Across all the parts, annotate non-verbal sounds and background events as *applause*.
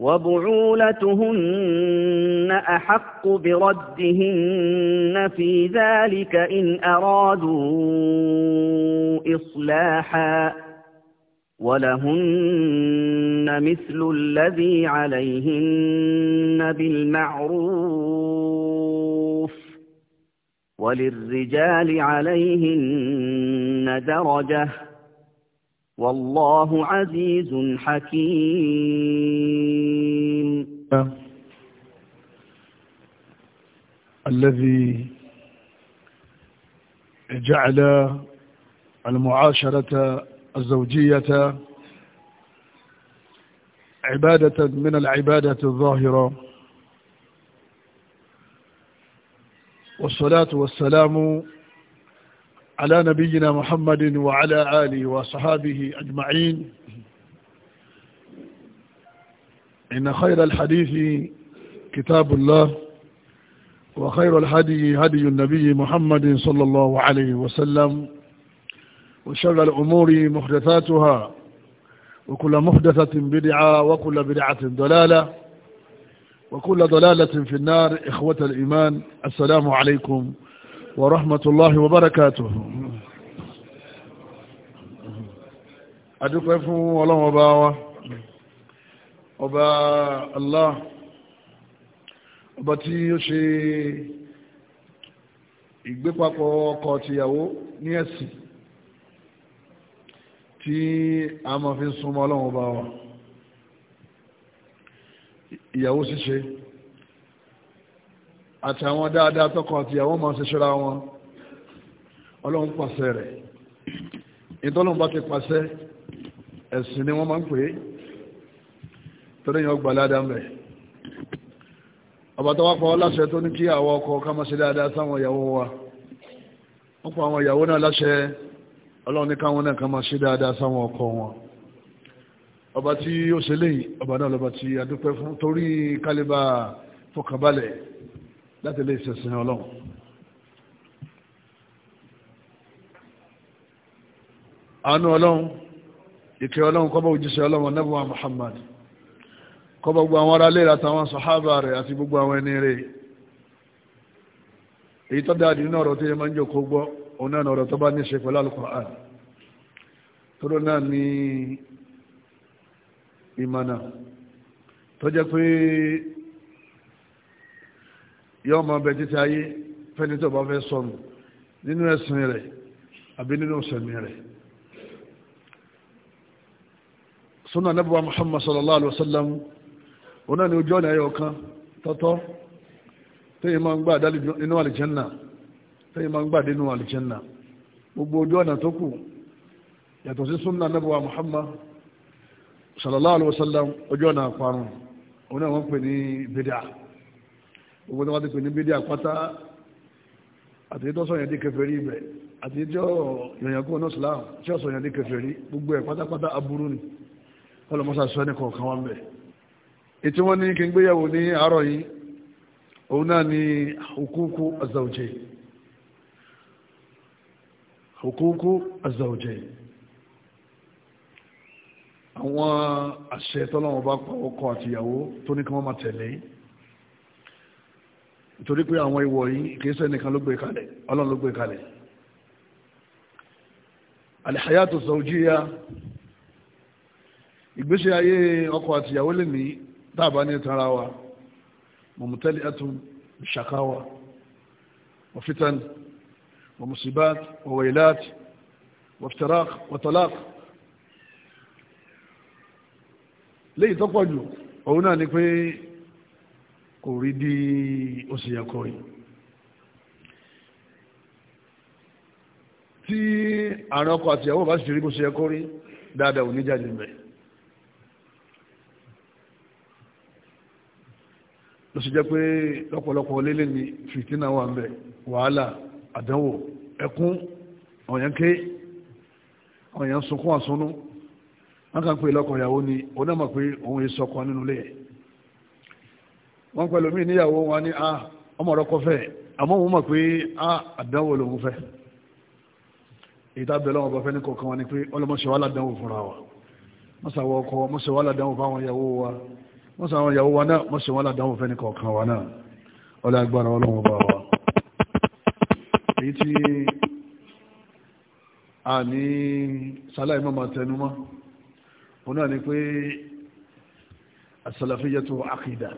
وبعولتهن أحق بردهن في ذلك إن أرادوا إصلاحا ولهن مثل الذي عليهن بالمعروف وللرجال عليهن درجة والله عزيز حكيم الذي جعل المعاشرة الزوجية عبادة من العبادة الظاهرة والصلاة والسلام على نبينا محمد وعلى آله وصحابه أجمعين إن خير الحديث كتاب الله وخير الهدي هدي النبي محمد صلى الله عليه وسلم وشر الأمور محدثاتها وكل محدثة بدعة وكل بدعة ضلالة وكل ضلالة في النار إخوة الإيمان السلام عليكم ورحمة الله وبركاته أدوك فون ولو ọba Allah ọba tí ó ṣe ìgbépapọ̀ ọkọ àtìyàwó ní ẹ̀sìn tí a máa fi súnmọ́ ọlọ́run ọba wa ìyàwó ṣíṣe àti àwọn dáadáa tọkọ àtìyàwó máa ṣe ṣọ́ra wọn ọlọ́run pàṣẹ rẹ̀ ìtọ́lọ́run ti pàṣẹ ẹ̀sìn ni wọ́n máa ń pè é torí yàn gbà ládàá mẹ́ ọba tó wá pa ọ́ láṣẹ tó ní kí àwọn ọkọ ká máa ṣe dáadáa sáwọn ìyàwó wa wọ́n pa àwọn ìyàwó náà láṣẹ ọlọ́run ní káwọn náà ká máa ṣe dáadáa sáwọn ọkọ wọn ọba tí ó ṣe léyìn ọba náà lọba tí adúpẹ́ fún torí kálíbà fọkànbalẹ̀ láti lè ṣẹ̀sìn ọlọ́run àánú ọlọ́run ìkẹ́ ọlọ́run kọ́bọ̀ òjíṣẹ́ ọlọ́run anábùwà Muhammad kọ́ gbogbo àwọn ará lè àtàwọn sàhábà rẹ̀ àti gbogbo àwọn ẹni rẹ̀ èyí tó dáadì nínú ọ̀rọ̀ tó yẹ máa ń jòkó gbọ́ òun náà ọ̀rọ̀ tó bá ní ṣe pẹ̀lú Al-Qur'an tóró náà ní ìmọ̀nà tó jẹ́ pé yọ́ máa bẹ títí ayé fẹ́ni tó bá fẹ́ sọnù nínú ẹ̀sìn rẹ̀ àbí nínú sẹ̀mí rẹ̀ sunnah Nabi Muhammad sallallahu alaihi wasallam òun náà ni ojú ọ̀nà ẹyọ kan tọ́tọ́ tẹ́yìn máa ń gbà dálì nínú àlìjẹ́nà tẹ́yìn máa ń gbà dínú àlìjẹ́nà gbogbo ojú ọ̀nà tó kù yàtọ̀ sí súnà nàbọ̀wá Muhammad sallallahu alaihi wasallam ojú ọ̀nà àparun òun náà wọ́n pè ní bídíà gbogbo tó wá ti pè ní bídíà pátá àti tó sọ yẹn di kèfèrí ibẹ̀ àti tó yọ̀yàn kó náà sùlámù tí ó ni ọlọ́mọsà sọ ètí wani ní n gbéyàwó ní ni hukuku azawjay hukuku azawjay àwọn àṣẹ tọ́lọ́wọ́n bá pa ọkọ àtìyàwó tó ní kí wọ́n máa tẹ̀lé nítorí pé àwọn ìwọ̀ yìí kìí sẹ́nìkan ló gbé kalẹ̀ ọlọ́run ló gbé kalẹ̀ alihayatu atiyawo ìgbésí ayé táàbà ní tara wa mọ̀mútẹ́lì ẹ̀tún ṣàkáwà wọ̀fítàn wọ̀mùsíbát wọ̀wẹ̀lát wọ̀fítàrák wọ̀tàlák léyìí tọ́pọ̀ jù òun náà ni pé kò rí bí ó sì yẹ kọ́ àrùn ọkọ̀ àti ìyàwó bá sì rí bó sì yẹ kọ́ rí dáadáa ò ní jáde mẹ́rin ló ṣe jẹ́ pé lọ́pọ̀lọpọ̀ lélẹ̀ ni fìtínà wà ń bẹ̀ wàhálà àdánwò ẹkún ọ̀yàn ké ọ̀yàn sunkún àsunú wọ́n kàn pé lọ́kọ̀ ìyàwó ni onámọ̀ pé òun èso ọkọ̀ nínú ilé ẹ̀ wọ́n pẹ̀lú mí níyàwó wọn ní ah ọmọ ọ̀rọ̀ kọfẹ́ àmọ́ òun mọ̀ pé ah àdánwò lòun fẹ́ ìta bẹ̀rẹ̀ ọmọ ọ̀bọ̀fẹ́ ní kọ̀ọ̀kan wọn ni pé ọlọ́mọṣẹ́ wọ́n sọ àwọn ìyàwó wa náà wọ́n ṣe wọ́n ládánwò fẹ́ ní kọ̀ọ̀kan wa náà ọlá agbára ọlọ́run bá wa èyí tí a ní sáláì mọ́ máa tẹnu mọ́ òun náà ni pé as-salafiyatu aqida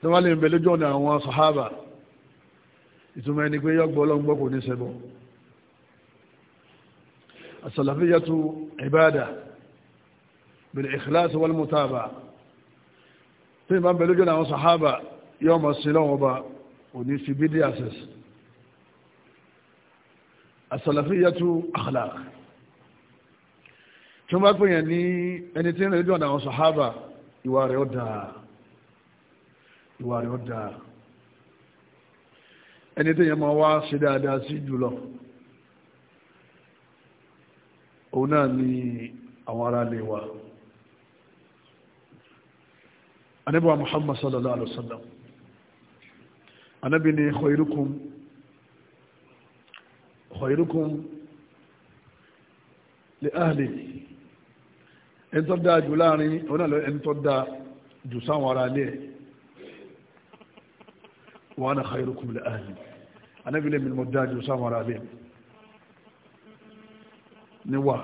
tí wọ́n lè ń bẹ lójú ọ̀nà àwọn sàhábà ìtumọ̀ ẹni pé yọ́gbọ́ ọlọ́run kò ní ṣẹbọ as-salafiyatu ibada bil ikhlas wal mutaba'a tí ìbá bẹ lójú àwọn sàhábà yóò mọ̀ sí lọ́wọ́ bá òní fi bídí access as-salafiyatu akhlaq tí wọ́n bá pè yẹn ní ẹni tí ń rìn lójú àwọn sàhábà ìwà rẹ̀ ó dáa ìwà rẹ̀ ó dáa ẹni tí yẹn máa wá ṣe dáadáa sí jùlọ òun náà ni àwọn ará lè wà anabi wa muhammad sallallahu alaihi wasallam anabi ni khairukum khairukum li ahli en tó dáa jù láàrin ọ̀nà lọ en tó dáa jù sáwọn ara lé wa ana khairukum li ahli anabi lè mímọ̀ dáa jù sáwọn ara lé ni wà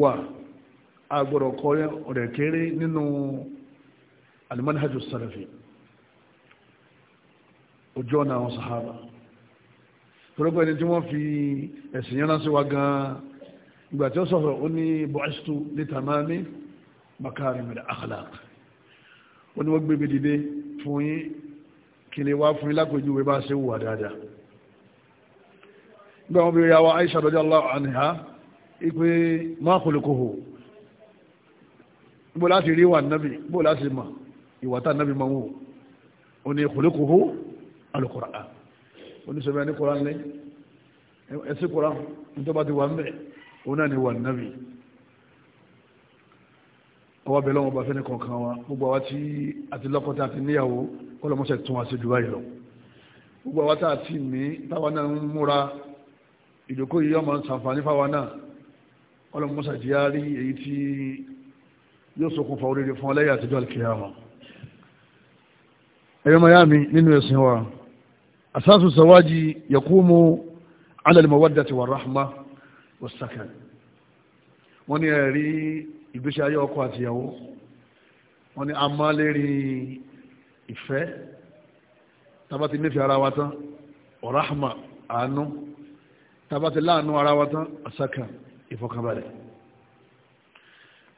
wà agbọ́dọ̀ kọ́ ọ̀rẹ̀ kéré nínú alimanhajj salafi ojú ọ̀nà àwọn sahaba torípé ẹni tí wọ́n fi ẹ̀sìn yẹn ránṣẹ́ wa gan-an ìgbà tí ó sọ̀rọ̀ ó ní bu'istu li tamami makarim al-akhlaq ó ní wọ́n gbé mi dìde fún yín kí lè wá fún yín lápèjúwe bá ṣe wà dáadáa nígbà wọn bí ya wa Aisha radiyallahu anha ipe ma khuluquhu bó láti rí wà nábì bó láti mọ̀ ìwàtà nábì ma wò ó ní ìkòlókòó alùkùrán oníṣẹ́bẹ̀ ní kùrán lẹ́ ẹ̀sí kùrán nítọ́bá ti wà ń bẹ̀ ó náà ni wà nábì ọwọ́ bẹ̀rẹ̀ wọn bá fẹ́ ní kọ̀ọ̀kan wa gbogbo àwa tí àti lọ́kọ̀tà àti níyàwó kọ́lọ́mọṣẹ́ tún wá sí jù báyìí lọ gbogbo àwa tá a ti ní táwa náà ń múra ìdókòyí ọmọ sàǹfààní fáwa náà kọ́lọ́mọṣẹ́ yóò ṣokùnfà oríire fún ọlẹ́yà àtijọ́ alkiyama ẹ̀yọ́ miami nínú ẹ̀sìn wa asáàsù sàwájì yakumu alàlùmọ̀wádàtì wà ráhùmá wọ́sàkà wọ́n ní ẹ̀rí ìgbésí ayé ọkọ àtìyàwó wọ́n ní a máa lérí ìfẹ́ tabati nífẹ̀ẹ́ ara wa tán ọ̀ráhùmá àánú tabati láàánú ara wa tán àsákà ìfọkànbalẹ̀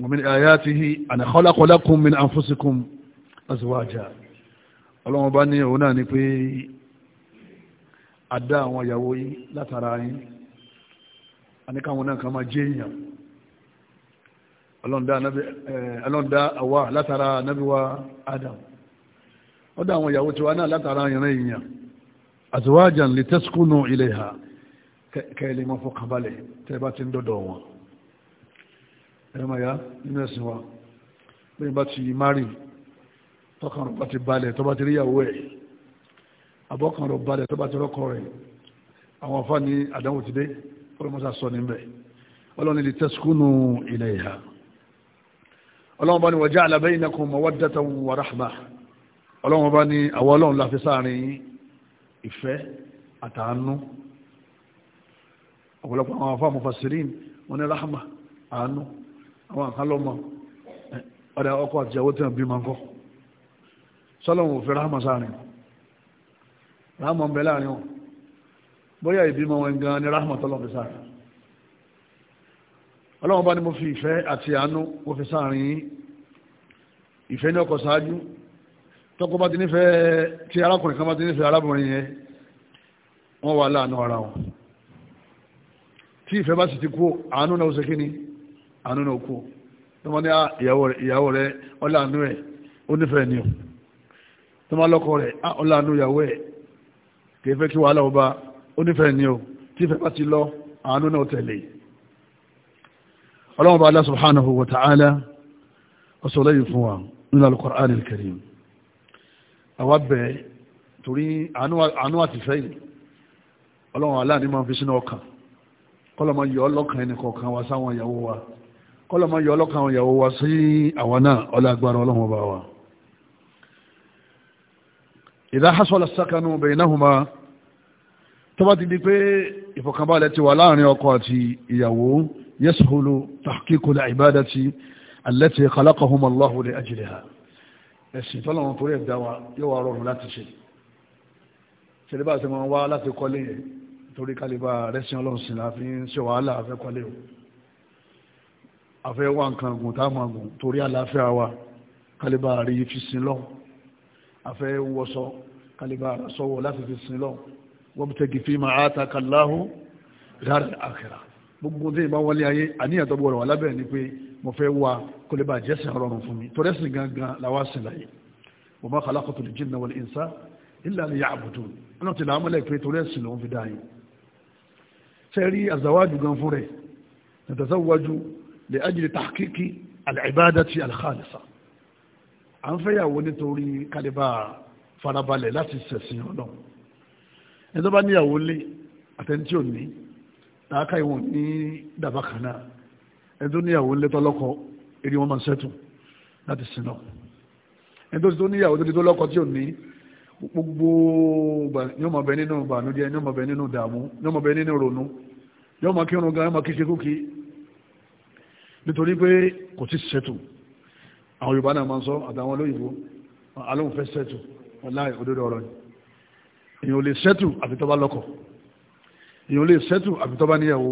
min ayatihi an khalaqa lakum min anfusikum azwaja ọlọ́wọ́n bá ní òun náà ni pé àdá àwọn ìyàwó yìí látara yín àníkàwọn náà kan máa jẹ́ èèyàn ọlọ́ndá àwa látara nábíwá adam ọdá àwọn ìyàwó tiwa náà látara ìran èèyàn azwajan litaskunu ilayha kẹ́ẹ̀lẹ́ mọ́ fọkànbalẹ̀ tẹ́ bá ti ń dọ́dọ̀ wọn ẹ̀rọmọ̀yá nínú ẹ̀sìn wa bí bá ti mari tọkànrọ̀ bá ti balẹ̀ tó bá ti ríyàwó ẹ̀ àbọ̀kànrọ̀ balẹ̀ tó bá ti rọ́kọ rẹ̀ àwọn afá ní àdánwò ti dé ọlọ́mọsá sọ níbẹ̀ ọlọ́ni lè tẹ́sùkúnù ilẹ̀ ìhà ọlọ́run bá ní wọ́n ja'ala baynakum mawaddatan wa rahmah ọlọ́run bá ní àwọn ọlọ́run láfi sáàrin ìfẹ́ àtàánú ọ̀pọ̀lọpọ̀ àwọn afá mufassirin wọn ní rahma àánú àwọn kan lọ́mọ ọ̀dà ọkọ àti ìyàwó tí wọ́n bí máa ń kọ́ sọ́lọ́wọ́n òfin ráhàmà sáàrin ráhàmà ń bẹ láàrin wọn bóyá ìbímọ wọn gan ni ráhàmà tọ́lọ́ fi sáàrin ọlọ́wọ́n bá ní mo fi ìfẹ́ àti àánú mo fi sáàrin ìfẹ́ ní ọkọ̀ ṣáájú tọ́kọ bá ti nífẹ̀ẹ́ tí arákùnrin kan bá ti nífẹ̀ẹ́ arábìnrin yẹn wọ́n wà láàánú ara wọn tí ìfẹ́ bá sì ti kú àánú náà ó ṣe kí ni àánú náà kú tó máa ní ah, ìyàwó rẹ̀ ọláàánú ẹ̀ ó nífẹ̀ẹ́ ni o tó máa lọ́kọ rẹ̀ ọláàánú ah, ìyàwó ẹ̀ kìí fẹ́ kí wàhálà ọba ó nífẹ̀ẹ́ ni o tí ìfẹ́ bá lọ àánú náà tẹ̀lé ọlọ́run bá Allah subhanahu wa ta'ala ọsọ lẹ́yìn fún wa nínú al-Qur'an al-Karim àwa bẹ̀ẹ́ torí àánú àti fẹ́ yìí ọlọ́run aláàánú máa ń fi sínú ọkàn kọ́lọ́ máa yọ ọlọ́kàn ẹnì kọ̀ọ̀kan wa sáwọn ìyàwó wa kọ́lọ̀mọ́ yọ ọlọ́kan àwọn ìyàwó wa sí àwọn náà ọlágbára ọlọ́run ọba wa ìdá hasọ́lá sákanú baynahuma tó bá ti di pé ìfọ̀kànbalẹ̀ ti wà láàrin ọkọ àti ìyàwó yasahulu tahqiqul ibadati allati khalaqahum Allahu li ajliha ẹ̀sìn tọ́lọ̀wọ̀n torí ẹ̀dá wa yóò wá rọrùn láti ṣe ṣẹlẹ̀ bá ti máa wá láti kọ́lé yẹn torí kálíbà rẹ́sìn ọlọ́run sí la ṣe wàhálà afẹ́kọ́lé o afẹ́ wà nǹkan gùn tá a máa gùn torí àlàáfíà wa kálíbà rí fi sin lọ afẹ́ wọṣọ kálíbà sọwọ́ láti fi sin lọ wabtagi fima ataka Allahu dar al-akhirah gbogbo tí ìbá wọlé ayé àníyàn tó gbọdọ̀ wà lábẹ́ ni pé mo fẹ́ wá kólébà jẹ́sìn rọrùn fún mi torí ẹ̀sìn gangan làwa sìn láyé wa ma khalaqatul jinna wal insa illa liya'budun ọ̀nà tí làwọn mọ̀lẹ́ pé lè ajílẹ̀ tàkíkí alìbádàtì alìkálẹ̀sà à ń fẹ́yàwó nítorí kálíbà farabalẹ̀ láti sẹ̀sìn ọ̀nà ẹni tó bá níyàwó lé àtẹni tí ò ní tààkà ìwọ̀n ní dàbà kan náà ẹni tó níyàwó lé tọ́lọ́kọ eré wọn máa sẹ́tù láti sin náà ẹni tó tó níyàwó tó di tó lọ́kọ tí ò ní gbogbo yóò máa bẹ nínú ìbànújẹ́ yóò máa bẹ nínú ìdààmú yóò máa bẹ nínú ìrònú yóò máa kírun gan yóò máa kíṣe kúkìí nítorí pé kò ti ṣètù àwọn Yorùbá náà máa ń sọ àtàwọn olóyìnbó alóhùn fẹ́ ṣètù ọláì òdodo ọ̀rọ̀ ni èèyàn ò lè ṣètù àfi tó bá lọ́kọ èèyàn ò lè ṣètù àfi tó bá níyàwó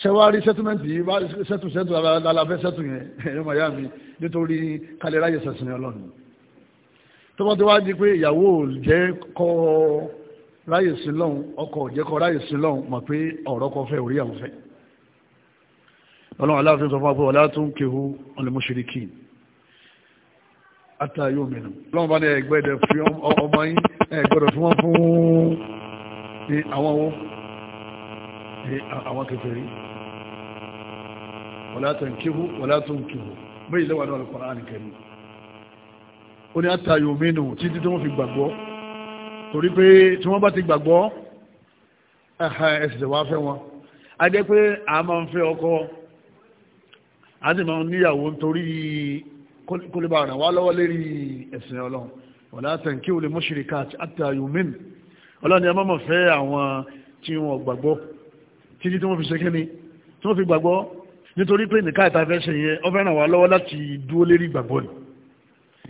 ṣẹwárí sẹtúmẹǹtì yìí bá sẹtù sẹtù alábẹ sẹtù yẹn ẹyọ màá yá mi nítorí kálíra yẹ sẹsìn Ọlọ́run tọ́wọ́ tó wá di pé ìyàwó jẹ́ kọ́ ráyè sí lọ́hùn jẹ́ kọ́ ráyè sí mọ̀ pé ọ̀rọ̀ kọ́ fẹ́ orí àwọn fẹ́ ọlọ́run aláàfin sọ fún wa pé wala tunkihu al-mushrikin hatta yu'minu ọlọ́run bá ní ẹgbẹ́dẹ̀ fi ọmọ yín ẹgbẹ́dẹ̀ fún wọn fún àwọn owó àwọn kèfèrí wala tankihu wala tunkihu bẹ́ẹ̀ lẹ́wà náà al-Qur'an al-Karim ó ní hatta yu'minu títí tí wọ́n fi gbàgbọ́ torí pé tí wọ́n bá ti gbàgbọ́ ẹ̀sìn wá fẹ́ wọn a jẹ́ pé a máa a sì máa níyàwó nítorí kólébà rẹ̀ wá lọ́wọ́ lérí ẹ̀sìn ọlọ́run wala tankihu lil mushrikati hatta yu'min ọlọ́ni ẹ mọ́mọ̀ fẹ́ àwọn tí wọ́n gbàgbọ́ títí tí wọ́n fi ṣekẹ́ ni tí wọ́n fi gbàgbọ́ nítorí pé nìka ìta fẹ́ ṣe yẹn ó fẹ́ ràn wá lọ́wọ́ láti dúó ni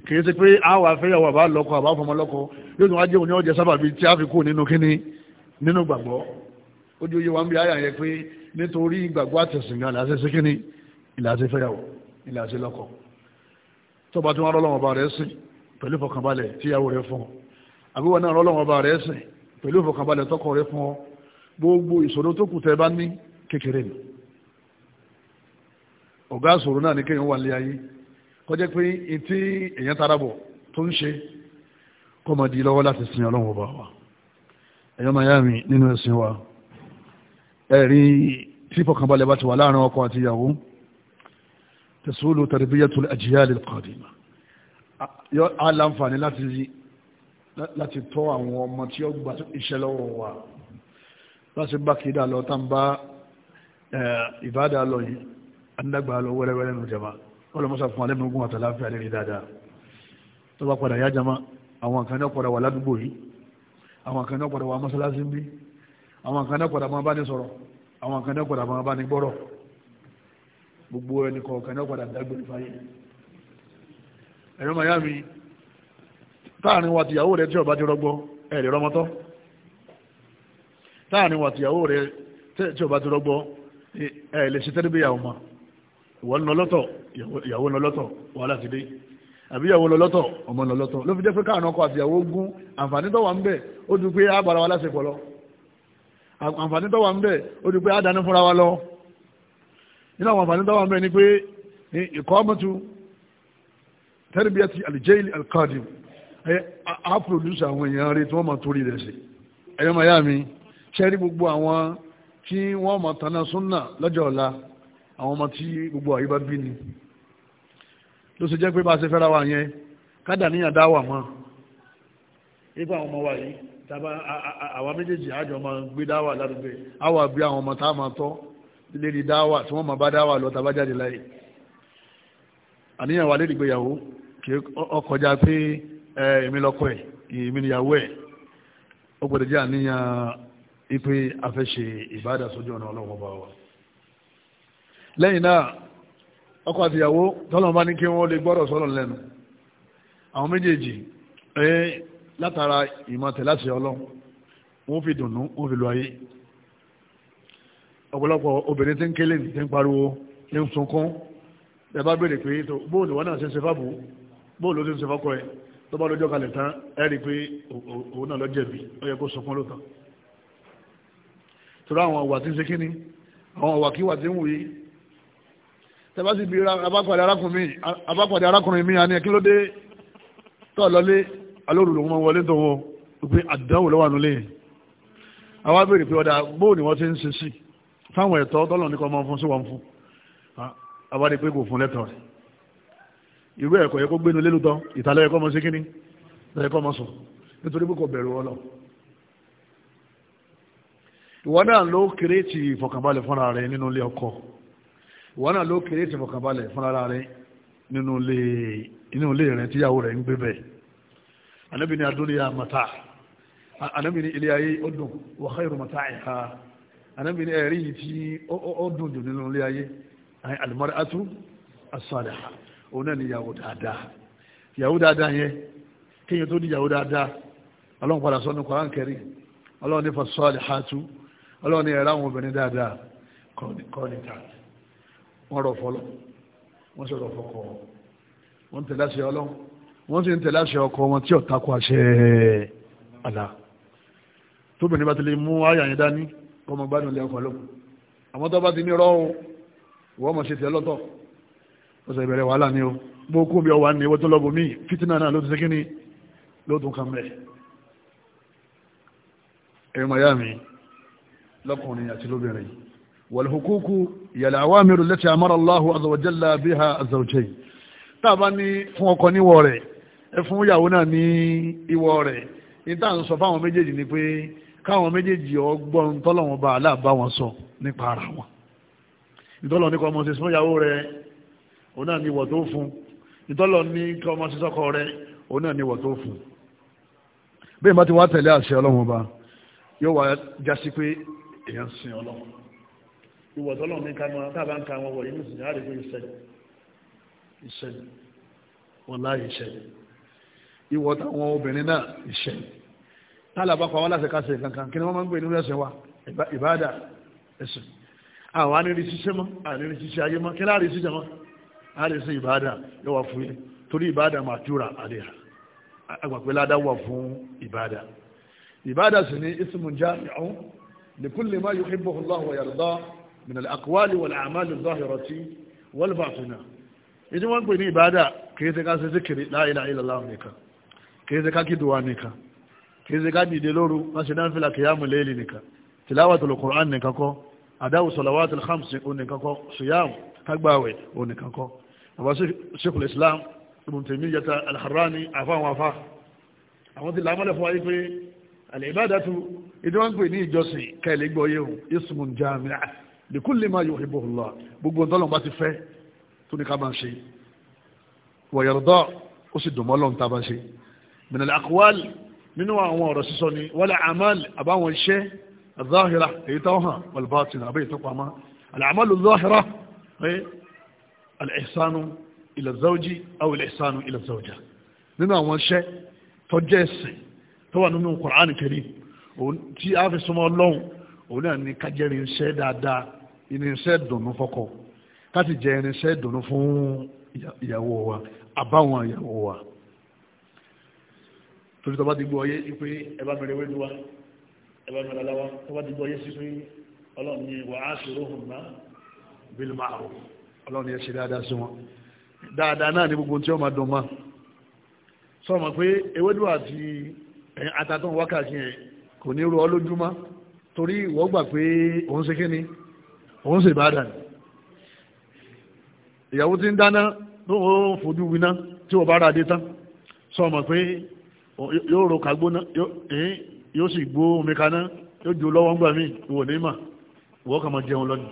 kì í ṣe pé àwọn afẹ́yàwó àbá lọ́kọ àbá fọmọ lọ́kọ nínú gbàgbọ́ ojú yìí ń bí àyà yẹn pé nítorí gbàgbọ́ àtẹ̀sìn gan làṣẹ ṣe kíní ìlàsẹ̀ fẹ́yàwó ìlàsẹ̀ lọ́kọ tó bá tún rọ́lọ́wọ́ bá rẹ̀ sìn pẹ̀lú ìfọkànbalẹ̀ tíyàwó rẹ̀ fún ọ àbíwọ̀ náà rọ́lọ́wọ́ bá rẹ̀ sìn pẹ̀lú ìfọkànbalẹ̀ tọkọ rẹ̀ fún ọ gbogbo ìṣòro tó kù tẹ́ bá ní kékeré ni ọ̀gá ìṣòro náà ní kéèyàn wà lé ayé kọjá pé etí èèyàn tara bọ̀ tó ń ṣe kọ́mọdé lọ́wọ́ láti sin ọlọ́wọ́ bá wa ẹ̀yọ́ miami nínú ẹ̀sìn wa ẹ̀rí tí ìfọkànbalẹ̀ bá ti wà láàrin ọkọ àti ìyàwó tẹ̀sùlù tarbiyatul ajiyal alqadima yọ aláǹfààní láti tọ́ àwọn ọmọ tí ó gba iṣẹ́ lọ́wọ́ wa láti bá kìdá lọ tán bá ìbádà lọ yìí andágbà lọ wẹ́rẹ́wẹ́rẹ́ nù jama ọlọ́mọ́sá fún alẹ́mọ̀gún àtàláfíà lè rí dáadáa tó bá padà yá jama àwọn kan náà padà wà ládùúgbò yìí àwọn kan náà padà wà mọ́sálásí bí àwọn kan náà padà máa bá ní sọ̀rọ̀ àwọn kan náà padà máa bá ní gbọ́rọ̀ gbogbo ẹni kọ̀ọ̀kan náà padà dágbére fáyé ẹ̀rọ miami táàrin wa tìyàwó rẹ tí ọba ti rọgbọ ẹ̀rẹ̀ rọmọtọ́ táàrin wa tìyàwó rẹ tí ọba ti rọgbọ ẹ̀ lè ṣe tẹ́lẹ̀ bí ìyàwó ma ìwọ ń lọ lọ́tọ̀ ìyàwó ń lọ lọ́tọ̀ wàhálà ti dé àbí ìyàwó lọ lọ́tọ̀ ọmọ lọ lọ́tọ̀ ló fi jẹ́ pé káàrin ọkọ àtìyàwó gún àǹfààní tó wà ń bẹ̀ ó dùn pé á wa láṣepọ̀ lọ àǹfààní tó wà ń bẹ̀ ó dùn pé á fúnra wa lọ nínú àwọn àǹfààní dáwà mẹ́rin ni pé ìkọ́mọ́tù tẹ́rìbíyàtì àlìjẹ́ìlì alkadim a produce àwọn èèyàn rẹ̀ tí wọ́n máa torí rẹ̀ sí ẹ̀yọ́ màá yá mi ṣe rí gbogbo àwọn tí wọ́n máa tanná súnà lọ́jọ́ ọ̀la àwọn ọmọ tí gbogbo àyè bá bí ni ló ṣe jẹ́ pé bá a ṣe fẹ́ra wa yẹn kádà níyàn dáwà mọ́ nípa àwọn ọmọ wa yìí tàbá àwa méjèèjì àjọ máa gbé dáwà lárugẹ àwa lérí dáwà tí wọ́n ma bá dáwà lọ tàbá jáde láyé àníyàn wà lérí ìgbéyàwó kí ọkọjá pé èmi lọ́kọ ẹ̀ èmi níyàwó ẹ̀ ó gbọ́dọ̀ jẹ́ àníyàn ipe afẹ́ṣe ìbádà sójú ọ̀nà ọlọ́wọ́ bá wa lẹ́yìn náà ọkọ àtìyàwó tọ́lọ́n bá ní kí wọ́n lè gbọ́rọ̀ sọ́rọ̀ lẹ́nu àwọn méjèèjì látara ìmọ̀tẹ̀ láti ọlọ́run wọ́n fi dùnnú wọ́n fi lo ayé ọ̀pọ̀lọpọ̀ obìnrin tí ń kélé ní ń pariwo ní ń sunkún ẹ bá béèrè pé tó bóòlù wọn náà ṣe ń ṣe fábù bóòlù ó ti ń ṣe fọ́kọ ẹ tó bá lọ́jọ́ kalẹ̀ tán ẹ rí i pé òun náà lọ jẹ̀bi ó yẹ kó sunkún ló tán torí àwọn ọ̀wà tí ń ṣe kíni àwọn ọ̀wà kíwà tí ń wù yìí tẹ́bá sì bí abápàdé arákùnrin mi àní kílódé tó lọlé alóòrùn àwọn abèrè pé ọ̀dà bóòlù wọn ti ń ṣe sí i fáwọn ẹ̀tọ́ tọ́lọ̀ ní kọ́ máa fún sí wọn fún àwárí ah, pé kò fún lẹ́tọ̀ rẹ̀ irú ẹ̀kọ́ yẹ kó gbénu lélùtọ́ ìtàlẹ́ ẹ̀kọ́ mọ́ sí kíní lẹ́ẹ̀kọ́ mọ́ sùn nítorí pé kò bẹ̀rù ọlọ́ ìwọ náà ló kírètì ìfọ̀kànbalẹ̀ fúnra rẹ̀ nínú ilé ọkọ ìwọ náà ló kírètì ìfọ̀kànbalẹ̀ fúnra rẹ̀ nínú ilé rẹ̀ tíyàwó rẹ̀ ń gbé bẹ́ẹ̀ anábìnrin adúlé mata anábìnrin ilé ayé ó dùn anábì ní ẹ̀rí yìí tí ó dùn jù nínú ilé ayé al-mar'atu as-salihah òun náà ni ìyàwó dáadáa ìyàwó dáadáa yẹn kéèyàn tó ní ìyàwó dáadáa ọlọ́run padà sọ́nu Qur'an Karim ọlọ́run ní fas-salihatu ọlọ́run ní ẹ̀rá àwọn obìnrin dáadáa kọ́nìtà wọ́n rọ̀ fọlọ́ wọ́n sọ̀rọ̀ fọkọ̀ wọ́n tẹ̀lé àṣẹ ọlọ́run wọ́n sì ń tẹ̀lé àṣẹ ọkọ wọn tí ọ̀tá kọ àlà tóbìnrin bá ti mú àyà dání kọmọ gbádùn lẹ́ọ̀kọ́ ló àmọ́ tó bá ti ní rọ́ọ̀hún ìwọ́n mọ̀ ṣe tẹ́ lọ́tọ̀ ó sọ ìbẹ̀rẹ̀ wàhálà ni o bó kú bí ọwà ní ìwọ́ tó mí fìtínà náà ló ti sékíní ló tún kàn mẹ́ ẹ̀rọ màyá mi lọ́kùnrin àti lóbìnrin wàlhùkúkú ìyàlẹ̀ àwámiru lẹ́tì àmọ́ra Allahu azza wa jalla biha azawjayn tá a bá ní fún ọkọ níwọ̀ rẹ̀ ẹ fún ìyàwó náà ní ìwọ̀ rẹ̀ ní táà ń sọ fáwọn méjèèjì ni pé káwọn méjèèjì ọgbọ́n tọ́lọ́wọ́n bá aláàbá wọn sọ nípa ara wọn ìtọ́lọ̀ ní kọmọ sí súnmọ́yàwó rẹ òun náà ni wọ̀ tó fún ìtọ́lọ̀ ní kọmọ sí sọ́kọ rẹ òun náà ni wọ̀ tó fún bẹ́ẹ̀ bá ti wá tẹ̀lé àṣẹ ọlọ́run ọba yóò wá jásí pé èèyàn sin ọlọ́run ìwọ̀ tọ́lọ̀ ní ká máa tábà ń ka wọn wọ̀ yìí nìsín àárẹ̀ tálàbá pa wá láti kásẹ̀ kankan kí ni wọ́n máa ń gbé nínú ẹ̀sìn wa ìbáàdà ẹ̀sìn àwọn anírí ṣiṣẹ́ mọ́ anírí ṣiṣẹ́ ayé mọ́ kí láàrin ṣiṣẹ́ mọ́ láàrin sí ìbáàdà yóò wà fún yẹn torí ìbáàdà máa júra àlẹ́ àgbàpẹ́ ládá wà fún ìbáàdà ìbáàdà sì ni ismun jami'u li kulli ma yuhibbuhu Allahu wa yarda ṣe ká ṣe síkiri la ilaha illallah nìkan kìí ṣe ká kí duwa nìkan kìí ṣe ká dìde lóru wọ́n ṣe náà fìlà kìyàmù léèlì nìkan tìláwàtìlù kùrán nìkan kọ́ adáwù sọ̀làwàtìlù hamsin onìkan kọ́ ṣìyàmù kágbàwẹ̀ onìkan kọ́ àbá ṣekùl islam ibùn tèmí yata alharani àfáwọn afá àwọn ti lámọ́lẹ̀ fún wa pé alìbádàtú ìdí wọ́n ń pè ní ìjọsìn kẹ́lẹ̀ gbọ́ yé hùn ismun jami'a li kulli ó sì dùnmọ́ lọ́n ta bá ṣe min nínú àwọn ọ̀rọ̀ sísọ ni wala amal àbáwọn iṣẹ́ zahira èyí tó hàn wal batina àbẹ́ ìtọ́ pamọ́ alàmàlù zahira al-ihsanu ila zawji aw al-ihsanu ila zawja nínú àwọn iṣẹ́ tó jẹ́ ẹ̀sìn tó wà nínú Qur'an Karim tí a fi súnmọ́ Ọlọ́run òun náà ní kájẹ́rin iṣẹ́ dáadáa irinṣẹ́ dùnú fọ́kọ káti jẹ́ irinṣẹ́ dùnú fún ìyàwó wa àbáwọn ìyàwó wa torí tọba ti gbọ́ ọyé sí pé ẹbá mẹ́rẹ̀ wẹ́dú wa ẹbá mẹ́rẹ̀ aláwa tọba ti gbọ́ ọyé sí pé ọlọ́run ni wà á ṣòro hùn náà bílù máa rò ọlọ́run yẹ ṣe dáadáa sí wọn dáadáa náà ní gbogbo tí ó máa dùn mọ́ sọ ma pé ewédú àti atatán wákàtí yẹn kò ní rú ọ torí ìwọ gbà pé òun ṣe kíni òun ṣe bá dà ní ìyàwó ti ń dáná tó ń fojú winá tí wọ́n bá rà dé tán sọ ma pé yóò ro kagbóná eh, yóò sì gbó omi kaná yóò ju lọ́wọ́ ńgbà mí ìwò ní mà ìwọ́ kàn máa jẹun lọ́nà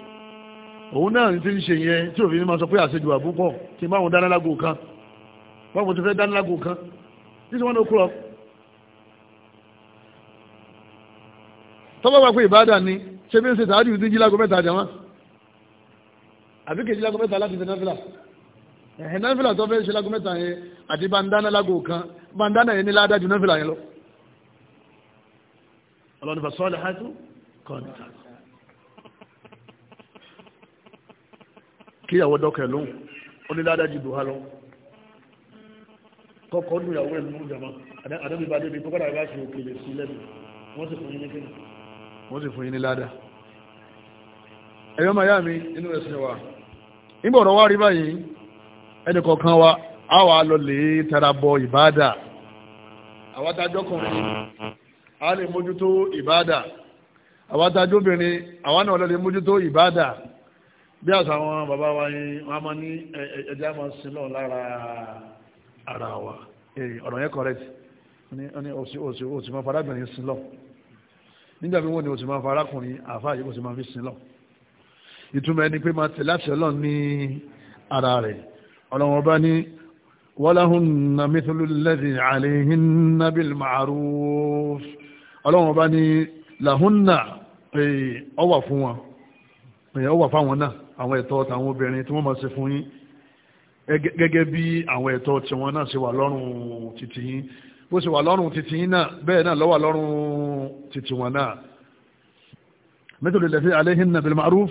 òun náà ti ń ṣe yẹn tí òfin máa sọ pé àṣejù àbúkọ tí báwọn dáná lágò kan báwọn ti fẹ́ dáná lágò kan this one o'clock tọ́lọ́wà pé ìbádà ni ṣe bí ń ṣe tààdì ìdíjí lágò mẹ́ta àjàmá àbíkèjì lágò mẹ́ta láti fẹ́ náà ẹ̀hìn náfìlà tó fẹ́ ṣe lágún bandana lágò bandana yẹn ní ládájú náfìlà yẹn lọ ọlọ́ni fasọ́ọ̀lì hajj kọ́ńtà kíyàwó dọ́kẹ̀ lóhùn ó ní ládájú dùhà lọ kọ́kọ́ nù ìyàwó ẹ̀ nù jama àdébí bá débi tó kọ́dà bá ṣe òkèlè sí lẹ́nu wọ́n sì fún yín ní kíni wọ́n sì fún mi inú ẹ̀sìn wa nígbà ọ̀rọ̀ wá rí báyìí ẹnì kọ̀ọ̀kan wa a wà lọ lè tara bọ ìbáàdà àwọn adájọ́ kùnrin a lè mójútó ìbáàdà àwọn adájọ́ obìnrin àwọn náà lọ lè mójútó ìbáàdà bí àṣà àwọn bàbá wa yìí wọ́n máa ní ẹja máa ń sin lọ lára ara wa ọ̀rọ̀ yẹn correct ní òsì máa farábìnrin sin lọ nígbàmí wọ́n ni òsì máa farákùnrin àfáà yìí òsì máa fi sin lọ ìtumọ̀ ẹni pé máa tẹ̀lé àṣẹ lọ ní ara rẹ̀ ọlọ́wọ́n bá ní walahunna mithlu alladhi alayhinna bil ma'ruf ọlọ́wọ́n bá ní lahunna ọwà fún wọn ọwà fáwọn náà àwọn ẹ̀tọ́ tàwọn obìnrin tí wọ́n máa ṣe fún yín gẹ́gẹ́ bí àwọn ẹ̀tọ́ tí wọ́n náà ṣe wà lọ́rùn títí yín bó ṣe wà lọ́rùn títí yín náà bẹ́ẹ̀ náà ló lọ́rùn títí wọn náà mithlu alladhi alayhinna bil ma'ruf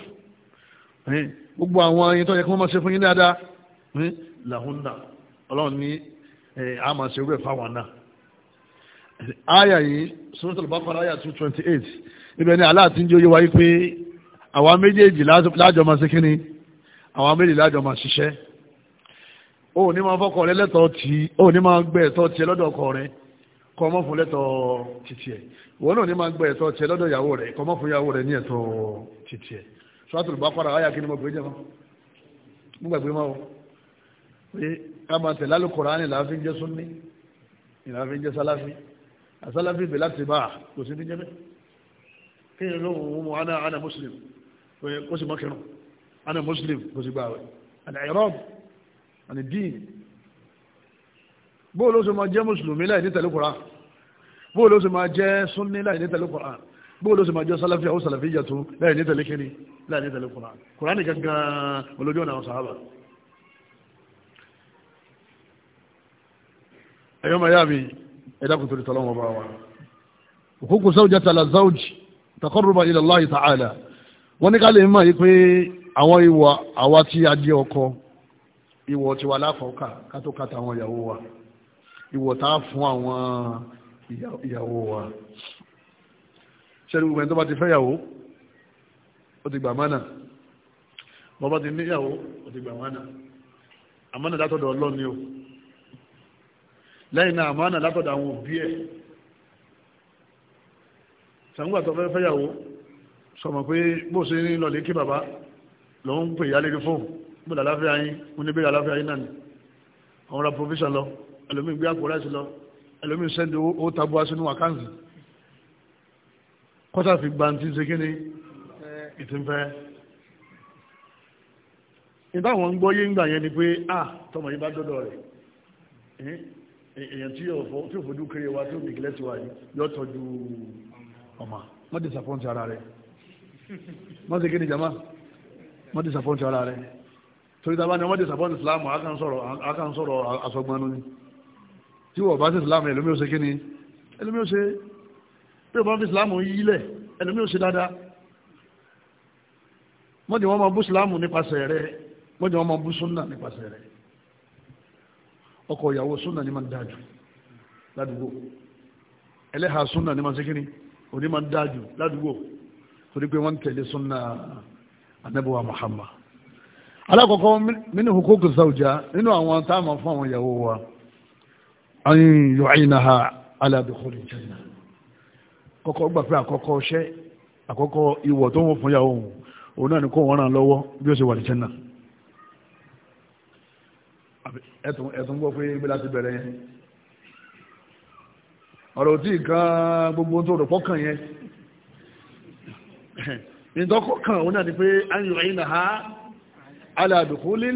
gbogbo àwọn ẹ̀yin tó yẹ kí wọ́n máa ṣe fún yín dáadáa ní làhúnnà ọlọ́run ní àmà ṣe wúrẹ̀ fáwọn náà àyà yìí suratul Baqara àyà two twenty eight ibẹ̀ ni aláàtí ń jẹ́ oyé wáyé pé àwa méjèèjì lájọ máa ṣe kíni àwa méjèèjì lájọ máa ṣiṣẹ́ ó ní máa fọ́kọ̀ rẹ lẹ́tọ̀ọ́ tí ó ní máa gbẹ ẹ̀tọ́ tiẹ̀ lọ́dọ̀ ọkọ rẹ kọ́ ọmọ fún lẹ́tọ̀ọ́ títí ẹ̀ ìwọ náà ní máa gbẹ ẹ̀tọ́ tiẹ̀ lọ́dọ̀ ìyàwó rẹ kọ́ ọmọ fún ìyàwó rẹ ní ẹ̀tọ́ títí ẹ̀ suratul Baqara àyà kí ni mo gbé jẹ́ mọ́ mo gbàgbé máa wọ pé ká máa tẹ̀lé alukùránì láàfin jẹ́ súnni ìlàfin jẹ́ sálàfin àsálàfin bẹ̀ láti bá a kò sí ní jẹ́ bẹ́ẹ̀ kí ni lóhùn òun mu ana ana muslim kó sì mọ́kìrún ana muslim kó sì gbàwẹ̀ al-i'rab àni dín bóòlù ó sì máa jẹ́ mùsùlùmí láì ní tẹ̀lé kùránì bóòlù ó sì máa jẹ́ súnni láì ní tẹ̀lé kùránì bóòlù sì máa jọ sálàfí àwọn sàlàfí yàtọ̀ láì ní tẹ̀lé kíní láì ní tẹ̀lé kùránì kùránì gangan olójú ọ̀nà àwọn sàhábà ẹ̀yọ́ máa yá mi ẹ̀dá kò torí tọ́lọ́wọ́ bá wa òkúkú sọ́jà tààlà záwùjì taqarruba ila Allah ta'ala wọ́n ní ká lè mọ̀ yí pé àwọn ìwà àwa tí a jẹ́ ọkọ ìwọ̀ tiwa láfọ̀ọ́kà kátó kátó àwọn ìyàwó wa ìwọ̀ tá a fún àwọn ìyàwó wa ṣẹ́ni gbogbo ẹni tó bá ti fẹ́ yàwó ó ti gbà mánà bọ́ bá ti níyàwó ó ti gbà mánà àmánà dátọ̀dọ̀ ọlọ́ni o lẹ́yìn náà àmánà látọ̀dọ̀ àwọn òbí ẹ̀ sàǹgbà tó fẹ́ẹ́ fẹ́yàwó sọmọ pé bó ṣe ń lọlé kí bàbá ló ń pè yálé ní fóun gbọ́dọ̀ aláfẹ́ ayín mo ní bẹ́ẹ̀ aláfẹ́ náà ni àwọn ra provision lọ ẹlòmíì gbé àpò ráìsì lọ ẹlòmíì sẹ́ndì owó tabua sínú àkáǹtì kọ́tà fi gbanti ṣe kí ni ìtìfẹ́ ìtàwọn ń gbọ́ yé ń gbà yẹn ni pé ah tọmọ yìí bá dọ́dọ̀ rẹ̀ èèyàn tí yóò fọ́ tí yóò fojú kéré wa tí yóò bìkìlẹ̀ tiwa yìí yóò tọ́jú ọmọ má disappoint ara rẹ̀ má ṣe kéde jama má disappoint ara rẹ̀ torí tá a bá ní ọmọ disappoint Islam akán sọ̀rọ̀ asọgbọnú ni tí wọ́n bá sí Islam ẹlòmí ò ṣe kíni ẹlòmí ò ṣe pé wọ́n fi Islam yílẹ̀ ẹlòmí ò ṣe dáadáa mọ́jọ́ wọn máa bú Islam nípasẹ̀ rẹ̀ mọ́jọ́ wọn máa bú súnà nípasẹ̀ rẹ̀ ọkọ ìyàwó súnà ni máa ń dájú ládùúgbò ẹlẹ́hàá súnà ni máa ń ṣe kíni òní máa ń dájú ládùúgbò torí pé wọ́n ń tẹ̀lé súnà anábíwá Muhammad alákọ̀ọ́kọ́ nínú hukuku zawja nínú àwọn tá a máa fún àwọn ìyàwó wa an yu'inaha ala dukhulil janna kọ́kọ́ gbà pé àkọ́kọ́ ṣẹ́ àkọ́kọ́ ìwọ̀ tó wọ́n fún ìyàwó òun náà ni kó wọ́n ràn lọ́wọ́ bí ó ṣe wà ní janna ẹ̀tún gbọ́ pé ibi láti bẹ̀rẹ̀ yẹn ọ̀rọ̀ tí kan gbogbo tó rò pọ́kàn yẹn ìdọ́kọ̀ kan òun náà ni pé ayò ẹ̀yìn ha aládùkú lè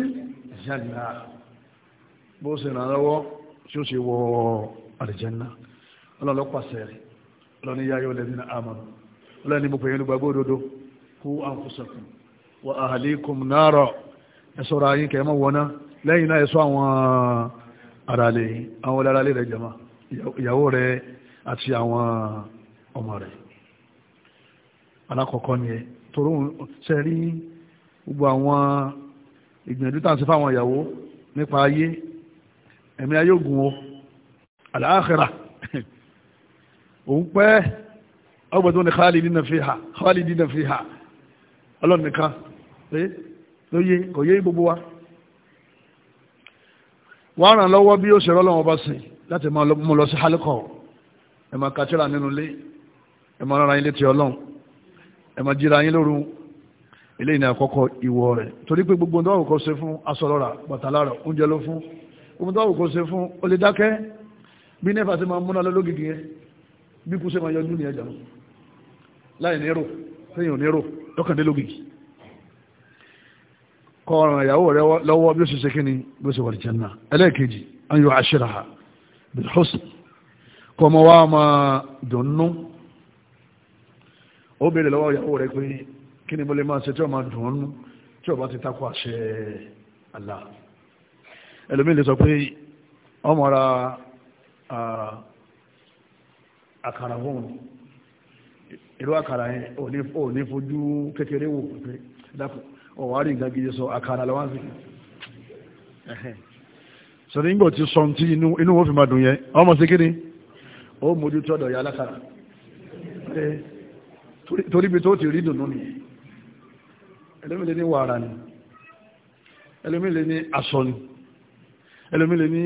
jẹ́nà bó ṣe ràn lọ́wọ́ tí ó ṣe wọ àlìjẹ́nà ọlọ́lọ́pàṣẹ rẹ̀ ọlọ́ni yáyọ́ lẹ́ni na ọlọ́ni mo pèyàn lùgbàgbọ́ òdodo kú àǹkùsọ̀kù wa ahlikum nara ẹ̀sọ́ra yín kẹ́mọ́ wọná lẹ́yìn náà ẹ̀ṣọ́ àwọn aráalé àwọn aráalé rẹ̀ jama ìyàwó rẹ̀ àti àwọn ọmọ rẹ̀ alákọ̀ọ́kọ́ ni ẹ torí ṣe rí gbogbo àwọn ìgbìyànjú tá à ń ṣe fáwọn ìyàwó nípa ayé ẹ̀mí ayé ògùn o àlàáhìrà òun pẹ́ ọgbọ̀n tó ní khalidina fiha khalidina fiha ọlọ́nìkan lóye kò yé gbogbo wa wọ́n ràn lọ́wọ́ bí ó ṣe rọ́lọ́wọ́ bá sìn láti máa mú lọ sí hálíkọ̀ ẹ máa kàtírà nínú ilé ẹ máa rárá yín létí ọlọ́run ẹ máa jíra yín lóru ilé ìní àkọ́kọ́ ìwọ rẹ̀ torí pé gbogbo ohun tó àwòkọ́ ṣe fún aṣọ lọ́ra bàtà oúnjẹ ló fún gbogbo ohun tó ṣe fún ó dákẹ́ bí nẹ́fà ti máa múná lọ yẹn bí kú ṣe máa yọjú ní ẹja láì nírò kọ́ ọ̀ràn ìyàwó rẹ lọ́wọ́ bí ó ṣe ṣe kí ni bí ó ṣe wọ̀lì jẹ́nà ẹlẹ́ẹ̀kejì an yóò aṣíra ha bil husn kọ́ ọmọ wa máa dùnnú ó béèrè lọ́wọ́ ìyàwó rẹ pé kí ni mo lè máa ṣe tí ó máa dùnnú tí ó bá ti takò àṣẹ Allah ẹlòmíì lè sọ pé ọmọ ra àkàrà wọn ìlú àkàrà yẹn ò ní fojú kékeré wò pé dákùn ọ̀wárí nǹkan gidi sọ àkàrà lọ́wọ́ sí sọ̀rọ̀ nígbà tí sọ tí inú wọn fi máa dùn yẹn ọmọ sí kíni ó mójú tí ọ̀dọ̀ ya alákàrà torí bí tó ti rí dùnú ni ẹlẹ́mìlẹ́ ní wàrà ni ẹlẹ́mìlẹ́ ní aṣọ ni ẹlẹ́mìlẹ́ ní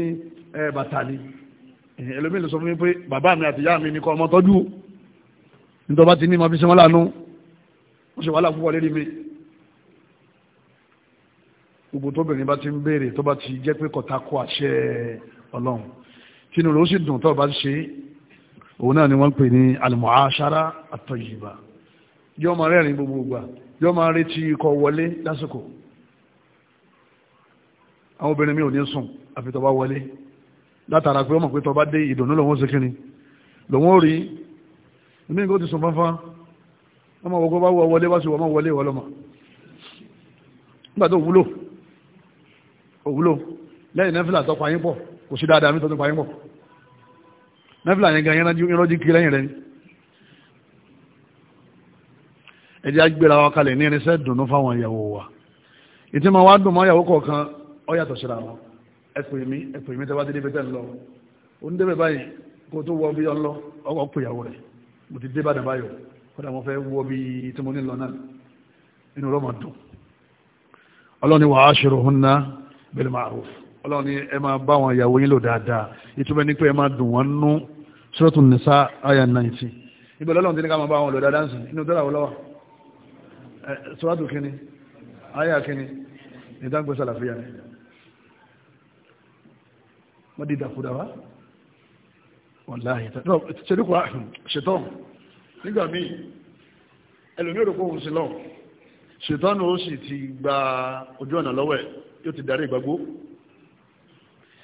bàtà ni ẹlẹ́mìlẹ́ sọ fún mi pé bàbá mi àti ìyá mi ní kọ́ ọmọ tọ́jú nítorí ti ní ma fi ṣe wọn lánàá ó ṣe wàhálà púpọ̀ lérí mi gbogbo tóbìnrin bá ti ń béèrè tó bá ti jẹ́ pé kọ̀tà kó àṣẹ ọlọ́run tínú rẹ̀ sì dùn tó bá ṣe òun náà ni wọ́n ń pè ní al-mu'ashara at-tayyiba yọ́ máa rẹ́rìn gbogbo gbà yọ́ máa retí ikọ̀ wọlé lásìkò àwọn obìnrin mi ò ní sùn àfi tó bá wọlé látara pé ọmọ pé tó bá dé ìdùnnú lòun ó sì kíni lòun ó rí inú ìgò ti sùn fánfán ọmọ wọgbọ́ bá wọ wọlé wá sí wọ́n wọlé wọlọ́mọ nígbà tó wúlò òwúlò lẹ́yìn nẹ́fìlà tó payín pọ̀ kò sí dáadáa mi tó tó payín pọ̀ nẹ́fìlà yẹn gan irọ́jú kí lẹ́yìn rẹ̀ ni ẹ̀dí agbèrè àwọn kalẹ̀ ní irinṣẹ́ dùnú fáwọn ìyàwó wa ìtí ma wá dùn mọ́ ìyàwó kọ̀ọ̀kan ọ yàtọ̀ síra wọn ẹ pè mí ẹ pè mí tẹ́ dé débẹ̀ tẹ́ ń lọ ó ń débẹ̀ báyìí kó tó wọ bí ọ ń lọ ọ pè ìyàwó rẹ̀ mo ti dé bá dàbáyọ̀ ọlọ́ni wàá ṣòro hún náà bil ma'ruf ọlọ́run ni ẹ máa bá wọn ìyàwó yín lò dáadáa ìtumọ̀ ní pé ẹ máa dùn wọ́n nú suratul nisa aya 90 ibẹ̀ lọ́lọ́run ti ní ká máa bá wọn lò dáadáa sí inú tẹ́lá wọlọ́wà suratul kínní aya kínní ìdágbé sàlàfíà ni wọ́n di dàkúdà wá wàláhì ṣerúkọ ṣetán nígbà míì ẹlòmíràn kò ń sí lọ ṣetán ó sì ti gba ojú ọ̀nà lọ́wọ́ ẹ̀ yóò ti darí ìgbàgbó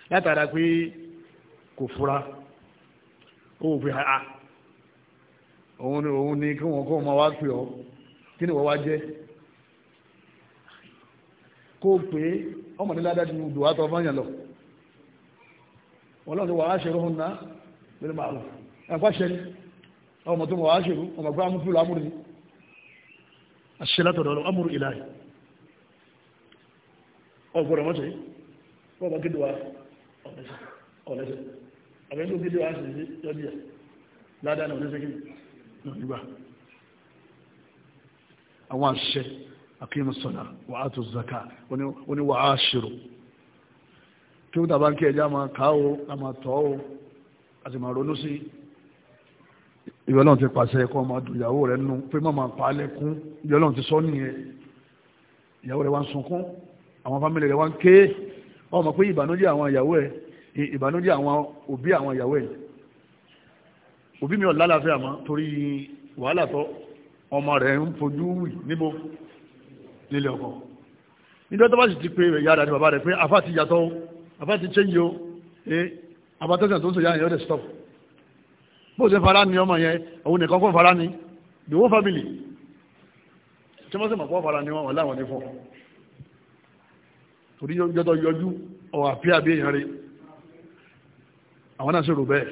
látara pé kò fura ó wò ha ah, ah, ha òun ni òun ni kí wọn kó máa wá pè ọ kí ni wọ́n wá jẹ́ kó pé ọmọ níládá ti dùn àtọ fáyàn lọ wọn lọ́nà wàá náà lórí màálù ọmọ ni àṣẹ látọ̀dọ̀ amúrú ọgbọ̀rọ̀ mọ́sẹ̀ ọgbọ̀ gídíwá ọ̀lẹ́sẹ̀ àbẹ́sẹ̀ gídíwá sí yọ́díyà ládá náà lẹ́sẹ̀ gídí náà nígbà àwọn àṣẹ akíyàmùsọ̀nà wà á tó zaka oní wà á ṣírò kí ó tàbá ń kí ẹjá máa káwó a máa tọ́ ó a sì máa ronú sí ìyọ́lọ́n ti pàṣẹ ẹ̀kọ́ ọmọ ìyàwó rẹ̀ nù pé máa pa á lẹ́kún ìyọ́lọ́n ti sọ nìyẹn ìyàwó rẹ̀ wá ń sunkún àwọn fámìlì rẹ̀ wá ń ké ọmọ pé ìbànújẹ́ àwọn ìyàwó ẹ̀ ìbànújẹ́ àwọn òbí àwọn ìyàwó ẹ̀ òbí mi ò lálàáfíà mọ́ torí wàhálà tó ọmọ rẹ̀ ń fojú wì níbo nílé ọkọ níjọ́ tó bá sì ti pé ìyá rẹ̀ àti bàbá rẹ̀ pé afá ti yàtọ̀ afá ti change o abatẹ́sàn tó ń sòyá yẹn ó dẹ̀ stop bó ṣe fara ni ọmọ yẹn òun nìkan kó fara ni the whole family tí wọ́n sì mọ̀ pọ́ fara ni wọ́n wọ́n láwọn ní fún ọ torí yọjọ́ yọjú ọ̀wà àbí àbí èèyàn rí àwọn náà sì rò bẹ́ẹ̀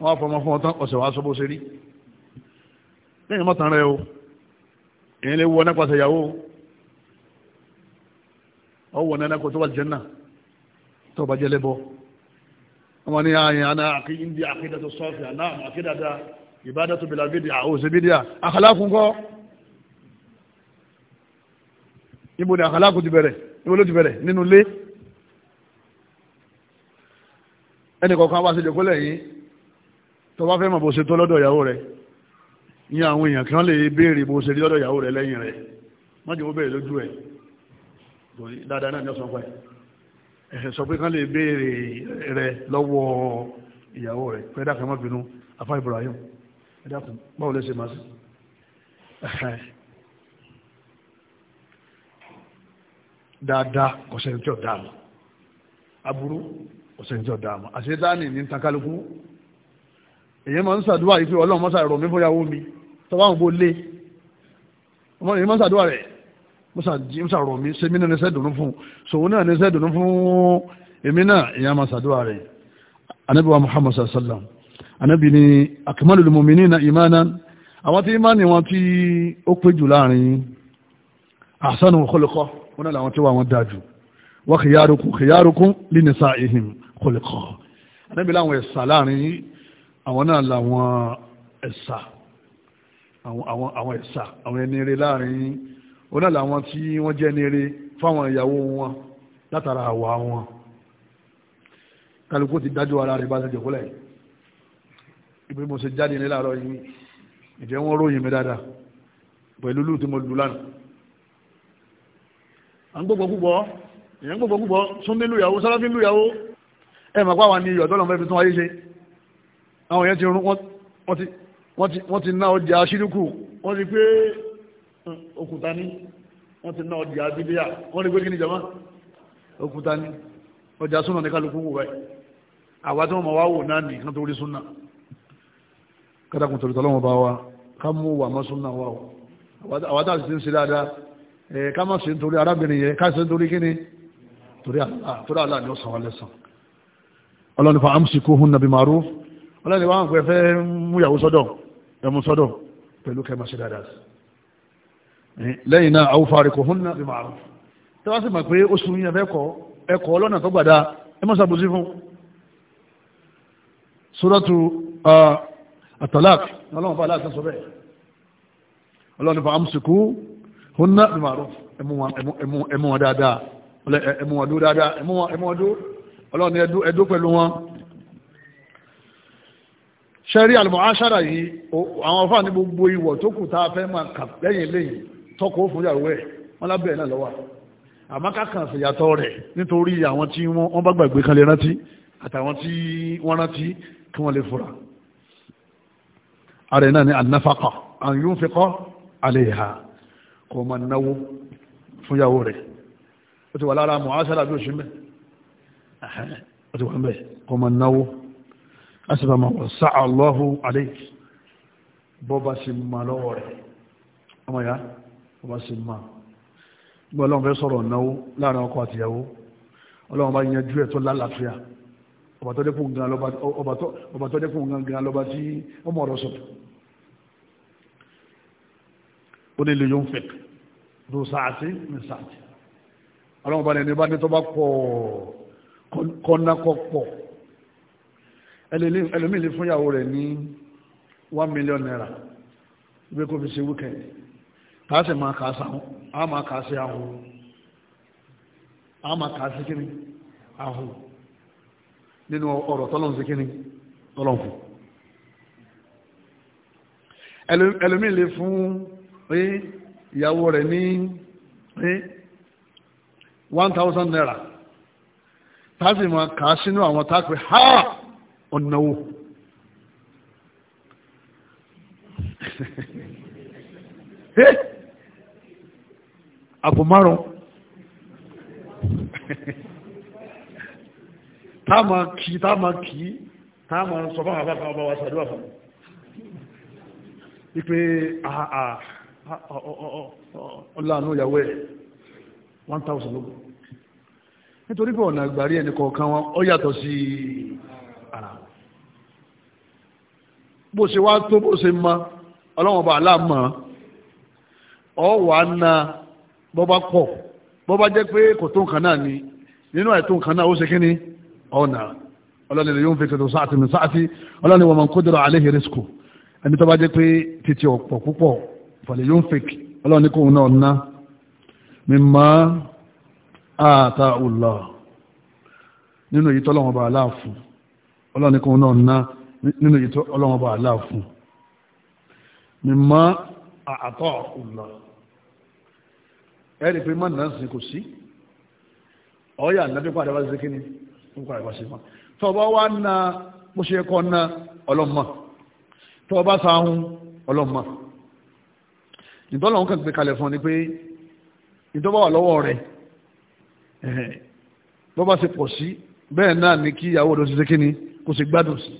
wọ́n á fọmọ fún ọtán ọ̀sẹ̀ wàá sọ bó ṣe rí lẹ́yìn mọ́tàn rẹ o èyí lè wọ nípasẹ̀ ìyàwó ọ wọ nẹ́nẹ́ kó tó wà jẹ́nà tó bá jẹ́lẹ́ bọ́ wọ́n ní àyìn ah, àná àkíyíndí àkídàtò sọ́ọ̀fì àná àkídàtà ìbádàtò bìlàbídìà òsèbídìà àkàlákùn kọ́ níbo ni àkàlákùn ti bẹ̀rẹ̀ níbo ló ti bẹ̀rẹ̀ nínú ilé ẹnì kọ̀ọ̀kan wá sí ìjòkó lẹ́yìn tó bá fẹ́ mọ̀ bó ṣe tó lọ́dọ̀ ìyàwó rẹ̀ ní àwọn èèyàn kan lè béèrè bó ṣe rí lọ́dọ̀ ìyàwó rẹ̀ lẹ́yìn rẹ̀ mọ́jọ́ ó bẹ̀rẹ̀ lójú ẹ̀ torí dáadáa náà ní ọ̀sán pẹ́ ẹ̀sẹ̀ sọ pé kan lè béèrè rẹ̀ lọ́wọ́ ìyàwó rẹ̀ pé dákẹ́ mọ́ bínú afá Ibrahim ẹ̀dákùn báwo lẹ́sẹ̀ máa sí dáadáa ọ̀sẹ̀ tí ó dáàmù aburú ọ̀sẹ̀ tí ó dáàmù àṣetáni ní takaluku èyí máa ń sàdúrà yìí pé ọlọ́run mọ́sà rọ̀ mí fọ́yàwó mi tọ́wọ́ àwọn bó lé ọmọ èyí máa ń sàdúrà rẹ̀ mọ́sà rọ̀ mí ṣe mí náà nẹ́sẹ̀ dùnú fún ṣòwò náà nẹ́sẹ̀ dùnú fún èmi náà èyí máa sàdúrà rẹ̀ anábì wa muhammad sallam anábì ni akmalul mu'minina imanan àwọn tí ìmánì wọn tí ó péjù láàrin ahsanu khuluqa wọn náà làwọn tí wọ́n dáa jù wa khiyarukum khiyarukum li nisa'ihim khuluqan anábì láwọn ẹ̀sà láàrin yìí àwọn náà làwọn ẹ̀sà àwọn ẹ̀sà àwọn ẹni eré láàrin yìí wọn náà làwọn tí wọ́n jẹ́ ẹni eré fáwọn ìyàwó wọn látara àwọ̀ wọn kálukú ti dájú ara rẹ̀ bá ṣe jòkó lẹ̀ mo ṣe jáde ní láàárọ̀ yìí ìjẹ́ wọn ròyìn mi dáadáa pẹ̀lú lù tí mo lù lánàá à gbogbo gbogbo èèyàn gbogbo gbogbo súnmí lùyàwó sáláfí lùyàwó ẹ mọ̀ pàwọn ni ìyọ̀dọ́ lọ́mọ tún ayé ṣe àwọn èèyàn ti rún wọ́n ti ná ọjà ṣírùkù wọ́n ti pé òkúta ní wọ́n ti ná ọjà bíbíà hm, wọ́n ti pé kí jama òkúta ní ọjà súnà ní kálukú wò báyìí àwa tí wọ́n mọ̀ wá wò náà nì kan tó súnà kátàkùn tòlítọ́lọ́wọ́ bá wa ká mú wà mọ́ súnà wa Eh, ká má ṣe nítorí arábìnrin yẹn ká ṣe nítorí kíni torí Allah ni ó sàn wọ́n lẹ́sàn ọlọ́ni fa amsikuhunna bi ma'ruf ọlọ́ni wọ́n pẹ̀ fẹ́ múyàwó sọ́dọ̀ ẹmú sọ́dọ̀ pẹ̀lú kẹma ṣe dáadáa eh, lẹ́yìn náà aw farikuhunna bi ma'ruf tí wọ́n sì mọ̀ pé ó sun yẹn fẹ́kọ̀ọ́ ẹkọ̀ ọlọ́nà tó gbàdá ẹ mọ́ sàbùsí fún suratu at-talaq ọlọ́run hunna bi ma'ruf ẹmú wọn dáadáa ẹmú wọn dúró dáadáa ẹmú wọn dúró ọlọ́run ẹdú pẹ̀lú wọn ṣẹ́rí al-mu'ashara yìí àwọn afáà ní gbogbo ìwọ̀ tó kù tá a fẹ́ máa kà lẹ́yìn lẹ́yìn tọkọ̀ fún ìyàwó ẹ̀ wọn lábẹ́ náà lọ́wọ́ àmọ́ kákan ṣèyàtọ̀ rẹ̀ nítorí àwọn tí wọ́n bá gbàgbé kan lè rántí àtàwọn tí wọ́n rántí kí wọ́n lè fura ààrẹ náà ní an-nafaqa an yunfiqa alayha kò mọ̀ náwó fún yàwó rẹ̀ ó ti wà lára mu'asara bí oṣù mẹ́ ó ti wà mẹ́ kò mọ̀ náwó a sì fàmà wà sáà lọ́hù alayhi bọ́ba sì ma lọ́wọ́ rẹ̀ ọmọ ya bọ́ba sì ma gbọ́ ọlọ́run fẹ́ sọ̀rọ̀ náwó láàrin ọkọ àtìyàwó ọlọ́run bá yanjú ẹ̀ tó lálàáfíà ọba tó dẹ́kun lọ́ba tí ọmọ ọ̀rọ̀ sọ̀tọ̀ ó ní lè yóò ń fẹ́ ló sáàtì ní sáàtì ọlọ́run bá lẹ́ni bá ní tó bá pọ̀ kọ́nákọ́ pọ̀ ẹlòmíì lè fúnyàwó rẹ̀ ní one million naira ibi kò fi ṣe wíkẹ̀ndì kàásì máa kàásì àwọn a máa kàásì àwọn a máa kàásì kíni àwọn nínú ọ̀rọ̀ tọ́lọ́n sí kíni tọ́lọ́n fún ẹlòmíì lè fún pé ìyàwó rẹ̀ ní one thousand naira tásì máa kà á sínú àwọn tápẹ́ ha ọ̀nàwó. *laughs* Eh! àpò márùn *laughs* táàmà kìí táàmà kìí táàmà sọ fún àwọn àbáfà ọba wa ṣàdúrà fún ìpé àà ah, ah. ọláàánú oh, oh, oh, ìyàwó ẹ̀ 1000 lógún nítorí pé ọ̀nà àgbàrí ẹni kọ̀ọ̀kan wọn ó yàtọ̀ sí ara bó ṣe wá tó bó ṣe ma ọlọ́wọ́n bá aláàmọ́ ọ wà na bọ́ bá pọ̀ bọ́ bá jẹ́ pé kò tó nǹkan náà ni nínú àìtó nǹkan náà ó ṣe ọ̀nà ọlọ́ni yóò fi sáàtì sáàtì fàlẹ̀ yóò fèkì ọlọ́run ní kóhun náà ná mímọ́ àtà ọ̀lọ́ nínú èyí tọ́lọ́wọ́n bá aláàfún ọlọ́run ní kóhun náà ná nínú èyí tọ́lọ́wọ́n bá aláàfún mímọ́ àtà ọ̀lọ́ ẹ̀rì pé mọ́nà sí kò sí ọ̀yà nàbí padà wá sí kíní ń padà wá sí mọ́ tọ́bọ́ wá na bó ṣe kọ́ ná ọlọ́mọ tọ́bọ́ sáhún ọlọ́mọ ìtọ́lọ̀ ń kàn gbé kalẹ̀ fún ni pé ìtọ́ bá wà lọ́wọ́ rẹ̀ bọ́ bá ṣe pọ̀ sí bẹ́ẹ̀ náà ni kí ìyàwó rẹ̀ ṣiṣẹ́ kíni kò sì gbádùn sí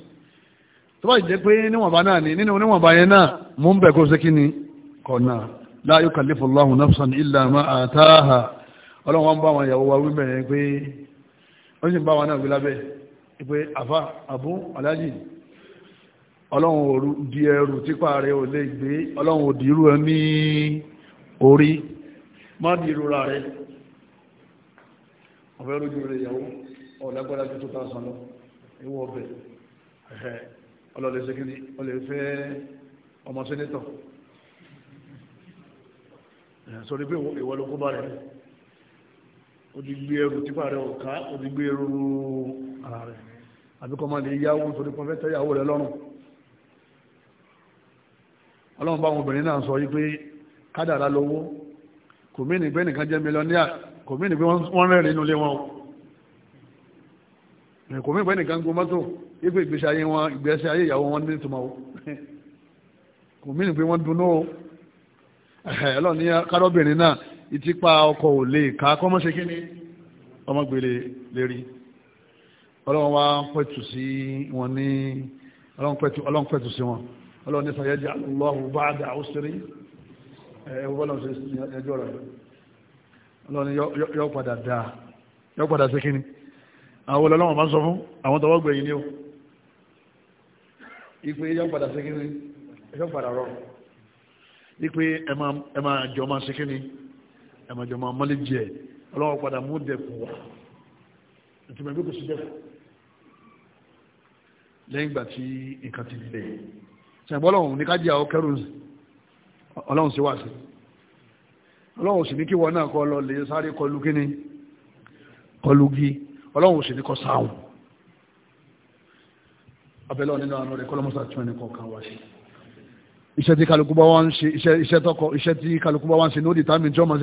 tó bá jẹ́ pé níwọ̀nba náà ni nínú níwọ̀nba yẹn náà mú ń bẹ̀ kó ṣe kíni kọ̀nà la yukallifu Allahu nafsan illa ma ataha ọlọ́run wọn bá wọn ìyàwó wa wí bẹ̀rẹ̀ pé ó sì ń bá wọn náà gbé lábẹ́ pé àfa àbú aláàjì ọlọ́run òru di ẹrù típa rẹ̀ ò lè gbé ọlọ́run ò dìírú ẹ ní orí má dìírú ra rẹ̀ ọ̀fẹ́ lójú rẹ̀ ìyàwó ọ̀lẹ́gbọ́dá tó tó sàn lọ ìwọ ọbẹ̀ ẹ̀hẹ́ ọlọ́lẹ̀ sẹ́kìnì ọlẹ́ fẹ́ ọmọ sẹ́nẹ́tọ̀ sọ̀rọ̀ pé ìwọ ló kó bá rẹ̀ ó gbé ẹrù típa rẹ̀ ọ̀ká ó gbé ẹrù ara rẹ̀ àbíkọ́ máa lè yáwó torí pọ́nfẹ́tọ̀ ìyàwó rẹ̀ lọ́rùn ọlọ́run bá àwọn obìnrin náà sọ wípé kádàrá lówó kò mí nìgbẹ́ nìkan jẹ́ mílíọ̀nìyà kò mí nìgbẹ́ wọ́n rẹ̀rìn inú ilé wọn o kò mí nìgbẹ́ nìkan gbọ́ mọ́tò wípé ìgbésí ayé wọn ìgbésí ayé ìyàwó wọn ní ìtumọ̀ o kò mí nìgbẹ́ wọn dunú o ọlọ́run ní kádọ́bìnrin náà ìtipa ọkọ̀ ò lè ká kọ́mọ́ṣe kí ni ọmọgbèrè lérí ọlọ́run wá pẹ̀tù sí wọn ní ọlọ́run pẹ̀tù sí wọn ọlọ́run ní sọ̀yẹ́jì alọ́hùn bá dà ó sírí ẹgbọ́n ṣe ẹjọ́ rẹ̀ ọlọ́run yọ padà dà yọ padà sí kíni àwọn ọlọ́run máa ń sọ fún àwọn tọwọ́ gbẹ̀yìn ni ó ipe yọ padà sí kíni yọ padà rọrùn ipe ẹ máa jọ máa sí kíni ẹ máa jọ máa mọ́lé jẹ ọlọ́run padà mú dẹ̀kùn wá ìtumọ̀ ìgbókòsí dẹ̀kùn lẹ́yìn ìgbà tí nǹkan ti lè sẹ̀gbọ́lọ́hùn ní kájí àwọn kẹrù ọlọ́hùn sí wà sí ọlọ́hùn sì ní kí wọn náà kọ lọ lè sáré kọlu kíní kọlu gí ọlọ́hùn sì ní kọ sáhùn abẹ́lẹ́ nínú àánú rẹ̀ kọ́lọ́mọ́sá tí wọ́n ní kọ̀ọ̀kan wá sí iṣẹ́ tí kálukú bá wọ́n ṣe iṣẹ́ tọkọ iṣẹ́ tí kálukú bá wọ́n ṣe ní ó di tàmí ìjọ́mọ̀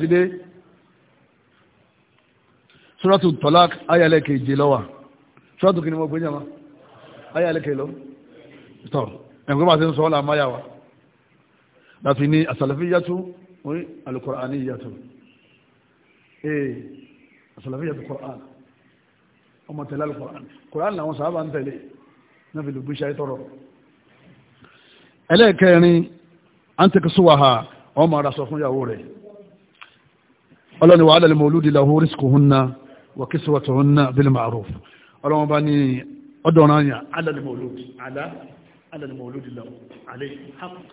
sí suratu tọ́lák ayálẹ́kẹ̀ ìjẹ lọ́wà suratu kí ni mo gbé jẹ́ ma ayálẹ́kẹ̀ lọ tọ́ ẹ̀kọ́ bá ti ń sọ ọ́ làmáyà wa láti ní àsàlàfíyàtú orí alukọ̀ránìyàtú ee àsàlàfíyàtú kọ̀rán ọmọ tẹ̀lé alukọ̀rán kọ̀rán làwọn sábà ọmọ ara sọ fún ìyàwó rẹ̀ وكسوتهن بالمعروف اللهم بني أدونانيا على المولود على على المولود له عليه حق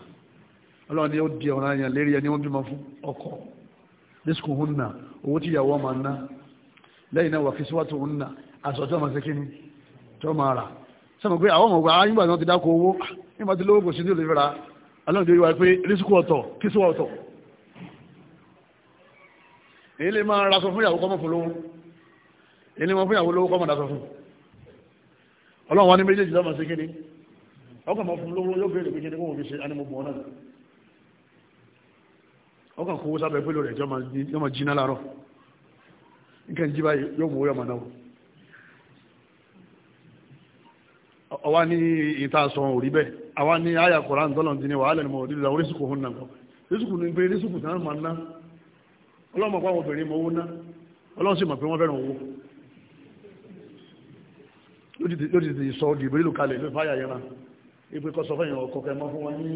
اللهم ni ó di ọ̀ràn àyàn lérí ẹni wọ́n bímọ fún ọkọ rísíkùhúnnà owó tí ìyàwó ọmọ ná lẹ́yìn náà wà fi síwátùhúnnà aṣọ tó máa ṣe kí ni tó máa rà sọ́mọ̀ pé àwọn ọmọgbà ayígbà náà ti dákò owó nígbà tí lówó kò sí ní olè fẹ́ra aláwọ̀ ìjọba pé rísíkù ọ̀tọ̀ kí sí ọ̀tọ̀ èyí lè máa ra sọ fún ìyàwó kọ́mọ́ fún lówó ẹni wọn fún ìyàwó lówó kọ́ mọ̀dá sọ fún ọlọ́run wa ní méjèèjì lọ́mọ sí kíní ọkàn mọ̀ fún lówó yóò béèrè pé kíní kó wọ́n fi ṣe animọ̀bọ̀ náà ọkàn kó sábẹ́ pẹ́lú rẹ̀ yọ ma jiná láàárọ̀ nǹkan jí báyìí yóò mú yọmọ náà ọwá ní ìta sọ òrí bẹ́ẹ̀ àwa ní àyà Kùránì tọ́lọ̀ ti ní wàhálẹ̀ ni mo rí lọ orísìkò hún náà rísìkò ní pé rísìkò tán máa ná ọlọ́mọ pàwọn obìnrin mọ owó ọlọ́run sì mọ̀ pé wọ́n fẹ́ràn owó ló ti ti sọ jìbìrì lù kalẹ̀ ló fáyà yẹn náà ipe kọ́ sọ fẹ́yìn ọkọ̀ kẹ́ mọ́ fún wọn ní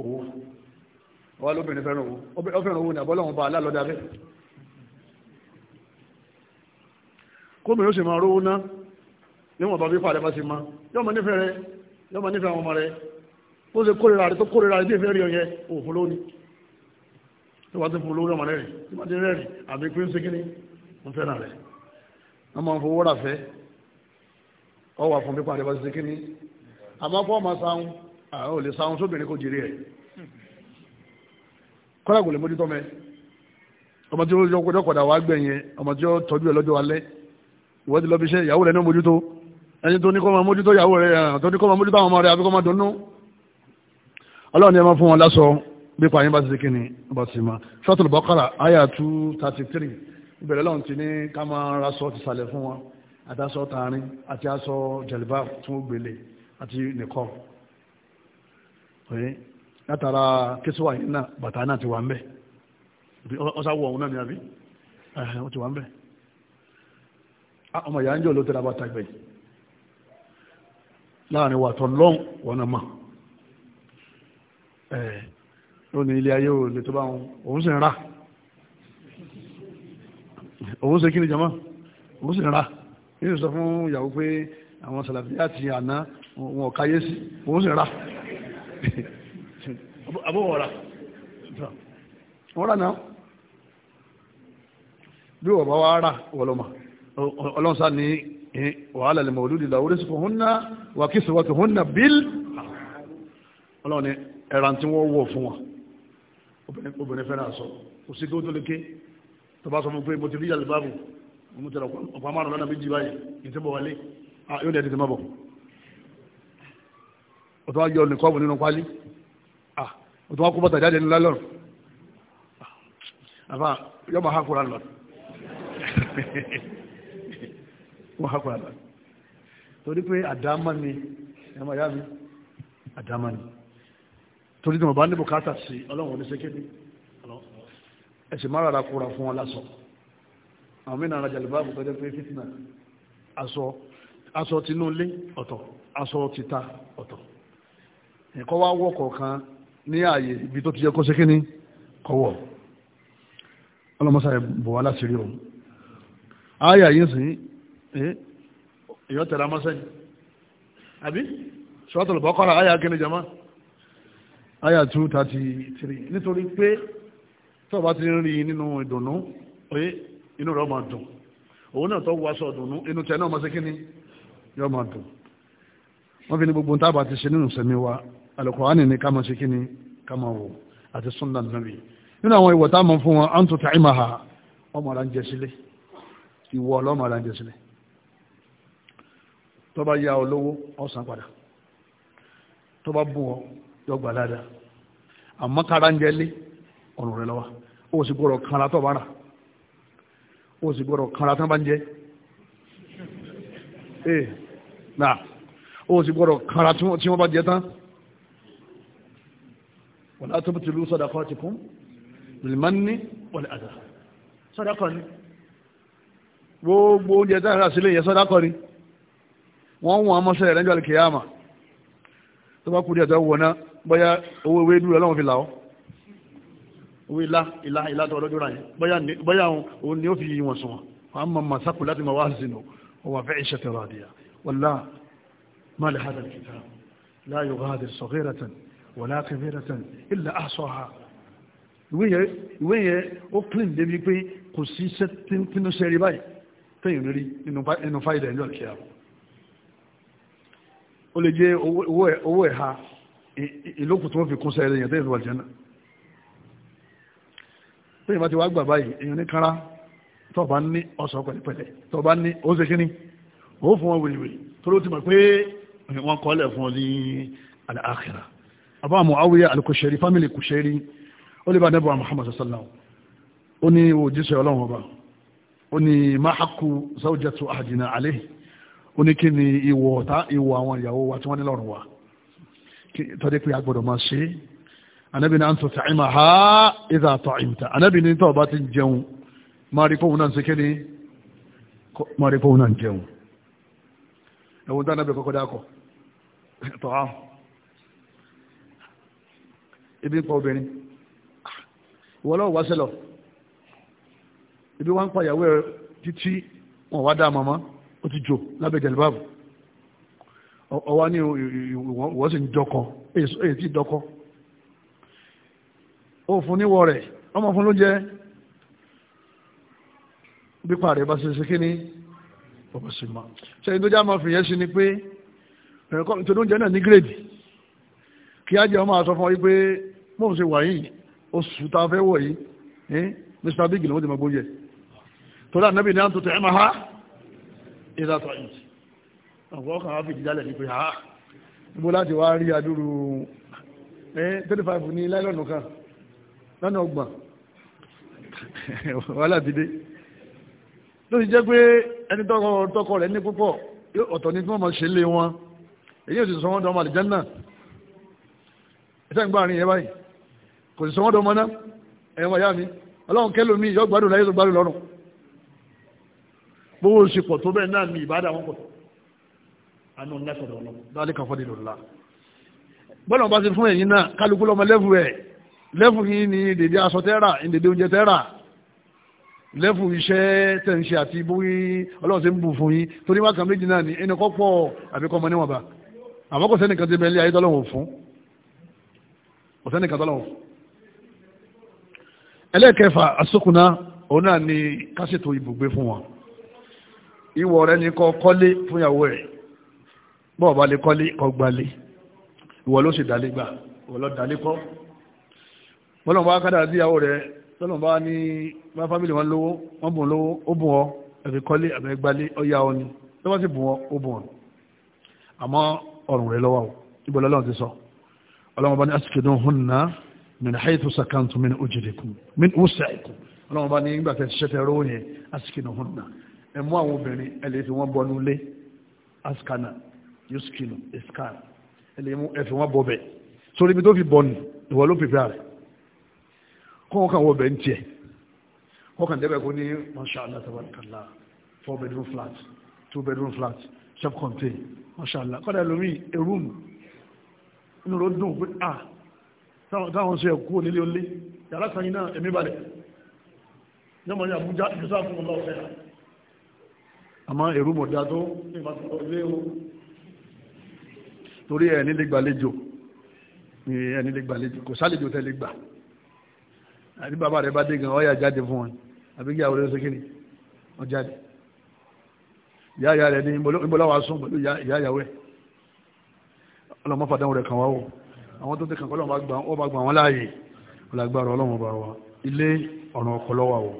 owó wọ́n lóbìnrin fẹ́ràn owó ó fẹ́ràn owó ní àbọ́lọ́wọ́n bá alálọ́dá bẹ́ẹ̀ kóbìnrin ó sì máa rówó ná níwọ̀n bá fífà rẹ̀ bá ti ma yọ́mọ nífẹ̀ẹ́ rẹ̀ yọ́mọ nífẹ̀ẹ́ àwọn ọmọ rẹ̀ ó ṣe kórìíra rẹ̀ tó kórìíra rẹ̀ bí ìfẹ́ rí ọyẹ òfin lónìí tí wọ́n ti fún olówó ọmọ rẹ̀ tí wọ́n ti rẹ̀ àbí pé ọ wà fún pípa àdébàṣe kíní àmọ́ kọ́ ọmọ sáhùn àwọn olè sáhùn sóbìnrin kò jèrè ẹ̀ kọ́lá kò lè mójútó mẹ́ ọmọ tí ó yọ kọjọ́ kọ̀dà wá gbẹ̀yìn ọmọ tí ó tọ́jú ẹ lọ́jọ́ alẹ́ ìwọ́ ti lọ fi iṣẹ́ ìyàwó rẹ̀ náà mójútó ẹni tó ní kọ́ máa mójútó ìyàwó rẹ̀ tó ní kọ́ máa mójútó àwọn ọmọ rẹ̀ àbíkọ́ máa dunnú ọlọ́run ni ẹ máa fún wọn lásọ nípa àyín bá ti kí ni bá ti ma Suratul Baqara àyà 233 ìbẹ̀rẹ̀ lọ́run ti ní ká máa raṣọ ti sàlẹ̀ fún wọn àtàsọ tààrin àti aṣọ jẹ̀lìbá tún gbélé àti nìkọ́ oye látara kíṣíwà yìí na bàtà na ti wà mbẹ bẹ̀ ọ̀sáwọ̀ ọ̀hún náà ni àbí ẹ̀hẹ̀ ó ti wà ń bẹ̀ ọmọ ya ń jẹ́ olóòtú rabata gbẹ̀ láàrin wà tọ́ lọ́n wọn náà mọ̀ ẹ̀ lónìí ilé ayé ò lè tó bá wọn òun sì ń ra òun sì kí ni jama òun sì ń ra. yíò sọ fún ìyàwó pé àwọn sàlàfíà ti àná wọn káyé sí òun sì rà *laughs* àbúwọ̀ rà wọ́n rà náà bí wọ́n bá wá rà wọ́lọ́mà ọlọ́nsá ní wàhálà lè mọ̀lúdì làwúrí sí fún wà kí sọ wàtí húnna bíl ọlọ́ni ẹ̀ràn tí wọ́n wọ̀ fún wọn obìnrin fẹ́ràn sọ kò sí gótó lè ké tó bá sọ fún pé mo ti rí yàlùbáàbù mo tẹ̀lé ọ̀pọ̀ amárùn lọ́nà méjì báyìí ìtẹ́bọ̀ wọlé ah, yóò dẹ̀ tètè mọ́bọ̀ ọ̀tọ́ ayé ọ̀nà kọ́ọ̀bù nínú pálí ọ̀tọ́ akọ́ bọ́tà jáde nílá lọ́rùn àbá yọmọ hakura lọ wọ́n *laughs* hakura lọ torí pé àdámá ni ẹ̀mọ̀ yá mi àdámá ni torí tí mo bá níbò káàtà sí ọlọ́run oníṣẹ́kẹ́ ni ẹ̀sìn márara kóra fún wọn lásán àwọn mìíràn ara jàlùbáàbù tó jẹ́ pé fitna aṣọ aṣọ tinú ilé ọ̀tọ̀ aṣọ tìta ọ̀tọ̀ ẹ̀kọ́ wá wọ̀ kọ̀ọ̀kan ní ààyè ibi tó ti yẹ kó ṣe kíní kọ̀wọ̀ ọlọ́mọṣà bò wá láti rí o ààyè yìí sìn èèyàn tẹ̀ra mọ́sẹ́ ni àbí Suratul Baqara ààyè kíní jama ààyè two thirty three nítorí pé tó ti rí nínú ìdùnnú oyè inú rẹ̀ máa dùn òun náà tó wọ aṣọ ọ̀dùnnú inú tẹ̀ náà máa ṣe kí ni yọ máa dùn wọ́n fi ní gbogbo tá a bá ti ṣe nínú sẹ́mi wa Al-Qur'ani ní ká máa ṣe kí ni ká máa wò àti sunnah nàbì nínú àwọn ìwọ̀ tá a máa fún wọn àǹtò tàí máa ha ọmọ ara ń jẹ sílé ìwọ ọlọ́mọ ara ń jẹ sílé tó bá ya olówó ọ̀sán padà tó bá bùn ọ yọ gbà dáadáa àmọ́ kára ń jẹ lé ọ̀rùn rẹ lọ́wọ́ ó o sì gbọ́dọ̀ kanra tán bá ń jẹ́ ee na o sì gbọ́dọ̀ kanra tí wọ́n bá jẹ tán wala tubtilu sadaqatikum bil manni wal adha sọ́dọ̀kọ́ ni gbogbo oúnjẹ tán rà sílé yẹn sọ́dọ̀kọ́ ni wọ́n wọ́n mọ́ sẹ́rẹ̀ lẹ́jọ́ alìkèyàmà tó bá kú díẹ̀ tó wọ̀ náà bóyá owó ewé dúró lọ́wọ́ fi làwọ́ owó ilá ilá ilá tó ọlọ́jọ́ ráyẹ bọ́yá òun ni ó fi wọ̀n sùn wọn mọ̀ mọ̀ sákò láti mọ̀ wá sínú ọwọ́ fẹ́ iṣẹ́ tẹ̀rọ àdìyà wọlá má lè hádà kìtà láyò bá hádà sọ̀gẹ́rẹ̀tàn wọlá kẹfẹ́rẹ̀tàn ilẹ̀ àṣọ́ha ìwé yẹn ó clean débi pé kò sí iṣẹ́ tínú sẹ́rí báyìí tẹ́yìn rí nínú fáìlẹ̀ ìjọ kíá ó lè jẹ́ owó ẹ̀ha ìlókùn tó wọ́n fi kún sẹ́rí yẹn tẹ́yìn wà jẹ́ náà pé ìbá ti wá gbà báyìí èèyàn ní kánra tó bá ní ọ̀sọ̀ pẹ̀lẹ́pẹ̀lẹ́ tó bá ní ó ṣe kíní ó fún wọn wèrèwèrè tó ló ti mọ̀ pé wọ́n kọ́lẹ̀ fún ọ ní al-akhirah Abu Muawiya al-Kushairi fámìlì Kushairi ó lè bá nẹ́bọ̀ Muhammad sallallahu ó ní òjíṣẹ́ ọlọ́run ọba ó ní máhàkù zawjatu ahadina alayhi ó ní kí ni ìwọ̀ ọ̀tá ìwọ̀ àwọn ìyàwó wa tí wọ́n ní lọ́rùn wa tọ́dé pé a máa ṣe é anábì náà ń tọ́ tàìmà ha ìdá àtọ̀ àìmìta anábì ní tọ́ bá ti jẹun máa rí fóun náà ń sekí ni máa rí fóun náà ń jẹun ẹ̀wọ̀n tó anábì kọ́kọ́ dákọ̀ tọ́ ha ibi ń pa obìnrin ìwọ lọ́wọ́ wá sẹ́lọ̀ ibi wá ń pa ìyàwó ẹ̀ títí wọn wá dá màmá ó ti jò lábẹ́ jẹ̀lẹ́bàbù ọwá ní ìwọ́sìn jọkọ̀ èyí tí ó fún níwọ̀ rẹ̀ ọmọ fún ló jẹ́ bípa rẹ̀ bá ṣe ṣe kí ni bàbá sì mọ̀ sẹ́yìn tó já máa fìyẹn sí ni pé ẹ̀kọ́ nítorí oúnjẹ náà ní gírèdì kí á jẹ́ ọmọ àsọ fún ọ wípé mò ń ṣe wà yìí oṣù tá a fẹ́ wọ̀ yìí Mr. Big ló ti máa gbóyè torí ànábì ní à ń tó tẹ̀ máa ha ìdàtọ̀ yìí àwọn ọkàn wá fìdí jálẹ̀ ní pé ha níbo láti wá rí adúrú 35 ní láìlọ́nù kan lọ́nà ọgbà *laughs* wàhálà ti dé ló ti jẹ́ pé ẹni tọkọ rẹ̀ ní púpọ̀ ọ̀tọ̀ ni tí wọ́n máa ṣe lé wọn èyí ò sì sọ wọ́n dọ̀ ọmọ àlìjánná ẹ̀sẹ̀ ń gbá àárín yẹn báyìí kò sì sọ wọ́n dọ̀ ọmọ náà ẹ̀yọ́ wáyá mi ọlọ́run kẹ́lò mi yọ gbádùn láyé tó gbádùn lọ́rùn gbówó oṣù pọ̀ tó bẹ́ẹ̀ náà ní ìbádà wọn pọ̀ anú lẹ́sọ̀dọ̀ ọlọ́run dálé kan fọ́dí lòlá bọ́lọ̀ bá ti fún ẹ̀yìn náà lẹ́fù yìí ni dèdè aṣọ tẹ́rà dèdè oúnjẹ tẹ́rà lẹ́fù iṣẹ́ tẹ̀sí àti bóyí ọlọ́run ti ń bù fún yín torí wá kan méjì náà ni ẹni kọ́ pọ̀ àbíkọ́ ọmọ níwọ̀nba àmọ́ sẹ́nìkan ti bẹ̀ẹ́lẹ́ ayé fún kò ni kásètò ibùgbé fún wọn ìwọ rẹ ni kọ́ kọ́lé fún ìyàwó rẹ̀ bọ́ọ̀ bá lè kọ́lé ló sì dálé gbà ìwọ ló dálé kọ́ bọ́lọ̀ bá kádà sí ìyàwó rẹ̀ tọ́lọ̀ bá ní bá fámìlì wọn lówó wọ́n bùn lówó ó bùn ọ ẹ̀fẹ̀ kọ́lé ẹ̀fẹ̀ gbalé ọ̀yà ọ ni tó bá sì bùn ọ ó bùn ọ àmọ́ ọ̀rùn rẹ̀ lọ́wọ́ ibo lọ́lọ́run ti sọ ọlọ́run bá ní askunūhunna min haythu sakantum min ujrikum min wus'ikum ọlọ́run bá ní ìgbà tẹ̀ ṣiṣẹ́ tẹ rówó yẹn askunūhunna ẹ mú àwọn obìnrin ẹ lè fi wọ́n bọnú lé askana yuskinu iskan ẹ lè fi wọ́n bọ bẹ́ẹ̀ sórí ibi tó fi bọ̀ ni ìwọ ló fi bẹ́ẹ̀ rẹ̀ kọ́wọ́ kan wọ́n bẹ̀ ń tiẹ̀ wọ́n kàn débẹ̀ kó ní masha allah tabarakallah four bedroom flat two bedroom flat self contained masha allah kọ́dà ẹlòmí a room inú ló dùn pé ah táwọn sọ ẹ̀kú onílé olé yàrá kan yìí náà èmi balẹ̀ yọmọ ní abuja ìjọsá fún ọlọ́ ọ̀fẹ́ àmọ́ èrú mọ̀dá tó nígbàtọ̀lẹ́ o torí ẹni lè gbàlejò ẹni lè gbàlejò kò sálejò tẹ́lẹ̀ gbà àti bàbá rẹ̀ bá dé gan ọ̀yà jáde fún wọn àbí kí àwọn olóṣèké ni wọ́n jáde ìyá ìyá rẹ̀ ní ìbọ̀láwà sún pẹ̀lú ìyá ìyàwó ẹ̀ ọlọ́mọ fàdánwò rẹ̀ kàn wá wò àwọn tó ti kàn kọ́lọ́ wọ́n bá gbà wọ́n láàyè ọlágbára ọlọ́mọ bá wa ilé ọ̀ràn ọ̀kọ̀lọ́wà wò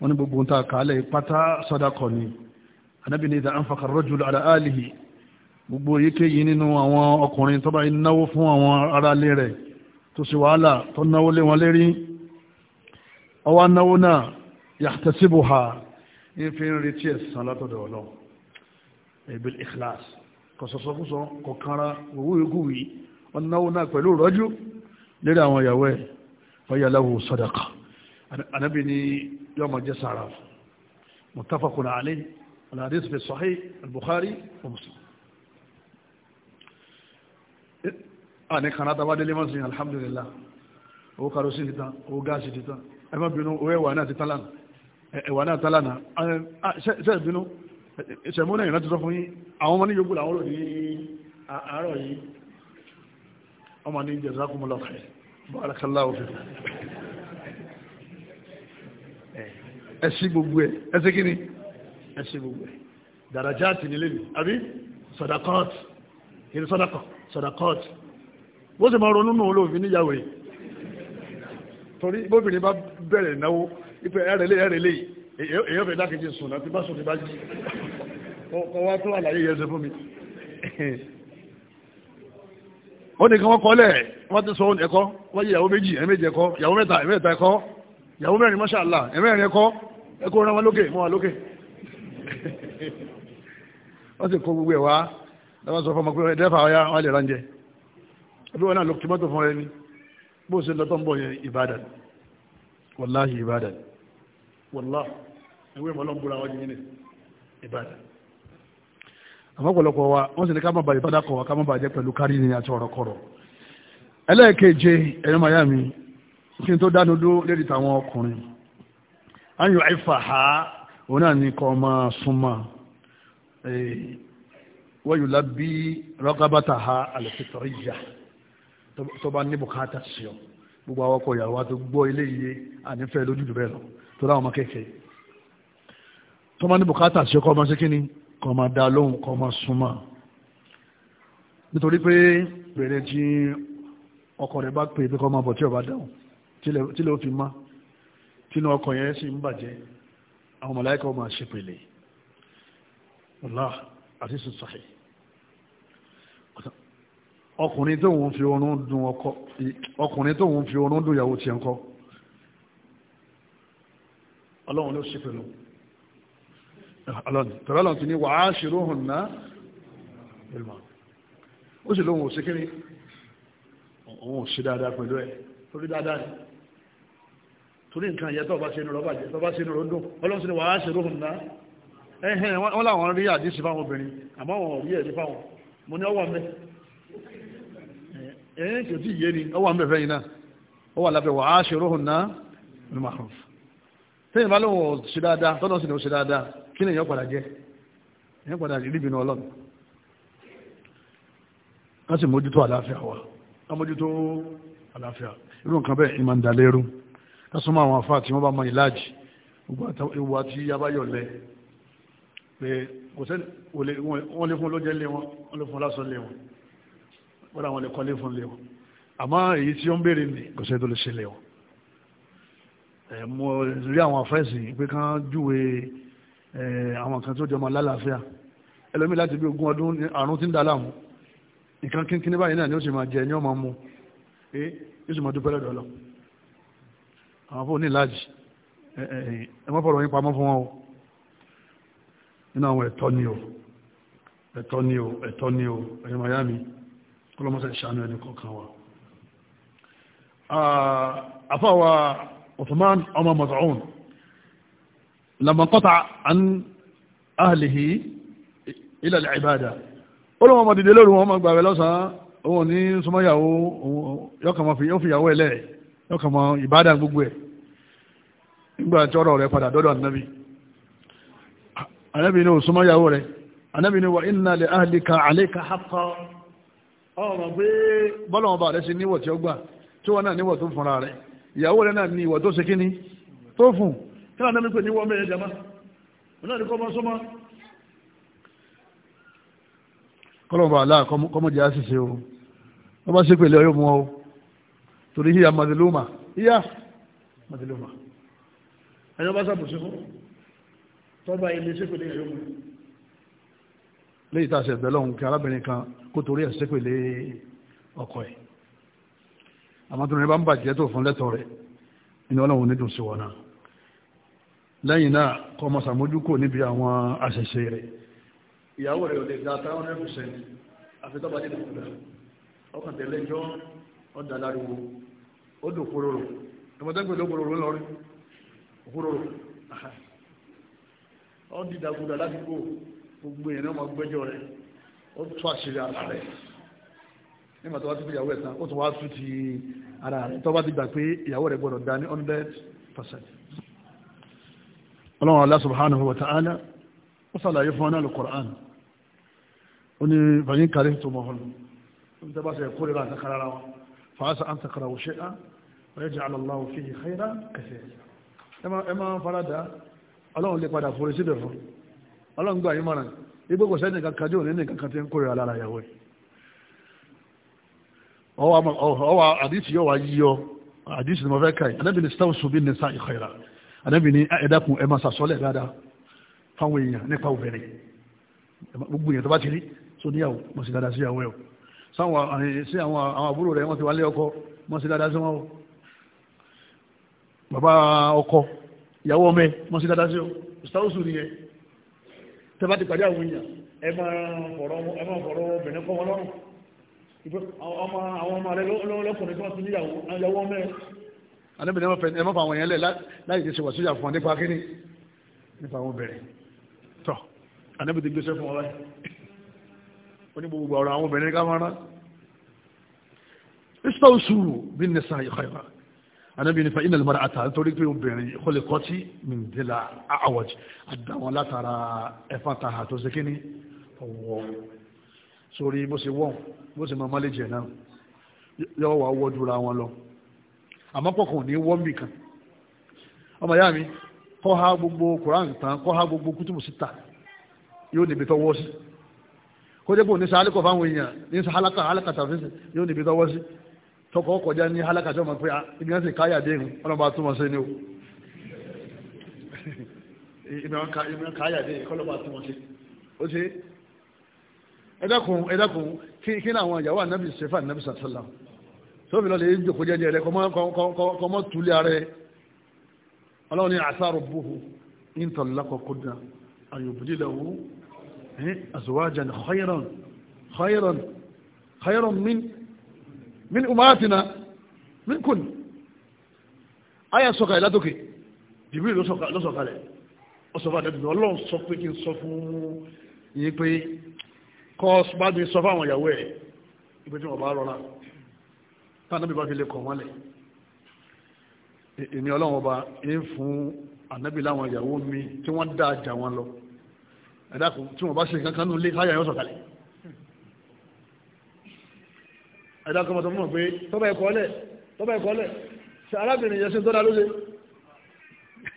wọ́n ní gbogbo ta kàálẹ̀ pátá sọ́dákọ̀ ni anábì ní ìdá ànfàkà rọ́jù ara áàlìhì gbogbo yíkéyìí nínú àwọn ọkùnrin tó bá náwó fún àwọn aráalé rẹ̀ tó sì wàhálà tó náwó lé wọn lérí ọwọ́ anáwó náà yàtẹ̀síbò ha ní fi ń retí ẹ̀sán látọ̀dọ̀ ọlọ́run ẹ̀bìl ikhlas kọ̀sọ̀sọ̀kúsọ kọ̀kanra owó ikú yìí ọ̀náwó náà pẹ̀lú rọ́jú lérí àwọn ìyàwó ẹ̀ fayyaláwo sadaqa anábì ní yóò máa jẹ́ sàrà muttafaqun alayhi al-hadith fi sahih al-bukhari wa muslim a ní kanáta ẹ má bínú owó ẹwà náà ti tán lánàá ẹwà náà tán lánàá ṣe bínú ìṣẹ̀mú náà ìrántí sọ fún yín àwọn ọmọ ní yóò gbúlà àwọn olóòdì àárọ̀ yìí ọmọ ní jazakumullahu khairan barakallahu fikum ẹ̀sí gbogbo ẹ̀ sọ̀dàkọ́ọ̀tì kì í sọ̀dàkọ́ọ̀tì bó sì máa ronú nù olóòfin níyàwó yìí torí bóbìnrin bá bẹ̀rẹ̀ náwó ipẹ̀ ẹ̀rẹ̀lẹ̀ ẹ̀rẹ̀lẹ̀ èyàn fẹ́ dákejì sùn náà ti bá sùn ti bá jí kọ wá tó àlàyé yẹn ṣe fún mi ó ní kí wọ́n kọ́lẹ̀ wọ́n ti sọ ẹ̀kọ́ wọ́n yí ìyàwó méjì ẹ̀mẹ́jì ẹ̀kọ́ ìyàwó mẹ́ta ẹ̀mẹ́ta ẹ̀kọ́ ìyàwó mẹ́rin mọ́ṣáláà ẹ̀mẹ́rin ẹ̀kọ́ ẹ̀kọ́ rán wọn lókè mọ́ wọn lókè *laughs* wọ́n sì kó gbogbo ẹ̀ wá lọ́wọ́ sọ fún ọmọ pé ẹ̀dẹ́fà ọ̀yá wọn lè ránjẹ ẹbí wọn náà lọ tìmọ́tò fún ẹ ní bó ṣe lọ́tọ́ ń bọ̀ yẹn ìbàdàn wàláhì ìbàdàn wàláhì ẹwé ìmọ̀lọ́mbúra wọn yìí ní ìbàdàn àmọ́pọ̀lọpọ̀ wa wọ́n sì ní ká má ba ìbàdàn kọ̀ wá ká má ba jẹ́ pẹ̀lú kárí ni àti ọ̀rọ̀ kọ̀rọ̀ ẹlẹ́ẹ̀keje súnmọ́ wọ́n yóò lábí rọ́gábátà ha àlẹ́fẹ́tọ̀ tó bá ní bùkátà sí ọ gbogbo àwọn ọkọ ìyàwó àti gbọ́ ilé iye ànífẹ́ lójú jù bẹ́ẹ̀ lọ tó láwọn ọmọ kéèkéè tó bá ní bùkátà sí ọkọ ọmọ sí kíni kọ máa dá lóhùn kọ máa súnmọ́ nítorí pé bẹ̀rẹ̀ tí ọkọ rẹ̀ bá pè pé kọ máa bọ̀ tí ọba dáhùn tí lè fi má tínú ọkọ yẹn sì ń bàjẹ́ àwọn mọ̀láìkà ọmọ àṣepèlè ọ̀la àti sùn sàkè ọkùnrin tó ń fi oorun dùn ọkọ ọkùnrin tó ń fi oorun dùn ìyàwó tiẹ̀ kọ́ ọlọ́run ló ṣe pẹ̀lú tọ́lá lọ́n ti ní wàá ṣèrò hàn ná ìlmà ó sì lóhun òsì kiri òun ò sí dáadáa pẹ̀lú ẹ̀ torí dáadáa ni torí nǹkan ìyẹn tó bá ṣe inú rọ́bà jẹ́ tó bá ṣe inú rọ́ dùn ọlọ́run ti ní wàá ṣèrò hàn ná ẹ̀hẹ́n wọ́n láwọn rí àdísí fáwọn obìnrin àmọ́ wọn rí ẹ̀rí fáwọn mo ní ọwọ́ mẹ́ta ẹ̀yìn kò tí yé ni ó wà ń bẹ̀fẹ́ yìí náà ó wà lábẹ́ wà á ṣe róhùn náà ní mahrum tẹ́yìn bá lóhùn ṣe dáadáa tọ́nà sí ni ó ṣe dáadáa kí ni èèyàn padà jẹ́ èèyàn padà rí bínú ọlọ́run wọ́n sì mójútó àlàáfíà wa wọ́n mójútó àlàáfíà irú nǹkan bẹ́ẹ̀ ìmọ̀ ń dà lérú lásùnmọ́ àwọn afá tí wọ́n bá mọ ìlàjì gbogbo àti abáyọ̀ lẹ pé kò sẹ́ni wọ́n lè fún lójẹ́ lé wọn wọ́n lè fún lásán lé wọn bọ́dà wọn lè kọ́lé fún lé wọn àmọ́ èyí tí ó ń béèrè ni kò sẹ́ni tó lè ṣe lé mo rí àwọn afẹ́sìn pé kán júwe àwọn kan tó jọmọ lálàáfíà ẹlòmíì láti bí ogún ọdún àrùn tí ń da nǹkan kínkín báyìí náà ni ó sì máa jẹ ẹni ó máa mu ẹ yóò sì máa dúpẹ́ lọ́dọ̀ lọ àwọn fóònù ìlàjì ẹ mọ́ fọ̀rọ̀ yín pamọ́ fún wọn o nínú àwọn ẹ̀tọ́ ni o ẹ̀tọ́ ni o ẹ̀tọ́ ni o ẹ̀yọ́ miami kọlọmọsẹ̀ ìṣàánú ẹni kọ̀ọ̀kan wa afáwa Uthman ọmọ Maz'un lamma qata'a an ahlihi ila al-ibada olóòwò ọmọdé lórí wọn ma gbàwẹ̀ lọ́sàn-án òun ní súnmọ́yàwó yọkàmọ́ fi yóò fi yàwó ẹlẹ́ yọkàmọ́ ìbádà gbogbo ẹ̀ nígbà tí ọ̀rọ̀ rẹ̀ padà dọ́dọ̀ ànábì ànábì ní òsúnmọ́yàwó rẹ̀ ànábì ní wa inna li ahlika alayka haqqan ọmọ pé bọ́lọ̀wọ́n bá rẹ̀ sí níwọ̀ tí ó gbà tí wọ́n náà níwọ̀ tó fúnra rẹ̀ ìyàwó rẹ̀ náà ní ìwọ̀ tó ṣe kíní tó fún kí náà nípe níwọ̀ mẹ́rin jama náà ní kọ́mọ sọ́mọ kọ́lọ̀ bá aláà kọ́mọ jẹ́ àṣìṣe o wọ́n bá ṣe pẹ̀lẹ́ ọyọ́ mu ọ torí híya madiluma híya madiluma ẹ̀yọ́ bá sàbòsí fún tọ́ba ilé ṣe pẹ̀lẹ́ ọyọ́ mu tá a ṣe bẹ́ẹ̀ lọ́hùn kí arábìnrin kó torí ẹ̀ sépèlé ọkọ ẹ̀ àmọ́ tó ní bá ń bàjẹ́ tó fún lẹ́tọ̀ rẹ̀ inú ọlọ́run ní dùn sí wọn náà lẹ́yìn náà kọ́ ọmọ sàmójúkò níbi àwọn àṣẹṣe rẹ̀ ìyàwó rẹ̀ ò lè da táwọn ẹ̀rù sẹ́ni àfi tọ́ba dé dùkú dà ọkàn tẹ̀lé jọ́ ọ̀dà láriwo ó dùn kúròrò tọmọdégbè ló kúròrò lọrí kúròrò ọ́ ládùúgbò gbogbo èèyàn náà máa gbẹ́jọ́ rẹ̀ ó tún àṣírí ara rẹ̀ nígbà tó wá sí ìyàwó ẹ̀ tán ó tún wá tún ti ara rẹ̀ tó bá ti gbà pé ìyàwó rẹ̀ gbọ́dọ̀ dá ní hundred percent ọlọ́run Allah subhanahu wa ta'ala ó sàlàyé fún ọ́nà al ó ní bàyín kárí tó mọ̀ ọ́nà ó ní tẹ́ bá ṣe kórìíra àti kárára wọn fàásà an takrahu shay'an wa yaj'al Allahu fihi khayran kathira ẹ máa ń farada ọlọ́run lè padà forí síbẹ̀ fún ọlọ́run gbà yín mọ̀ràn igbó kò sẹ́ni kankan tí ò ní ní kankan tí ń kórira lára ìyàwó ẹ̀ ọwọ́ àdìsí yóò wá yíyọ àdìsí ni mo fẹ́ ka yìí anábì ní stawsu bin nisa'i khaira anábì ní ẹ̀dàkùn ẹ̀ máa sàsọ́lẹ̀ dáadáa fáwọn èèyàn nípa obìnrin gbogbo èèyàn tó bá ti rí tó níyàwó mo sì dáadáa sí ìyàwó ẹ̀ sí àwọn àbúrò rẹ̀ wọ́n ti wá lé ọkọ mo sì dáadáa sí wọn o bàbá ọkọ ìyàwó ọmọ ẹ̀ mo sì dáadáa sí ọ stawsu nìyẹn tẹ́bá ti pàdé àwọn èèyàn ẹ máa fọ̀rọ̀ obìnrin kọ́ wọn lọ́rùn àwọn ọmọ rẹ lọ́kùnrin tó ti níyàwó ayàwó mẹ́rin anábìnrin ẹmọ́ fẹ́ ẹmọ́ fàwọn èèyàn lẹ̀ láì ti ṣe wà síyà fún nípa kíní nípa àwọn obìnrin tọ́ anábìnrin gbèsè fún ọlá onígbogbo ọ̀rọ̀ àwọn obìnrin ká máa rán ìsọ̀ọ̀sù bí nìsa ìkọ̀ ìwà anábì ní fa'inal mar'ata nítorí pé obìnrin khuliqati min dila a'waj àdáwọn látara ẹ̀fà tàhà tó ṣe kíní ọwọ́ sórí bó ṣe wọ́n bó ṣe mọ́mọ́lé jẹ̀ náà yọ́ wà wọ́ dúra wọn lọ àmọ́ pọ̀kàn ní wọ́n bì kan ọmọ yá mi kọ́ ha gbogbo Qur'an tán kọ́ ha gbogbo kútùbù síta yóò níbi tọ́wọ́ sí kó dé pò ní sáálẹ́kọ̀ọ́ fáwọn èèyàn ní sáálẹ́kọ̀ọ́ tọkọ kọjá ní alákàtọ́ ma pé ibi wọ́n sì káyà déhùn ọ̀nà bá túnmọ̀ sí ní o ibi wọ́n káyà déhùn kọ́lọ́ bá túnmọ̀ sí ó ṣe ẹ̀dẹ́kùn ẹ̀dẹ́kùn kí ní àwọn ìyàwó ànábì sefa ànábì sàtọ́là sófin lọ́lẹ̀ yìí jòkó jẹ́jẹ́ rẹ̀ kọ́mọ́ túlẹ̀ ààrẹ ọlọ́run ní àṣàrò búhu ìntànlákọ̀ kódà àyòbùdílẹ̀wò azwajan khayran khayran khayran min min umatina min kun aya sọ̀kalẹ̀ látòkè jibril ló sọ̀kalẹ̀ ọsọ̀fà dẹ̀dẹ̀ ọlọ́run sọ pé kí n sọ fún yín pé kọ́ bá mi sọ fáwọn ìyàwó ẹ̀ ibi tí wọ́n bá rọra tánàbí bá fi lè kọ̀ wọ́n lẹ̀ èmi ọlọ́run ọba ń fún ànábì láwọn ìyàwó mi tí wọ́n dá àjà wọn lọ ẹ̀dá ẹ̀dá kan mọ̀tọ́ mọ̀ pé tọ́ba ẹ̀kọ́ lẹ̀ tọ́ba ẹ̀kọ́ lẹ̀ ṣe arábìnrin yẹn ṣe tọ́da ló ṣe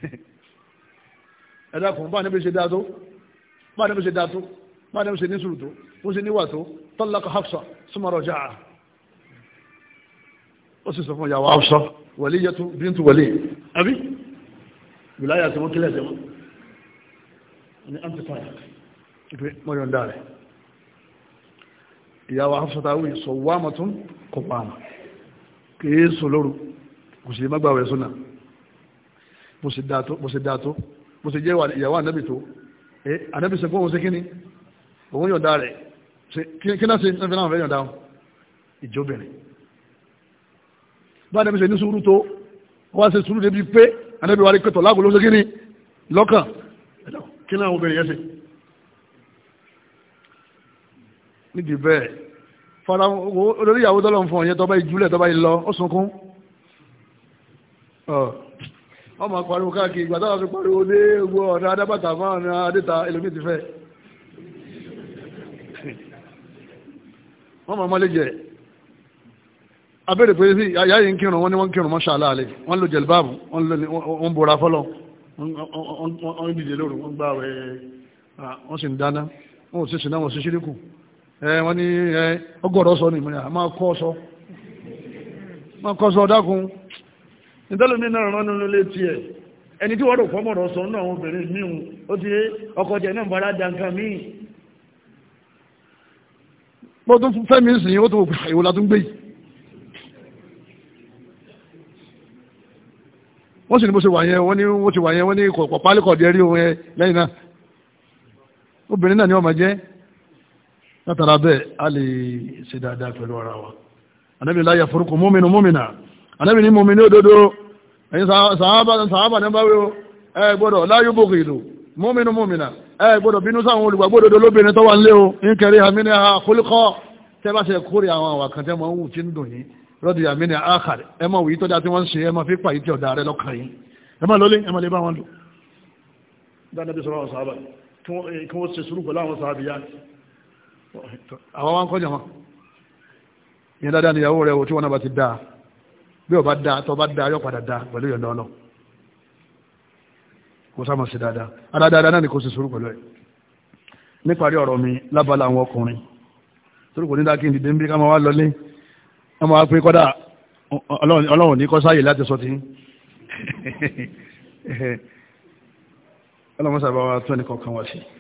*laughs* ẹ̀dá kan bá níbi ṣe dáa tó bá níbi ṣe dáa tó bá níbi ṣe ní sùúrù tó ó ṣe níwà tó tọ́lákọ̀ Hafsa súnmọ́rọ̀ jà á ó sì sọ fún ìyàwó Hafsa wàlí yẹtu bíntu wàlí àbí bìláyà tí wọ́n kílẹ̀ tẹ́wọ́n ní amplifier ìpè mọ́yọ̀ ń dáa rẹ̀ ìyàwó afsọ̀tàwì sọ wàmà tún kò pàmà kìí sọ lóru kò sì má gbàwẹ̀ súnà bó sì dáa tó bó sì jẹ́ ìyàwó ànábì tó ànábì sọ fún òun sí kíní òun yọ̀ǹda rẹ̀ kí náà sí ẹ̀fẹ́ náà fẹ́ yọ̀ǹda ìjọbìnrin bá ànábì sọ ní sùúrù tó wá sí sùúrù débi pé ànábì wà ní pẹ̀tọ̀ lágùn ló sí kíní lọ́kàn kí náà obìnrin yẹn sí nídìí bẹ́ẹ̀ fara olórí ìyàwó tọ́lọ̀ ń fún ọ̀yẹ́ tọ́ba ìjúlẹ̀ tọ́ba ìlọ ó sunkún ọmọ pariwo káàkiri ìgbà táwọn fi pariwo dé gbọ́ ọ̀dà adábàtà fáwọn adéta ẹlòmíì ti fẹ́ wọ́n máa mọ́lé jẹ́ abẹ́rẹ́ pé sí ayáyí ń kírun wọ́n ní wọ́n kírun mọ́ṣá aláàlẹ́ wọ́n lo jẹ̀lbáàbù wọ́n bora fọ́lọ́ wọ́n dìde lóru wọ́n gbá wẹ́ wọ́n sì ń dáná wọ́n ò sì sí náà wọ́n sì ṣíríkù Eh, wọ́n ní eh, ọgọ́rọ̀ sọ ní ìmúlẹ̀ ah, àmá kọ́ sọ ma kọ́ sọ dákun nítọ́lómi náà rán nínú ilé tí ẹni tí wọ́n rò fọ́mọ̀rọ̀ sọ náà àwọn obìnrin míhun ó ti ọkọ̀ jẹ́ náà bára dankan míì wọ́n sì ṣe wà yẹn wọ́n ní wà yẹn látara bẹ́ẹ̀ a lè ṣe dáadáa pẹ̀lú ara wa anábì láyà forúkọ mọ́mìnà mọ́mìnà anábì ní mọ́mìnà òdodo ẹ̀yin sàábà ní báwí o ẹ gbọ́dọ̀ láyé bòkè ìlú mọ́mìnà mọ́mìnà ẹ gbọ́dọ̀ bínú sáwọn olùgbàgbọ́ òdodo lóbìnrin tó wà ń lé o ń kẹrí àmìnà àkólíkọ́ tẹ́ bá ṣe kórè àwọn àwọn àkàntẹ́ mọ́ wù tí ń dùn yín lọ́dọ̀ àmìnà àkàrẹ ẹ mọ̀ wù yí wọ́n ṣe ẹ mọ̀ fi pàyí àwọn wa ń kọjá wọn ìyẹn dáadáa níyàwó rẹ o tí wọn náà bá ti dáa bí o bá dáa tó bá dáa yóò padà dáa pẹ̀lú ìyọ̀ndọ́ ọlọ kò sá mọ̀ sí dáadáa adáadáa náà ni kò sì sùúrù pẹ̀lú ẹ̀ níparí ọ̀rọ̀ mi lábala àwọn ọkùnrin torí kò ní dákí ìdìdé ń bí ká máa wá lọlé wọ́n máa pé kọ́dà ọlọ́run ní kọ́ sáyè láti sọ ti *laughs* ọlọ́run sábà wá tó ẹnì kọ̀ọ̀kan wá sí i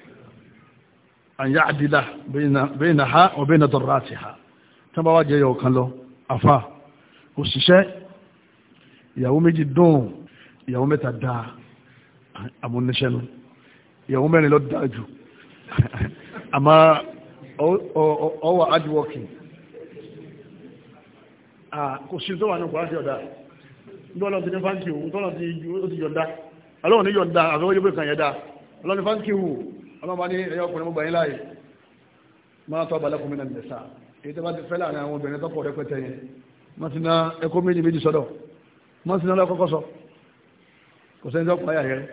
an ya'dila bainaha wa bain darratiha tán bá wá jẹ́ yọ kan lọ afá òṣìṣẹ́ ìyàwó méjì dùn ìyàwó mẹ́ta dáa àmúniṣẹ́nu ìyàwó mẹ́rin lọ dáa jù *laughs* àmá ọwọ́ hardworking kò sí tó wà ní kòrán ti ọ̀dá lọ́lọ́ ti ní fáńkì òun tọ́lọ́ ti yọ̀dá alọ́wọ̀ ní yọ̀dá àfẹ́wọ́ yóò kan yẹ̀dá ọlọ́ni fáńkì òun ọlọ́ba ní ẹ̀yọ́ ọkùnrin mọ́gbà yín láàyè máa tọ́ balẹ̀ fún mi náà nìyẹn sá èyí tó bá ti fẹ́ láàrin àwọn obìnrin tọ́pọ̀ rẹpẹtẹ yẹn wọ́n ti ná ẹkọ méjì méjì sọ́dọ̀ wọ́n ti ná lọ́kọ́kọ́ sọ kò sẹ́ni tó pa ayà yẹn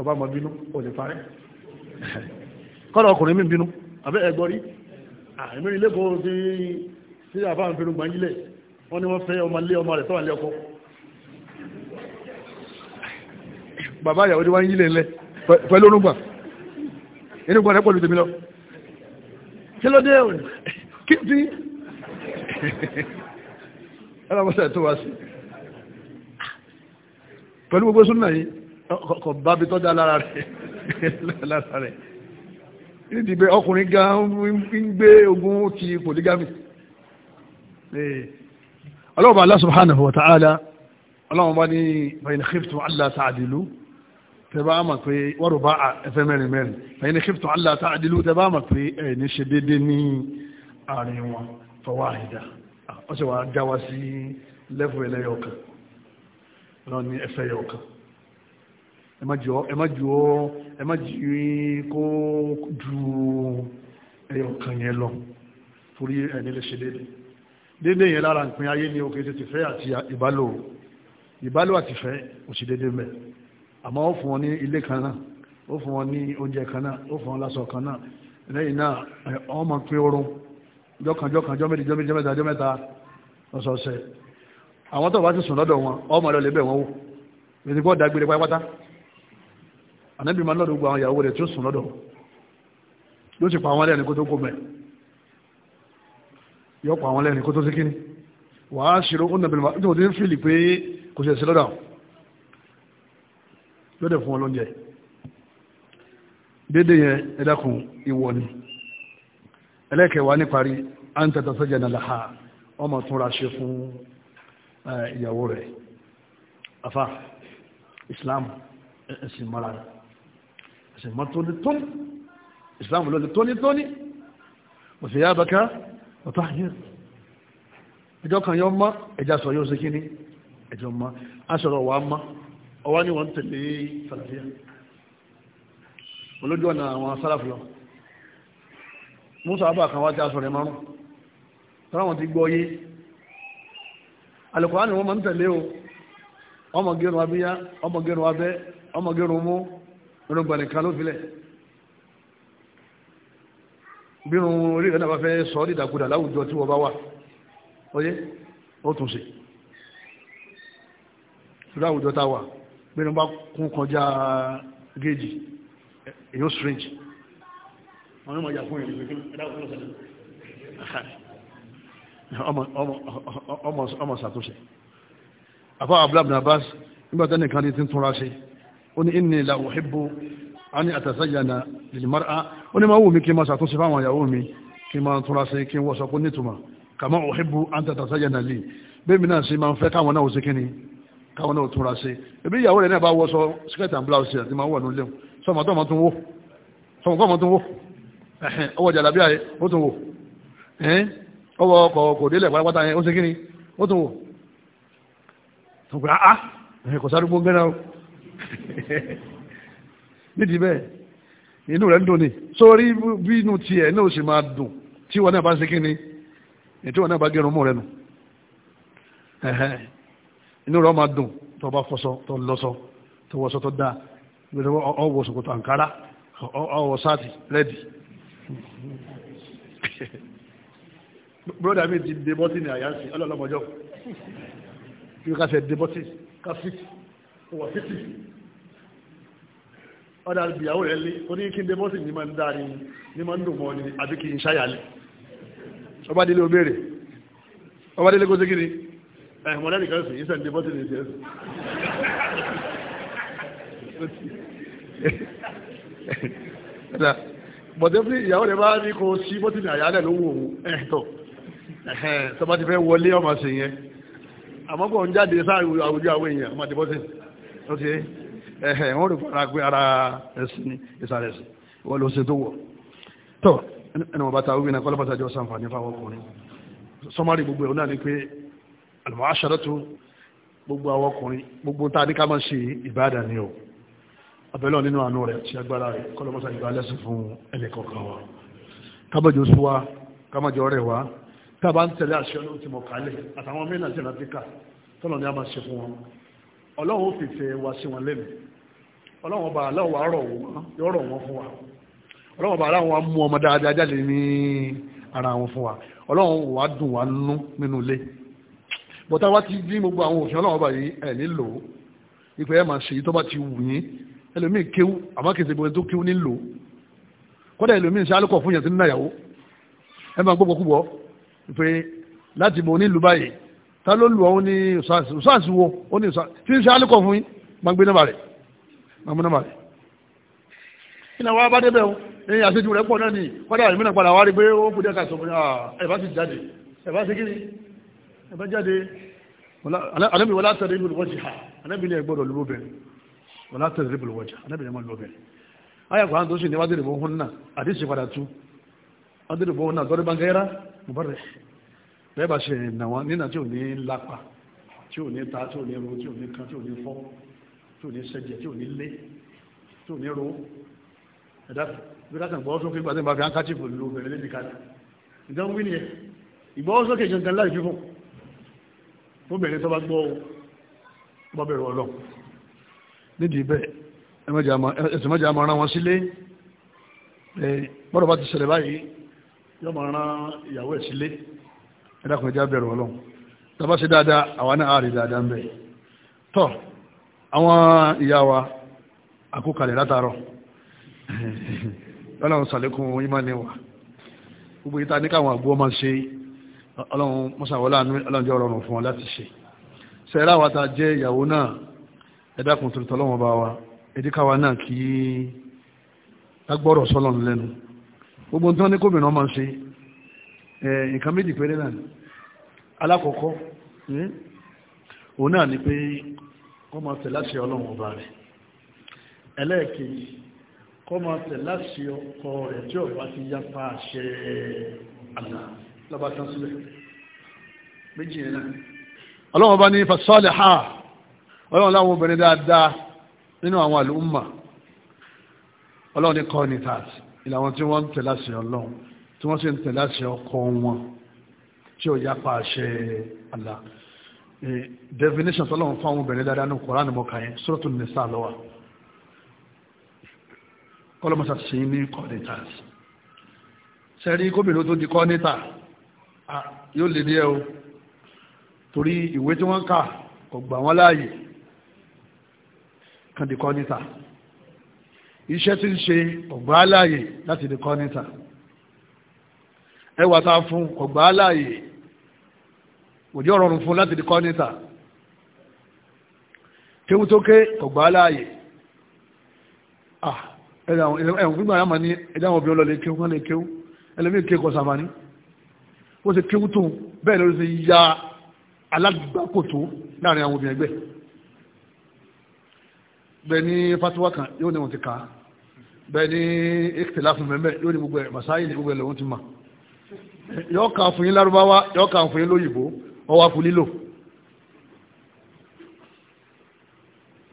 ọba mọ̀ bínú ò lè parẹ́ kọ́lọ̀ ọkùnrin mi bínú àbẹ́ ẹ̀gbọ́ rí àmì ilé kò sí sí àfáàn fẹ́rù gbàǹjílẹ̀ wọ́n ni wọ́n fẹ́ ọmọ lé ọmọ rẹ̀ tọ́wà ni pẹ̀lú orúngbà inú gbọ́dẹ̀ pẹ̀lú tèmi lọ kí ló dé òun kí tí *laughs* ẹlọ́mọsẹ̀ tó wá sí pẹ̀lú gbogbo súnmọ̀ yìí kọ̀ bá bí tọ́jà lára rẹ̀ nídìbẹ̀ *laughs* ọkùnrin gan ń gbé ogun ti polygamy eh, ọlọ́ọ̀bà Allah subhanahu wa ta'ala ọlọ́ọ̀bà ní bayan khiftu Allah ta'adilu tẹ́bá mọ̀ pé wọ́rù bá ẹfẹ́ mẹ́rin mẹ́rin ẹ̀yìn ni kíftù Allah ta'dilu tẹ́bá mọ̀ pé ẹ̀ ní ṣe dédé ní àárín wọn fọwọ́ àìdá ó sì wà dáwà sí lẹ́fù ẹlẹ́yọ̀ọ̀kan lọ ní ẹfẹ́ yọ̀ọ̀kan ẹ má jù ọ́ ẹ má jù kó ju ẹyọ̀ọ̀kan yẹn lọ torí ẹ̀ lè ṣe dédé dédé yẹn lára nǹkan ayé ni òkè ti fẹ́ àti ìbálò ìbálò àti fẹ́ òṣìdédé mẹ́rin àmọ́ ó fún wọn ní ilé kan náà ó fún wọn ní oúnjẹ kan náà ó fún wọn lásọ kan náà lẹ́yìn náà wọ́n máa pín oorun jọ́kànjọ́kàn jọ́ méjì jọ́ méjì jọ́ mẹ́ta jọ́ mẹ́ta ọ̀sọ̀ọ̀sẹ̀ àwọn tó bá ti sùn lọ́dọ̀ wọn ọmọ lọ lè bẹ̀ wọn wò ètò ìpọ́ dágbére pátápátá ànábì máa lọ́dọ̀ gbogbo àwọn ìyàwó rẹ̀ tí ó sùn lọ́dọ̀ yóò sì pa àwọn lẹ́rìn kó tó kó mẹ́ yóò pa àwọn lẹ́rìn kó tó sí kíní wàá ṣèrò ó nàbẹ̀rẹ̀ tó ti ń pé kò sì ẹ̀sìn lọ́dọ̀ àwọn lọ́dẹ̀ fún ọlọ́njẹ dédé yẹn ẹ̀dàkùn ìwọ ni ẹlẹ́kẹ̀wá níparí àǹtẹ̀tẹ̀ sọ́jà náà láha ọmọ túnra ṣe fún ìyàwó rẹ̀ afa islam ẹ̀sìn mọ́ra ẹ̀sìn mọ́ islam lọ́dẹ̀ tónítóní òsè yá abaka ọ̀tá yẹn ẹjọ́ kan yọ mọ́ ẹjá sọ yóò ṣe kíní ọwọ́ ní wọ́n tẹ̀lé sàlàyé olójú ọ̀nà àwọn sálàfù lọ musa abba kan wá já sọ̀rọ̀ márùn tọ́rọ wọn ti gbọ́ yé alùkọ́rá ni wọ́n ma ń tẹ̀lé o ọmọ abíyá ọmọ abẹ́ ọmọ mú irun gbànìkan ló filẹ̀ bírun orí rẹ̀ náà fẹ́ sọ láwùjọ tí wọ́n bá wà ó yé ó tún bẹ́ẹ̀ bá kún kọjá géèjì èyàn strange wọ́n ní mọ̀já fún ìrìn ọmọ ṣàtúnṣe àfá abúlábùn abbas nígbàtẹ́ nìkan ní tí ń túnra ṣe ó ní inni la uhibbu an atasayyana lil mar'a ó ní máa wù mí kí n máa ṣàtúnṣe fáwọn ìyàwó mi kí n túnra ṣe kí n wọ́sọ kó nítumọ̀ kama uhibbu an tatasayyana li bẹ́ẹ̀ mi náà ṣe máa ń fẹ́ káwọn náà ó ṣe kí ni káwọn náà túnra ṣe ebi ìyàwó rẹ̀ náà bá wọṣọ skirt and blouse àti máa wọ̀ ní sọmọ tó ọmọ tún wò sọmọ kọ́ ọmọ tún wò ọwọ́ jàlábí ààyè ó tún wò ọwọ́ ọkọ̀ kò délẹ̀ pátápátá yẹn ó ṣe kíni ó tún wò tó pé áá ah, ah, kò sáré gbóngbé náà *laughs* nídìí bẹ́ẹ̀ inú rẹ̀ ń dùn ni sórí bí inú tiẹ̀ náà sì máa dùn tí wọn náà bá ṣe kíni ètò wọn náà bá gẹrun mọ́ rẹ nù inú rẹ̀ máa dùn tó bá fọṣọ tó lọ́ṣọ tó wọṣọ tó dáa ọwọ́ ṣòkòtò àǹkárá ọwọ́ sáàtì rẹ́dì broda mi ti de bọ́tì ní àyà sí ọlọ́lọ́mọjọ́ kí ká fẹ́ de bọ́tì ká fìtì wọ̀ fìtì ọ̀dà ìyàwó rẹ̀ lé oní kí n de bọ́tì ní máa ń dáa ní máa ń dùn mọ́ ni àbí kí n ṣáyà lé ọba délé obèrè ọba délé kó ṣe kí ni ẹ̀hùn eh, ọ̀lẹ́nì kan sì yí sẹ́ndé bọ́tì ní ìṣẹ́ sí bọ̀dé bí ìyàwó rẹ̀ bá ní kò sí bọ́tì ní àyálẹ̀ ló wò ẹ̀tọ́ sọba ti fẹ́ wọlé ọmọ sí yẹn àmọ́gbọ̀n ń jáde sáàrù àwùjọ àwọn èèyàn ọmọ dìbọ́tì ó ti ẹ̀hẹ̀ wọ́n rí fara pé ara ẹ̀sìn ní ìsàrẹ̀ sí wọ́n ló ṣe tó wọ̀ tọ́ ẹni wọ́n bá ta wíwí náà kọ́lọ́pàá tàjọ́ sàǹfà ní fáwọn ọkùnrin sọmárì gbogbo ẹ̀ náà ni pé àlùmọ́ aṣọ́dọ́tò gbogbo àwọn ọkùnrin gbogbo tá a ní ká máa ṣe ìbáàdà ni o abẹ́lọ́ nínú àánú rẹ̀ tí agbára rẹ̀ kọ́lọ́mọ́sá ìgbà lẹ́sìn fún ẹnì kọ̀ọ̀kan wa kábàjọ́ sú wa kábàjọ́ rẹ̀ wa tá ń tẹ̀lé àṣẹ tí mo kálẹ̀ àtàwọn mẹ́rin bọ̀tá wa ti dín gbogbo àwọn òfin ọlọ́wọ́ báyìí ẹ̀ nílò ìpẹ́ ẹ̀ máa ṣe èyí tó bá ti wù yín ẹlòmíì kéwú àmọ́ kìí ṣe gbogbo tó kéwú nílò kọ́dà ẹlòmíì ṣe alùkọ̀ fún yẹn tí ń náyàwó ẹ máa gbogbo kúbọ̀ ìpè láti bò nílùú báyìí ta ló lù ọ́ ní ṣáàṣì wo ó ní ṣáàṣì tí ń ṣe alùkọ̀ fún yín máa gbé nọ́mbà rẹ̀ máa mú nọ́mbà rẹ̀ ìlà wa ẹ̀bẹ́ jáde anábì wọlá tẹ̀lé ibùdó wọ́jì ha anábì ní ẹgbọ́dọ̀ lówó bẹ̀rẹ̀ wọlá tẹ̀lé ibùdó wọ́jì anábì ní ẹmọ lówó bẹ̀rẹ̀ ayàkọ̀ àwọn tó sì ní wádìí ìbò hún náà àdíṣe padà tú wádìí ìbò hún náà tọ́rí bangẹ́rá mọ̀bárẹ̀ bẹ́ẹ̀ bá ṣe nà wọn nínà tí ò ní lápá tí ò ní ta tí ò ní ro tí ò ní kan tí ò ní fọ́ tí ò ní sẹ́jẹ̀ tí ò ní lé tí ò ní ro ẹ̀dá bí ká gbọ́ sókè gbàdé bá fi hàn káàtì pẹ̀lú obìnrin lébi ká ìdánwò ní ẹ̀ ìgbọ́ sókè jẹ̀ǹkan fóbìnrin tó bá gbọ́ bá bẹ̀rù ọlọ́run nídìí bẹ́ẹ̀ ẹ̀sìn mẹ́jọ àmọ́ ran wọn sílé bọ́dọ̀ bá ti ṣẹlẹ̀ báyìí yóò máa ran ìyàwó ẹ̀ sílé ẹ̀dàkùnrin já bẹ̀rù ọlọ́run tó bá ṣe dáadáa àwa náà àárí dáadáa ń bẹ̀ tọ́ àwọn ìyá wa àkókalẹ̀ látàárọ̀ *laughs* ọlọ́run sàlékún ìmánìwà gbogbo ìta ní káwọn àgbọ̀ máa ṣe ọlọ́run mọ́sàwọ́lá ọlọ́njẹ́ ọlọ́run fún ọ láti ṣe sẹ́rẹ́ àwọn ta jẹ́ ìyàwó náà ẹ̀dàkùn tó tọ́lọ́wọ́n bá wa ẹ̀díkàwá náà kí agbọ́rọ̀ sọ́lọ́run lẹ́nu gbogbo nǹkan ní kómìnà máa ń ṣe nǹkan méjì péré náà ni alákọ̀ọ́kọ́ òun náà ni pé kọ́ máa tẹ̀ láṣẹ ọlọ́run ọba rẹ̀ ẹlẹ́ẹ̀kejì kọ́ máa tẹ̀ láṣẹ ọkọ rẹ̀ tí ọba ti yapa àṣẹ àlàáfíà lọ́ba tán síbẹ̀ méjì yẹn náà ọlọ́wọ́n bá ní fasọ́lẹ̀ ha ọlọ́wọ́n láwọn obìnrin dáadáa nínú àwọn àlùmọ̀ ọlọ́wọ́n ní kọ́ni tààtì ìlàwọn tí wọ́n ń tẹ̀lé àṣẹ ọlọ́run tí wọ́n sì ń tẹ̀lé àṣẹ ọkọ wọn tí ó yapa àṣẹ Allah definition tọ́lọ́run fún àwọn obìnrin dáadáa ní Kùránì mọ́ kàyẹn Suratul Nisa lọ́wọ́ kọ́lọ́mọ́sà sí ní kọ́ni tààtì sẹ́rí Ah, yóò lè díẹ̀ o torí ìwé tí wọ́n ń kà kò gbà wọ́n láàyè kan di kọ́nítà iṣẹ́ tí ń ṣe kò gbà láàyè láti di kọ́nítà ẹwà tá a fún kò gbà láàyè òjò rọrùn fún láti di kọ́nítà kéwú tó ké kò gbà láàyè ah, ẹ̀wọ̀n fún ìgbà yà máa ní ẹ̀dá àwọn obìnrin lọ lè kéwú kán lè kéwú ẹlẹ́mìí ké kọ́ sàmání bó ṣe kéwú tó bẹ́ẹ̀ ló ṣe ya alágbàkòtò láàrin àwọn obìnrin ẹgbẹ́ bẹ́ẹ̀ ni fatiwa kan yóò ní wọn ti kà á bẹ́ẹ̀ ni ekitela fún mẹ́mẹ́ yóò ní gbogbo ẹ̀ masáyì ní gbogbo ẹ̀ lọ́wọ́ ti ma yóò kà fún yín lárúbáwá yóò kà fún yín lóyìnbó ọwọ́ fún lílò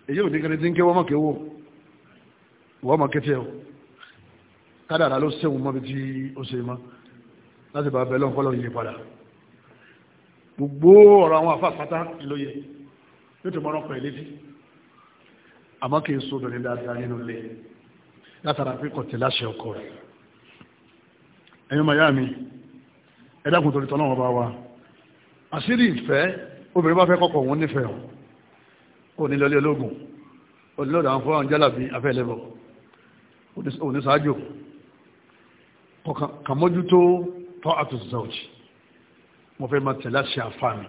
èyí ò ní kẹrin tí ń ké wọ́n mọ̀ kéwò wọ́n mọ̀ kété o kádàrá ló sẹ́wọ̀n mọ́bi tí ó ṣe máa láti bá bẹ̀lọ́ kọ́lọ̀ yìí padà gbogbo ọ̀rọ̀ àwọn àfàpátá ìlóye yóò tó mọ́rán pẹ̀lú létí àmọ́ kí n so obìnrin dáadáa nínú ilé látara pé kọ̀tẹ̀ láṣẹ ọkọ rẹ̀ ẹ̀yin màyá mi ẹ dákun torí tọ́lọ́ wọn bá wa àṣírí ìfẹ́ obìnrin bá fẹ́ kọ́kọ́ òun nífẹ̀ẹ́ o kò ní lọlé ológun olóòdà àwọn fọ́nrán jálàbí afẹ́lẹ́bọ̀ òní sáájò kàmójútó ta'atu zawj mo fẹ́ máa tẹ̀lé àṣẹ àfa mi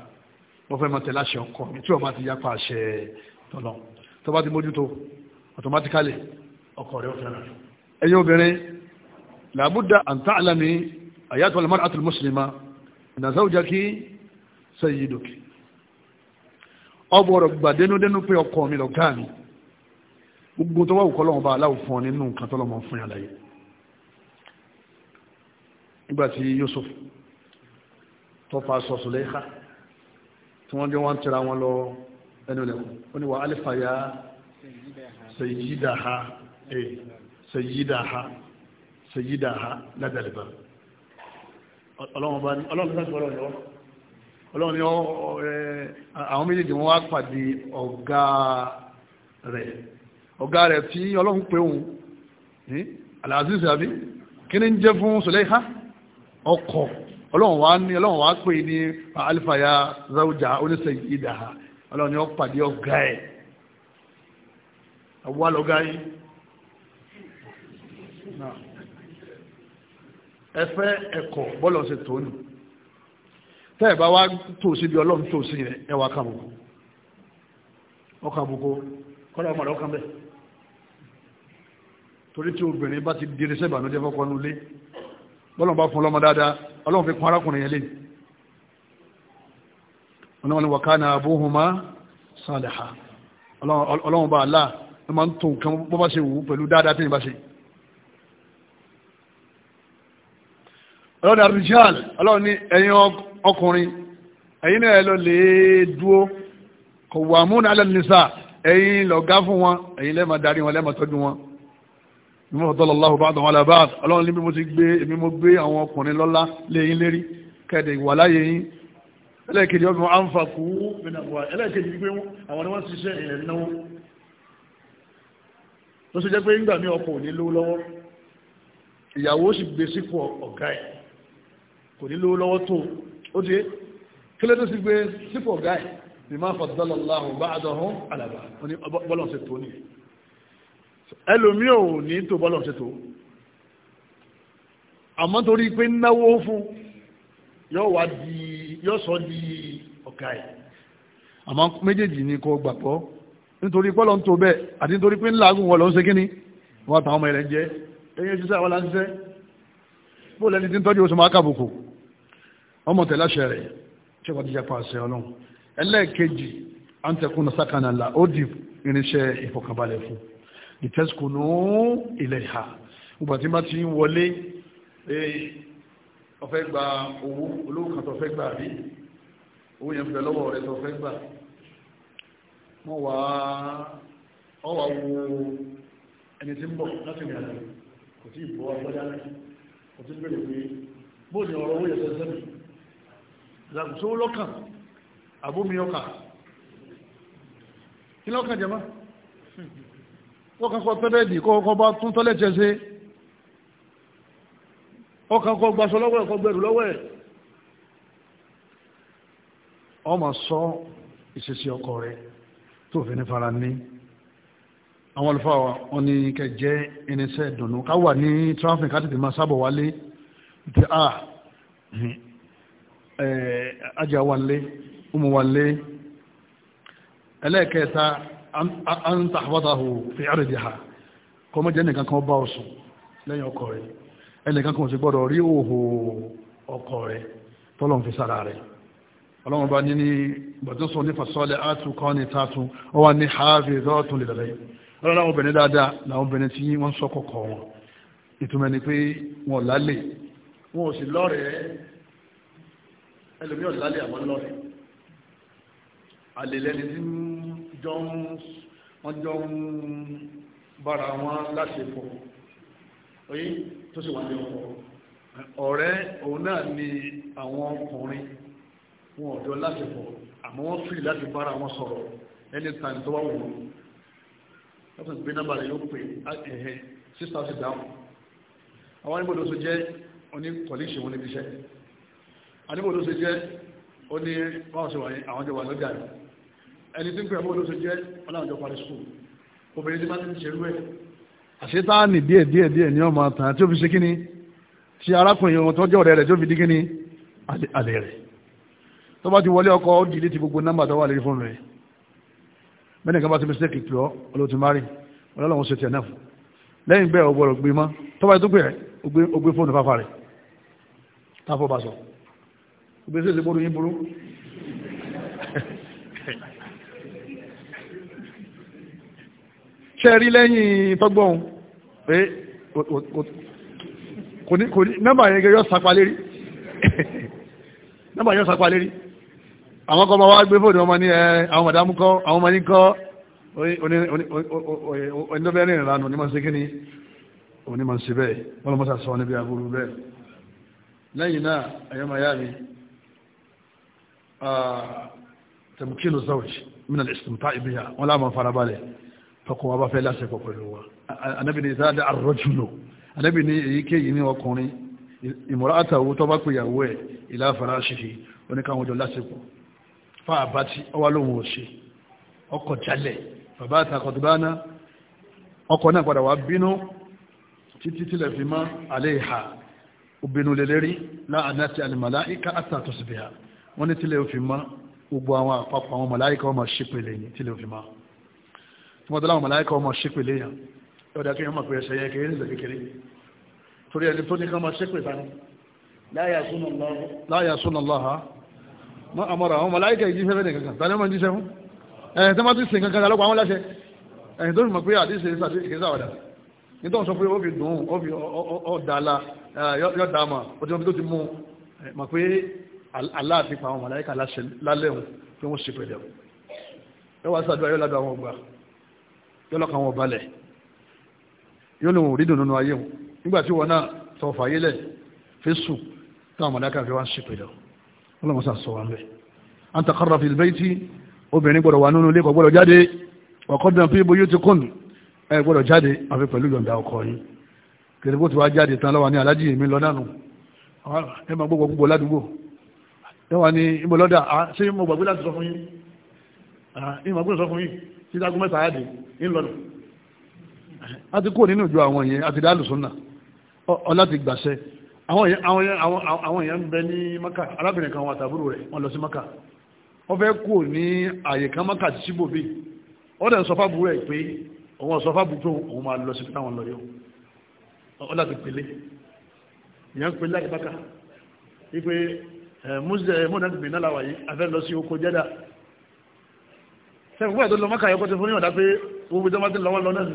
mo fẹ́ máa tẹ̀lé àṣẹ ọkọ mi tí o bá ti yapa àṣẹ tọ̀nà tó bá ti mójútó automatically ọkọ rẹ̀ ó fẹ́ràn. ẹ̀yin obìnrin làbúdà an ta'lami ayatu al-mar'atu al-muslima na zawjaki sayyiduki ọgbọ̀rọ̀ gbàdénúdénú pé ọkọ mi lọ̀gá mi gbogbo tó wà wù kọ́ lọ́wọ́ bá aláwọ̀ fún ọ nígbàtí Yusuf tó fa aṣọ Sùlẹ́ká tí wọ́n jẹ́ wọ́n tẹ́ra wọn lọ ẹnu lẹ́kùn ó ní wà alifaya sèyídàá e, sèyídàá sèyídàá ládàlìbà ọlọ́run ni àwọn méjèèjì wọ́n wá pàdé ọ̀gá rẹ̀ ọ̀gá rẹ̀ tí ọlọ́run pé òun hm, aláàzíz àbí kí ní jẹ́ fún Sùlẹ́ká ọkọ ọlọ́run wa ní ọlọ́run wa pè ní alifaya zawuja oníṣẹ́ ìdáha ọlọ́run ni ó ọ̀gá ẹ̀ àwa lọ́gá yìí ẹfẹ́ ẹ̀kọ́ bọ́ọ̀lù ọ̀sẹ̀ tó nù tẹ́ ẹ̀ bá wá tó sí bí ọlọ́run tó sí rẹ̀ ẹ̀ wá ọkà kọ́lá ọmọdé ọkà bẹ́ẹ̀ bọ́lọ̀ bá fún ọlọ́mọ dáadáa ọlọ́run fi kún arákùnrin yẹn lé wọn ni wọn ni wà kánà abúhùnmá sàlẹ̀hà ọlọ́run bá aláà ló máa ń tó nǹkan bó bá ṣe wù ú pẹ̀lú dáadáa tẹ́yìn bá ṣe ọlọ́run àrùjáàl ọlọ́run ní ẹ̀yin ọkùnrin ẹ̀yin náà mímọ́ ọ̀dọ́lọ́láhùn bá dọ̀wọ́n alábáà ọlọ́run níbi mo ti gbé èmi mo gbé àwọn ọkùnrin lọ́lá léyìn lérí kẹ́ẹ̀dẹ̀ ìwà láyé yín ẹlẹ́ẹ̀kejì ọmọ àǹfà kú ẹlẹ́ẹ̀kejì gbé àwọn ni wọ́n ṣiṣẹ́ ìrìn náwó tó ṣe jẹ́ pé ńgbà mí ọkọ ò ní lówó lọ́wọ́ ìyàwó sì gbé sípò ọ̀gá ẹ̀ kò ní lówó lọ́wọ́ tó ó ti kí ló tó ẹlòmí ò ní tó bọ́lọ̀ ṣe tó àmọ́ torí pé náwó fún yóò wá di yóò sọ di ọ̀gá ẹ̀ àmọ́ méjèèjì ni kò gbàgbọ́ nítorí pọ́lọ̀ ń tó bẹ́ẹ̀ àti nítorí pé ńláàgùn wọn lọ ń ṣe kíní wọn àtàwọn ọmọ ẹ̀rẹ̀ ń jẹ́ ẹ̀yìn ṣiṣẹ́ àwọn aláṣiṣẹ́ bó lẹ́ni tí ń tọ́jú oṣù máa kàbùkù ọmọ tẹ̀láṣẹ rẹ̀ ṣe wọ́n ti jẹ́ pàṣẹ ọlọ́run ẹlẹ́ẹ̀kejì àǹtẹ̀kùn sákànà là ó di irinṣẹ́ ìfọ̀kànbalẹ̀ fún un ìtẹ́sùkùnú ilẹ̀ ìhà ọgbà tí má ti ń wọlé ọfẹ́ gba owó olówó kan tó fẹ́ gbà rí owó yẹn fẹ́ lọ́wọ́ rẹ̀ tó fẹ́ gbà wọ́n wá ọwà wo ẹni tí ń bọ̀ láti rìn àjò kò tí ì bọ́ agbọ́dá kò tí ń bẹ̀rẹ̀ pé bóòdì ọ̀rọ̀ owó yẹn sẹ́sẹ́ mi làkùsówó lọ́kàn àbómi ọkàn kí lọ́kàn jẹ́ máa ọkàn kọ tọ́lẹ̀dì kọ́kọ́ bá tún tọ́lẹ̀tẹ̀ ṣe ọkàn kọ gbaṣọ lọ́wọ́ ẹ̀ kọ gbẹ̀rù lọ́wọ́ ẹ̀ ọmọ sọ ìṣesí ọkọ rẹ tó fi ní fara ní àwọn olùfà wa wọn ni kẹjẹ irinṣẹ́ ìdùnnú ká wà ní tráfíkì ká tètè máa sábọ̀ wálé ti a ajá wálé ọmọ wálé ẹlẹ́ẹ̀kẹta an tahfadahu fi ardiha kọ́ mọ́ jẹ́ ẹnìkan kan bá ọ̀sùn lẹ́yìn ọkọ rẹ̀ ẹnìkan kan sì gbọ́dọ̀ rí òhò ọkọ rẹ̀ tọ́lọ̀ fi sára rẹ̀ ọlọ́run bá ní fasọ́lẹ̀ átù kọ́ ní tààtù ó wà ní hafi dọ́ọ̀tún lẹ́lẹ́ ọlọ́run àwọn obìnrin dáadáa làwọn obìnrin tí wọ́n sọ kọ̀kọ̀ wọn ni pé wọn lálẹ́ wọn ò sì lọ́rẹ̀ẹ́ ẹlòmíọ̀ àwọn àlè lẹ́ni tí ń jọ ń wọ́n jọ ń bára wọn láṣepọ̀ oye tó sì wà ní ọkọ̀ ọ̀rẹ́ òun náà ni àwọn ọkùnrin wọn ò jọ láṣepọ̀ àmọ́ wọ́n fìlì láti bára wọn sọ̀rọ̀ ẹni tàn tó wà wù ú wọ́n tún gbé nọ́mbà rẹ̀ yóò pè ẹ̀hẹ́ sísá sì dáhùn àwọn oníbòdó so jẹ́ oní kọ̀líṣì wọn níbi iṣẹ́ oníbòdó so jẹ́ oní wọ́n sọ wà àwọn jọ wà lọ́jà yìí ẹni tí ń pè ọmọ olóṣèlú jẹ́ ọlọ́ọ̀jọ́ parí skul obìnrin tí bá ti ń ṣerú ẹ̀. àṣetáàní díẹ̀ díẹ̀ díẹ̀ ni ọmọ àtàn tí ó fi ṣe kíni tí arákùnrin ohun tó jẹ́ ọ̀rẹ́ rẹ̀ tí ó fi di kíni àlè rẹ̀ tó bá ti wọlé ọkọ̀ ó dìlé ti gbogbo nọ́mbà tó wà lórí fóònù rẹ̀ bẹ́ẹ̀ nìkan bá ti mistake pè ọ́ olóòtú mari ọlọ́run ṣe tiẹ̀ náà lẹ́yìn bẹ́ẹ̀ ọgbọ̀rọ̀ gbé mọ́ tó bá ti tó pè rẹ̀ ó gbé fóònù fáfá rẹ̀ táfọ́ bá sọ gbèsè ìṣègbè ṣẹ́rí lẹ́yìn tọ́gbọ́n pé kò ní kò ní nọ́mbà yẹn yọ sapa lérí nọ́mbà yọ sapa lérí àwọn kọ́ ma wá gbé fóònù ọmọ ní ẹ àwọn màdámù kọ́ àwọn ọmọ ní kọ́ onídọ́bẹ̀rin ìlànà onímọ̀ sí kíní onímọ̀ sí bẹ́ẹ̀ wọ́n lọ mọ́sà sọ níbi àbúrú bẹ́ẹ̀ lẹ́yìn náà ayọ́mayá mi ah, tẹ̀mùkínú zawj min al-istimta'i biha wọ́n láàmà farabalẹ̀ tọkọ wa bá fẹ́ láṣepọ̀ pẹ̀lú wa anábì ní ìsáadà àrọ́jùlò anábì ní èyíkéyìí ní ọkùnrin ìmọ̀ra àtàwò tó bá pèyàwó ẹ̀ ìlà faraṣìṣì oníkàwọn ọjọ́ láṣepọ̀ fa àbátí ọwá lóhun òṣè ọkọ̀ jálẹ̀ bàbá àtàkọ̀tùbáná ọkọ̀ náà padà wá bínú títí tílẹ̀ fi mọ́ alẹ́ ìhà obìnrin lélẹ́rí láàánà ti alìmọ̀láìka àtàtọ̀síbìhà wọ́n ní tílẹ̀ fi mọ́ gbogbo àwọn àpapọ̀ àwọn mọ̀láìka wọ́n máa ní tílẹ̀ fi mọ́ tí wọ́n tó láwọn màláíkà ọmọ ṣépè léyàn ọdá kí wọ́n mọ̀ pé ẹsẹ̀ yẹ kéré nílẹ̀ kékeré torí ẹni tó ní ká mọ̀ ṣépè tani láyà súnà lọ́ha mọ́ àmọ́ra àwọn màláíkà yìí jíṣẹ́ fẹ́ nìkan tani ọmọ jíṣẹ́ fún ẹ̀yìn tó má ti sìn kankan lọ́pọ̀ àwọn láṣẹ ẹ̀yìn tó fi mọ̀ pé àdíṣe ìṣàwọ̀dà nítorí sọ pé ó fi dùn ó fi ọ̀dàlà yọ̀dàmà ó ti wọ́n tó ti mú mọ̀ pé aláàfin pa àwọn màláíkà lálẹ́ òun pé wọ́n ṣe pẹ̀lẹ́ ẹ wá sáájú ayọ́ládọ́ yọ́lọ́kàn wọn balẹ̀ yóò lè wọ́n rí dùn nínú ayé wọn nígbà tí wọn náà tọ́ fàyè lẹ̀ fi sùn táwọn mọ̀láka fi wá ń ṣèpè lọ wọn lọ́mọ sàn sọ wọn bẹ́ẹ̀ à ń takọ́rọ̀ fi lè tí obìnrin gbọ́dọ̀ wà nínú ilé kò gbọ́dọ̀ jáde ọkọ dàn fi ibo yóò ti kún ẹ gbọ́dọ̀ jáde àfi pẹ̀lú yọ̀ǹda ọkọ yín kìrì bó ti wá jáde tán lọ́wọ́ ní alájí èmi lọ nánu ẹ máa gbogbo gbogbo ládùúgbò ẹ wà ní ìmọ̀lọ́dà ṣé mo gbàgbé láti sọ fún yín Ah, ìmọ̀ gbọ́dọ̀ sọ fún yìí tí dágún mẹ́ta ayáde ńlọ́nà a ti kúrò nínú ìjọ àwọn èèyàn àti dáàlùsọ́nà ọlá ti gbàṣẹ àwọn èèyàn ń bẹ ní maka arábìnrin kan wọn àtàbúrò rẹ̀ wọ́n lọ sí maka wọ́n fẹ́ kúrò ní àyè kan maka àti síbò bíi wọ́n dẹ̀ ń sọ fábùrú ẹ̀ pé òun ọ̀sọ́ fábùrú tó òun máa lọ sí táwọn lọ́yọ́ ọlá ti pèlé ìyẹn ń pèlé láti maka wípé mọ́nà ti bìnnà láwàyí afẹ́ lọ sí oko jẹ́dà sẹ́kùn báyìí tó lọ mọ́kà yọkọ́ ti fún yọ̀dá pé gbogbo ìjọba ti lọ́wọ́ lọ náà ni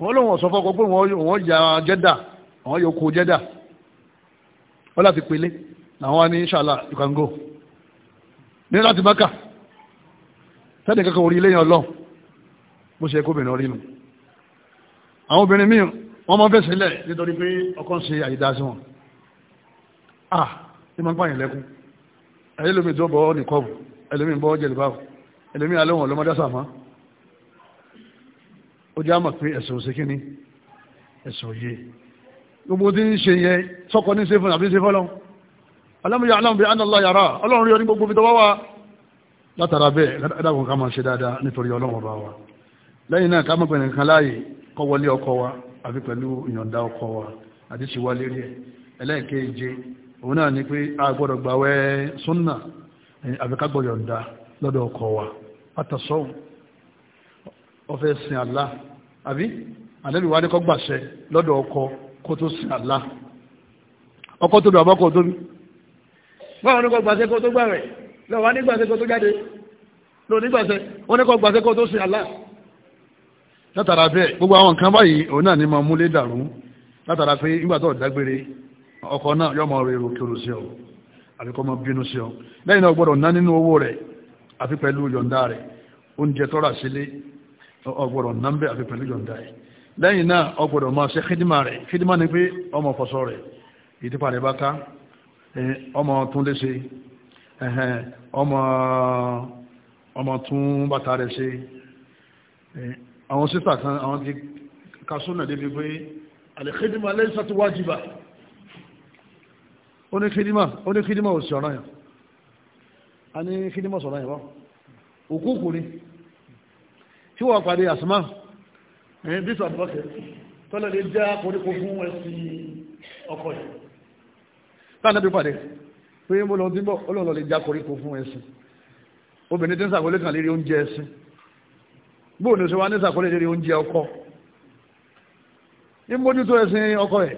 wọ́n lóun ọ̀sọ́ fọ́kọ pé wọ́n ya jẹ́dà àwọn yòókù jẹ́dà wọ́n láti pélé làwọn wá ní inshallah you can go ní láti mọ́kà sẹ́ni kankan orí ilé yẹn lọ bó ṣe kó obìnrin orí nu àwọn obìnrin míì wọ́n máa fẹ́ sílẹ̀ nítorí pé ọkàn ṣe àyídá sí wọn ah ní máa ń pààyàn lẹ́kún ẹ̀yẹ́ lómi tó bọ́ nìkọ́ọ̀bù ẹlòmíì bọ́ jẹ̀lúbáwò ẹlẹ́mí alóhùn ọlọ́mọdásà mọ́ ó jẹ́ àmọ̀ pé ẹ̀sùn òsè kínní ẹ̀sùn òye gbogbo tí ń ṣe yẹn sọ́kọ ní sẹ́fún àbí sẹ́fún ọlọ́run alámúyà alámúbí anáàlá yàrá ọlọ́run rí ọ ní gbogbo ibi tó wá látara bẹ́ẹ̀ ẹ̀dàkùn ká máa ṣe dáadáa nítorí ọlọ́run ọba wa lẹ́yìn náà ká mọ̀gbẹ̀rẹ̀ nǹkan láàyè kọ́ wọlé ọkọ wa àbí pẹ̀lú ìyọ̀ǹda ọkọ wa àti ṣe wá lérí ẹ̀ ẹlẹ́ẹ̀keje òun náà ni pé a gbọ́dọ̀ gbàwẹ̀ súnà àbí ká gbọ́dọ̀ yọ̀ǹda lọ́dọ̀ ọkọ wa àtàsọ́hùn ọ̀fẹ́ sin Allah àbí ànábì wa ní kọ́ gbàṣẹ lọ́dọ̀ ọkọ kó tó sin ọkọ tóbi àbọ́kọ tóbi báwọn ní kọ́ gbàṣẹ kó tó gbàwẹ̀ lọ́wọ́ nígbàṣẹ kó tó jáde lọ nígbàṣẹ wọ́n ní kọ́ gbàṣẹ kó tó sin Allah látara bẹ́ẹ̀ gbogbo àwọn nǹkan báyìí òun náà ọkọ náà yọ ọ àfi pẹ̀lú yọ̀ǹda rẹ̀ oúnjẹ tọ́ra sílé ọgbọ̀rọ̀ nàmbẹ̀ àfi pẹ̀lú yọ̀ǹda rẹ̀ lẹ́yìn náà ọgbọ̀rọ̀ máa ṣe kídímà rẹ̀ kídímà ni pé ọmọ fọṣọ rẹ̀ ìdípa rẹ̀ bá ká ọmọ tún lé ṣe ọmọ tún bàtà rẹ̀ ṣe àwọn sísà kan àwọn ti ka súnà débi pé àlèkídímà lẹ́yìn sátúwájìbà ó ní kídímà ó ní kídímà ò sí ọ̀ràn yàn a ní kí ní mọ̀sọ̀rọ̀ yẹn wá òkú òkú ni tí wọ́n pàdé àsìmá ẹ̀yìn bíṣọ̀ àbúkẹ́ tọ́lẹ̀ lè já koríko fún ẹ̀sìn ọkọ̀ yìí táà náà bí pàdé pé mo lọ dínbọ̀ ọlọ́lọ́ lè já koríko fún ẹ̀sìn obìnrin tí ń sàkólé kan lérí oúnjẹ ẹ̀sìn bóò ní sọ́wọ́ ní sàkólé lérí oúnjẹ ọkọ ní mójútó ẹ̀sìn ọkọ rẹ̀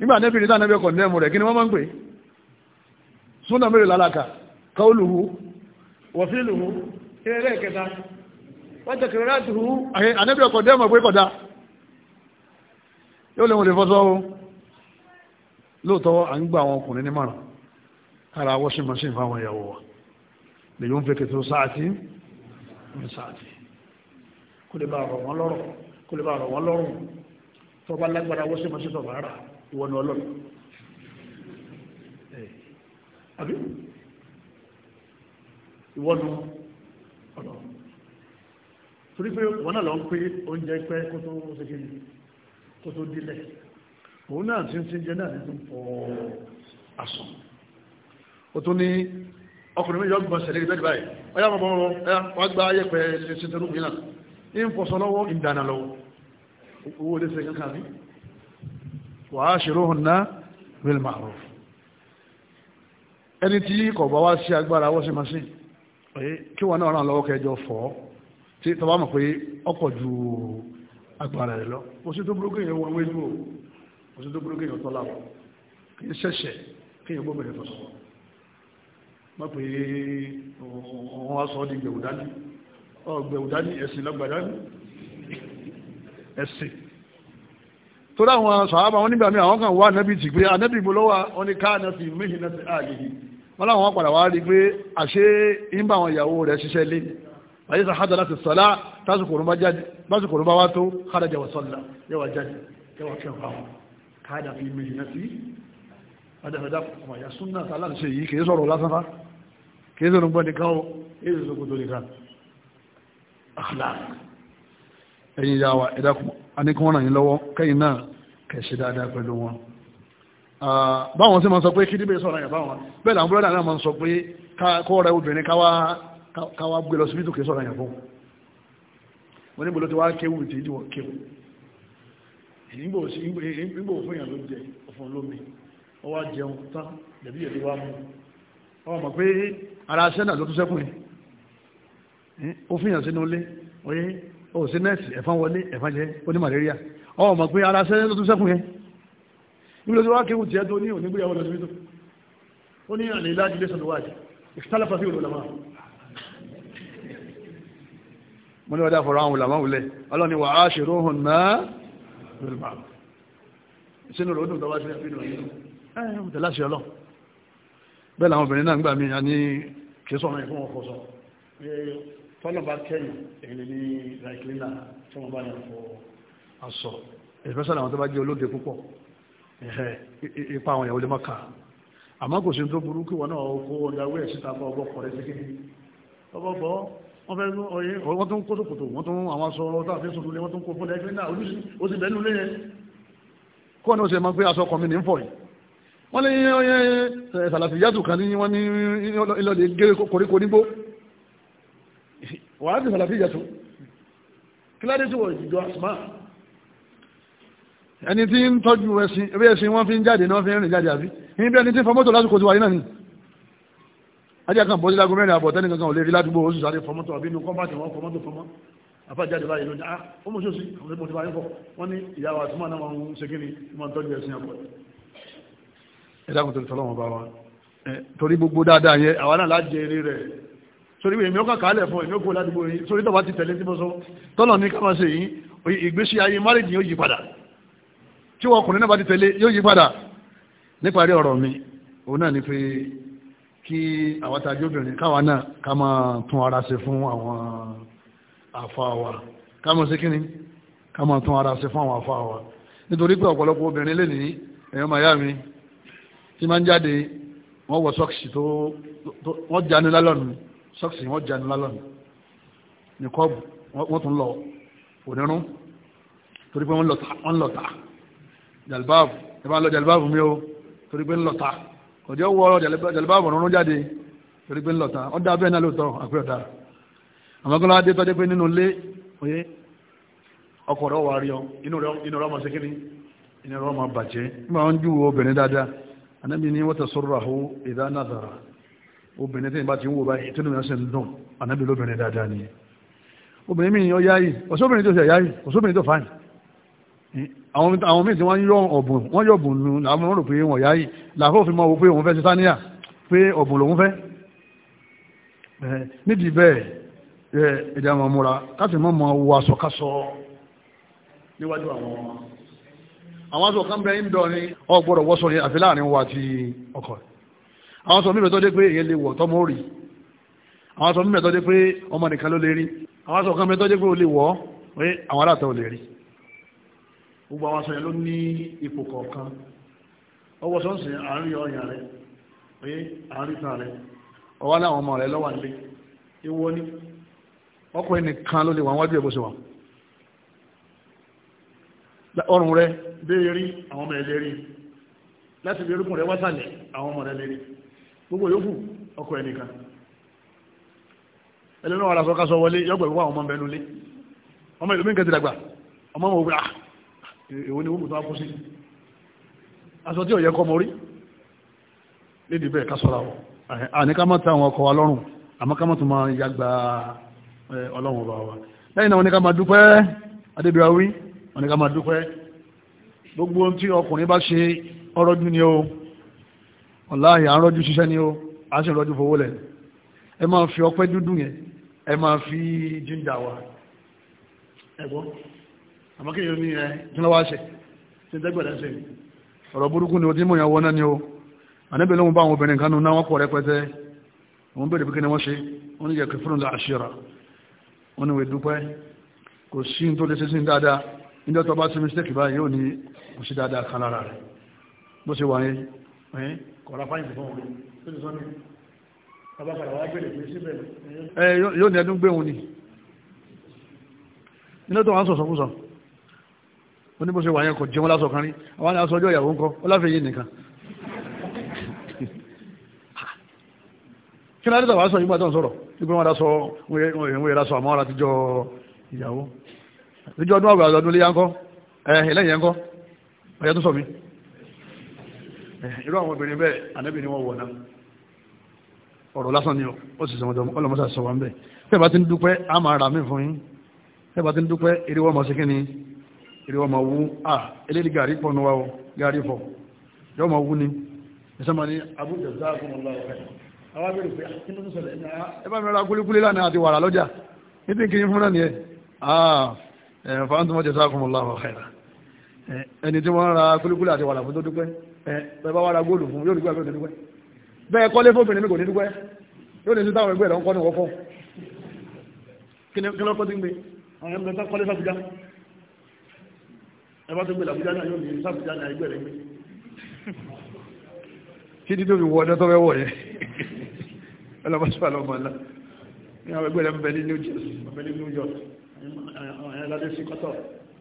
nígbà nẹ́bìnrin táà nẹ́bì ọkọ̀ nẹ́mù rẹ̀ kí ni wọ́n máa ń pè é súnà mẹ́rin lálàkà kọ́ọ̀lùhù wọ̀fíìlùhù kẹrẹ́rẹ́ kẹta wọ́n tẹ kẹrẹ́rẹ́ àtùhù ànẹ́bí ọkọ̀ dẹ́mọ̀ pé kọ̀dá yóò lè wọ́n lè fọ́sọ́ o lóòótọ́ à ń gba àwọn ọkùnrin ní márùn kára washing machine fáwọn ìyàwó wa lè yóò ń fẹ́ kẹtọ́ sáàtì ní sáàtì kó lè bá rọ̀ wọ́n lọ́rùn kó lè bá rọ̀ wọ́n lọ́rùn tọ́ba lágbára washing machine tọ̀ àbí ìwọ́nu ọ̀nà torí pé wọn náà lọ ń pé oúnjẹ pẹ́ kó tó ṣe kí kó tó dílẹ̀ òun náà tí ń ti jẹ náà nínú pọ̀ àṣọ ó tó ní ọkùnrin méjì ọgbọ̀n ṣẹlẹ̀ ìgbẹ́ ìgbà yìí ọyá ọmọ ọmọ wá ṣe kankan mi náà bil ma'ruf ẹni tí kò bá wá sí agbára wọ́sí machine kí wọ́n náà ràn lọ́wọ́ kẹjọ fọ́ tí tọ́wọ́ mọ̀ pé ọkọ̀ ju agbára rẹ̀ lọ mo sì tó burúkú yẹn wọ́n wéjú o mo sì tó burúkú yẹn tọ́lá o kì í ṣẹ̀ṣẹ̀ kí yẹn gbọ́mọ̀lẹ̀ tọ̀ sọ́wọ́ mọ̀ pé wọ́n wá sọ ọ́ di gbẹ̀wùdání ọ́ gbẹ̀wùdání ẹ̀sìn lọ́gbàdání ẹ̀sìn torí àwọn sàábà wọn nígbà míì àwọn kan wá anábì tì pé anábì mo wọn ni ká anábì méjì náà ti ààyè yìí wọ́n láwọn wọ́n padà wá rí pé àṣé ìmbà àwọn ìyàwó rẹ̀ ṣiṣẹ́ lé ayé sàhádà láti sọ́lá tásìkò ló bá wá tó kádà jẹ́wà sọ́lá yẹ́wà jáde yẹ́wà kí ọ̀pá wọn kádà fi méjì náà sí adàfẹ́dà kùmà yà súnà tààlà ṣe yìí kìí sọ̀rọ̀ lásánfà kìí sọ̀rọ̀ gbọ́n nìkan ó èyí sọ̀kò báwọn sí ma sọ pé kí díbẹ̀ sọ̀rọ̀ yẹn báwọn bẹ́ẹ̀ làwọn búrẹ́dà náà ma sọ pé kọ́ rẹ obìnrin káwá gbé lọ síbítù kí sọ̀rọ̀ yẹn fún wọn níbo ló ti wá kéwù tí ìdíwọ̀ kéwù ìgbò fún yàn ló jẹ ọ̀fún lómi ó wá jẹun tán dẹ̀bí yẹ̀dí wá mú ọ mọ̀ pé ara aṣẹ́ náà ló tún sẹ́kùn yìí ó fún yàn sínú ilé oyé ó sí nẹ́ẹ̀sì ẹ̀fọn wọlé ẹ̀fọn jẹ onímàlẹ́ríà ọ mọ̀ pé ara aṣẹ́ ló tún sẹ́kùn yìí nílò tí wọ́n kéwù jẹ́ tó ní onígbéyàwó lọ síbítò ó ní àlè láti lé sọ̀rọ̀ wáyé ìfitálàfà sí olùlọ́mà mo ní ọdá fọ̀rọ̀ àwọn olùlọ́mà wulẹ̀ ọlọ́ni wà á ṣèrò hùn náà lọ́lọ́mà sínú ròdùn tọ́wá sí ẹ̀fínú yìí ẹ̀ mú tẹ̀lá sí ọlọ́ bẹ́ẹ̀ làwọn obìnrin náà ń gbà mí ní kí sọ̀rọ̀ sọ ipa àwọn ìyàwó lè mọ́ka àmọ́ kò sí tó burú kí wọ́n náà kó ọ̀dáwé ẹ̀ síta bọ́ ọgbọ́ kọ̀rẹ́ sí kíni ọgbọ́ bọ́ wọ́n fẹ́ ọyẹ wọ́n tó ń kó sòkòtò wọ́n tó ń àwọn aṣọ ọlọ́tà fi sòkòtò lé wọ́n tó ń kó fọ́lẹ̀ ẹgbẹ́ náà ojúṣe ó sì bẹ́ẹ̀ nulẹ̀ yẹn kó ní o sì máa gbé aṣọ kọ̀mí ní ń fọ̀ yìí wọ́n lé ọyẹ sàlàfì yàtù kan ní wọ́n ní ìlọlẹ̀ gé koríko nígbó wàá ti sàlàfì yàtù kíládé tí wọ́n ìjọ àsùmáà ẹni tí ń tọ́jú ẹṣin ewé ẹṣin wọ́n fi ń jáde náà fi ń rìn jáde àbí ní bí ẹni tí ń fọ mọ́tò lásìkò tí wà yìí náà ni ajá kan bọ́sí lágún mẹ́rin àbọ̀ tẹ́nìkan kan ò lè rí ládùúgbò oṣù sáré fọ mọ́tò àbí inú kọ́mpáàtì wọn fọ mọ́tò fọmọ́ afájáde báyìí ló ní ah ó mọ̀ sí òsì àwọn ẹgbẹ́ òṣìbáyé fọ wọ́n ní ìyá wa àtúmọ̀ náà wọn ń ṣe kíni wọn ń tọ́jú ẹṣin àbọ̀ ẹ dákun tó tọ́lọ́wọ́n bá wa torí gbogbo dáadáa yẹn àwa náà láti jẹ eré rẹ̀ torí èmi ó kà kálẹ̀ fún èmi ó kó ládùúgbò yìí torí tọ́ba ti tẹ̀lé tí mo sọ tọ́lọ̀ ní ká máa ṣe yìí ìgbésí ayé márìdì yóò yí padà tí wọn ọkùnrin náà bá ti tẹ̀lé yóò yí padà níparí ọ̀rọ̀ mi òun náà ni pé kí àwọn tajú obìnrin káwa náà ká máa tún ara ṣe fún àwọn àfa wa ká máa ṣe kíni ká máa tún ara ṣe fún àwọn àfa wa nítorí pé ọ̀pọ̀lọpọ̀ obìnrin lè ní ẹ̀yọ́ màyá mi tí máa ń jáde wọ́n wọ sọ́ọ̀sì tó wọ́n jánu lálọ́nu sọ́ọ̀sì wọ́n jánu lálọ́nu ní kọ́ọ̀bù wọ́n tún lọ ònírún torí pé wọ́n lọ ta jalibaabu ẹ bá lọ jalibaabu mi o torí pé ń lọta ọjọ́ wọ jalibaabu ọ̀run jáde torí pé ń lọta ọ̀dà bẹ́ẹ̀ náà lóòótọ́ àpé ọ̀dà àmọ́kọ́lá adé tọ́jú pé nínú ilé oyé ọkọ̀ rẹ̀ wà rí ọ inú rẹ̀ ọmọ sekiri inú rẹ̀ ọmọ bàjẹ́ nígbà wọn ju obìnrin dáadáa anábì ní wọ́n tẹ̀sọ́rọ̀ àhó ìdá nàzàrà obìnrin tẹ́yìn bá ti ń wò báyìí tí nìyẹn sì ń dùn anábì lóbìnrin dáadáa ni obìnrin mi yọ yáyì ọ̀sọ́bìnrin tó ṣe yáyì ọ̀sọ́bìnrin tó fáyì àwọn míì tí wọ́n yọ ọ̀bùn wọ́n yọ ọ̀bùn nù làwọn ọmọ rò pé wọ́n yáyì làwọn òfin máa wo pé òun fẹ́ ṣe sáníyà pé ọ̀bùn lòun fẹ́ nídìí bẹ́ẹ̀ ẹ̀dì àwọn ọmọra káṣí mọ́ mọ́ wọ aṣọ káṣọ níwájú àwọn ọmọ àwọn aṣọ kan bẹ́ẹ̀ ń dọ̀ ní ọgbọ́dọ̀ wọ́sọ yẹn àfi láàrin wa àti ọkọ àwọn aṣọ mímẹ́tọ́ dé pé èyẹ lè wọ̀ tọ́mọ ó rì àwọn gbogbo àwọn aṣọ yẹn ló ní ipò kọ̀ọ̀kan ọwọ́ sọ́nsìn àárín ọyàn rẹ̀ pé àárín tàn rẹ̀ ọwọ́ láwọn ọmọ rẹ̀ lọ́wọ́ nílé ìwọ ni ọkọ̀ ẹnìkan ló lè wà wájú ẹ̀bùsùn wà ọrùn rẹ̀ béèrí àwọn ọmọ ẹ̀lẹ́ rí láti fi orúkún rẹ̀ wásàlẹ̀ àwọn ọmọ ẹ̀lẹ́ rí gbogbo yòókù ọkọ̀ ẹnìkan ẹlẹ́nu ọ̀rọ̀ àṣọkáṣọ wọlé yọ́gbẹ̀rún àwọn ọmọ ọmọ ìlú èwo ni wọ́n mú tó ápùsí aṣọ tí ò yẹ kọ́ mọ́ rí lédi bẹ́ẹ̀ ká sọ́ra ọ̀ àníká má ta àwọn ọkọ̀ wa lọ́rùn àmọ́ ká má tún máa ya gba ọlọ́run ọba wa lẹ́yìn náà wọ́n ní ká máa dúpẹ́ adébíyàwí wọ́n ní ká máa dúpẹ́ gbogbo tí ọkùnrin bá ṣe ọrọ́jú ni o ọ̀láhì à ń rọ́jú ṣiṣẹ́ ni o à ń ṣe rọ́jú fowó lẹ̀ ẹ máa fi ọpẹ́ dúdú yẹn ẹ máa fi jíńdà wa ẹ̀gbọ́n àmọ́ kéèyàn ní ẹ eh? kí wọ́n wá ṣe ṣe dẹ́gbẹ̀rẹ́ ṣe ọ̀rọ̀ burúkú ni o ti mú ìyàwó náà ni o àníbẹ̀ lóhun bá àwọn obìnrin kan náà wọ́n pọ̀ rẹpẹtẹ wọ́n bèèrè pé kí ni wọ́n ṣe wọ́n ní yẹ̀kẹ́ fúnra àṣírà wọ́n ní wè dúpẹ́ kò sí tó lè ṣe sí dáadáa níjọ́ tó bá mistake báyìí yóò ní kò sí dáadáa kan lára rẹ̀ bó ṣe wà ní kọ̀ọ̀rọ̀ fún wọn oníbóṣe wà yẹn kò jẹun lásọ kan rí àwọn aṣọ ọjọ́ ìyàwó ń kọ ó nìkan kí ládé tàbá sọ yìí gbàtàn sọ̀rọ̀ nígbà wọn dáṣọ ìwé ìraṣọ àmọ́ ara tíjọ ìyàwó níjọ ọdún àwẹ̀ ọdún léyà ńkọ ẹlẹ́yìn ńkọ ọ̀yà tó sọ mi irú àwọn obìnrin bẹ́ẹ̀ ànábì ni wọ́n wọ̀ ọ̀rọ̀ lásán ni ó sì sọmọdọ ọlọmọsà sọ wa ń bẹ̀ tẹ́ẹ̀ bá ti ń dúpẹ́ á máa rà mí fún yín tẹ́ẹ̀ bá ti ń dúpẹ́ eré wọ́n mọ̀ sí kí ni kiri ọmọ wú à eléyìí gàrí pọ̀ ní wa o gàrí fọ̀ yọ ọmọ wú ni ìsọmọ ní abúlé dáa fún ọlá ọ̀fẹ́ àwọn abẹ́rẹ́ pé kí ló ń sọ̀rọ̀ ah, ẹ bá mi ra kúlíkúlí lánàá àti wàrà lọ́jà nítorí kiri fún náà nìyẹn ẹ̀ fàántùmọ̀ jẹ́ sáàkùnmọ̀ láwọ̀ ọ̀hẹ́ra ẹni tí wọ́n ra kúlíkúlí àti wàrà fún tó dúpẹ́ ẹ bá wá ra góòlù fún yóò dúpẹ́ àbẹ́ òdúpẹ́ bẹ́ẹ̀ kọ́lé fóbìnrin mi kò ní dúpẹ́ yóò ní sí táwọn ẹgbẹ́ rẹ̀ ń kọ́ ní wọ́fọ́ kí lọ́kọ́ tí ń gbé àwọn ẹgbẹ́ ẹbá tó gbé làbújá náà yóò ní sábújá náà ẹgbẹ́ rẹ̀ gbé kí ní tó fi wọ ọdọ́ tó fẹ́ wọ̀ yẹn ọlọ́mọsíwà lọ́mọ ńlá ní àwọn ẹgbẹ́ rẹ̀ ń bẹ ní New Jersey ọ̀bẹ ní New York ọ̀làdé sí kọ́tọ̀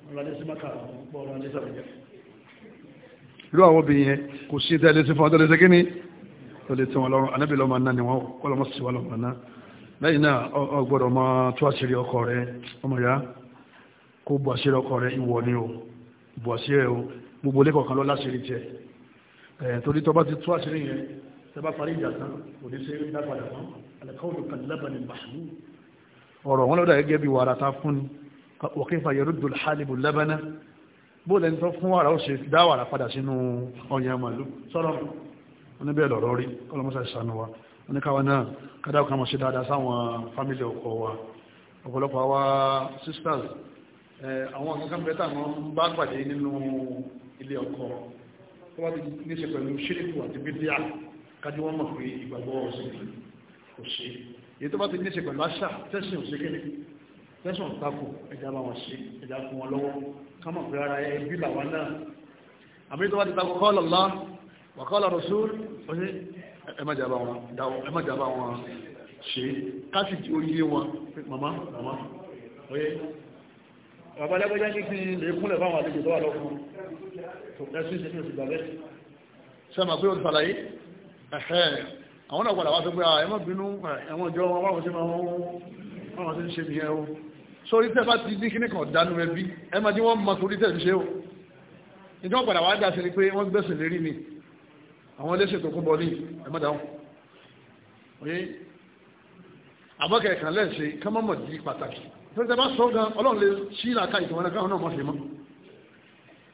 ọ̀làdé sí maka ọ̀pọ̀ ọ̀làdé sábújá lú àwọn obìnrin yẹn kò sí ìtẹ́ ẹlẹ́sìn fún ọdọ́lẹ́sẹ̀ kí ni tó lè tún wọn lọ́rùn anábì lọ́mọ náà ni wọ́n kọ́lọ́mọsíwà lọ́mọ náà lẹ́yìn náà ọgbọ́dọ̀ máa tó àṣírí ọkọ rẹ̀ ọmọ ya kó bọ̀ àṣírí ọkọ rẹ̀ ìwọ ni o bù àṣírí o gbogbo ilé kọ̀ọ̀kan lọ láṣírí tiẹ̀ ẹ̀ torí tó bá ti tú àṣírí yẹn tẹ́ bá parí ìjà tán kò ní ṣe é dápadà mọ́ alẹ́kọ̀ọ́dù kan lábàlẹ̀ màṣúù ọ̀rọ̀ wọn lọ́dà gẹ́gẹ́ bí wàrà ta fún ni wọ́kífà yẹrù dùn hálìbù lẹ́bẹ̀nà bóòlù ẹni tó fún wàrà ó ṣe dá wàrà padà sínú ọyàn màlúù sọ́rọ̀ wa oníkàwà náà kádà kan wa sisters àwọn kankan bẹ́ẹ̀ táwọn bá pàdé nínú ilé ọkọ tó bá ti ní ṣe pẹ̀lú ṣíríkù àti bídíà kájú wọn mọ̀ pé ìgbàgbọ́ ọ̀sìn kò ṣe èyí tó bá ti ní ṣe pẹ̀lú àṣà tẹ́sìn òṣèkéle tẹ́sìn òtakò ẹja bá wọn ṣe ẹja fún wọn lọ́wọ́ ká mọ̀ pé ara ẹbí làwọn náà àmì tó bá ti takò kọ́ lọ́lá wà kọ́ lọ́rọ̀ sóòrì ó ní ẹmọ́jà bá wọn ṣe ká sì ti ó yé wọn màmá màmá ó bàbá lẹ́gbẹ́já ní fi lè kúnlẹ̀ fáwọn àlejò tó wà lọ fún ẹ̀sùn ìṣẹ́jú oṣù gbàgbẹ́ sẹ́mà pé ó ti fàlàyé ẹ̀hẹ́ àwọn náà padà wá sọ pé ah, ẹ má bínú ẹ̀wọ̀n ìjọ wọn wáwọn sí máa wọ́n sí ṣe nìyẹn o sórí tẹ́ bá ti ní kíní kan dánú ẹbí ẹ má dí wọ́n mọ torí tẹ́ ṣe o ìjọ padà wá dá sí ni pé wọ́n gbẹ̀sẹ̀ lérí ni àwọn ẹlẹ́sẹ̀ tó kún bọ ní ẹ má dáhùn àmọ́kẹ̀ẹ́kan lẹ́sẹ̀ ká má mọ̀ di pàtàkì tó tẹ́ bá sọ gan ọlọ́run lè ṣí ìlàkà ìtìwọ́n náà káwọn náà mọ̀ sí mọ́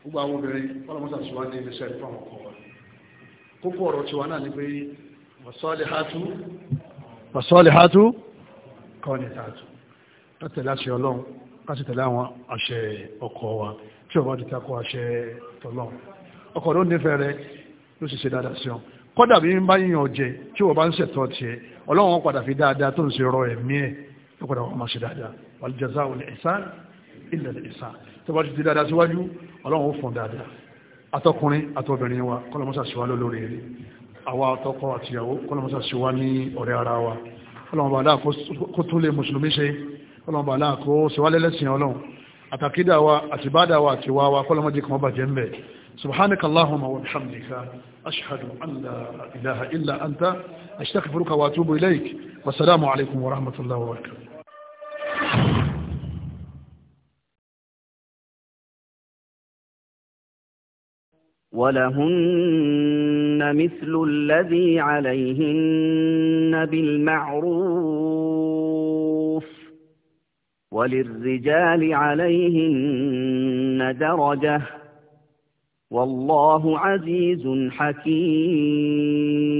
gbogbo àwọn obìnrin ọlọ́mọsà tí wọ́n ní iléeṣẹ́ ìfọ́n ọkọ̀ wa kókó ọ̀rọ̀ tí wọ́n náà ní pé wàsọ́ọ̀lẹ̀ hátú kọ́ni tààtù láti láti ọlọ́run láti tẹ̀lé àwọn àṣẹ ọkọ wa tí ọba ti takọ àṣẹ tọlọ́run ọkọ ló nífẹ̀ẹ́ rẹ ló sì ṣe dáadáa sí ọ kọ́dà bí ń bá yíyan jẹ tí ọba ń ṣẹ̀tọ́ tiẹ̀ ọlọ́run padà fi dáadáa tó ń ṣe rọ ẹ̀mí ẹ̀ tó padà wọ́n máa ṣe dáadáa wàlìjẹsà wọlé ìsán ilẹ̀ ìsán tó bá ti di dáadáa síwájú ọlọ́run ó fún dáadáa atọkùnrin atọbìnrin wa kọlọmọsà síwá lólórí rẹ àwa àtọkọ àtìyàwó kọlọmọsà síwá ní ọ̀rẹ́ ara wa ọlọ́mọba aláà kó tún lè mùsùlùmí ṣe ọlọ́mọba aláà kó síwá lẹ́lẹ́sìn ọlọ́run àtàkídà wa ولهن مثل الذي عليهن بالمعروف وللرجال عليهن درجة والله عزيز حكيم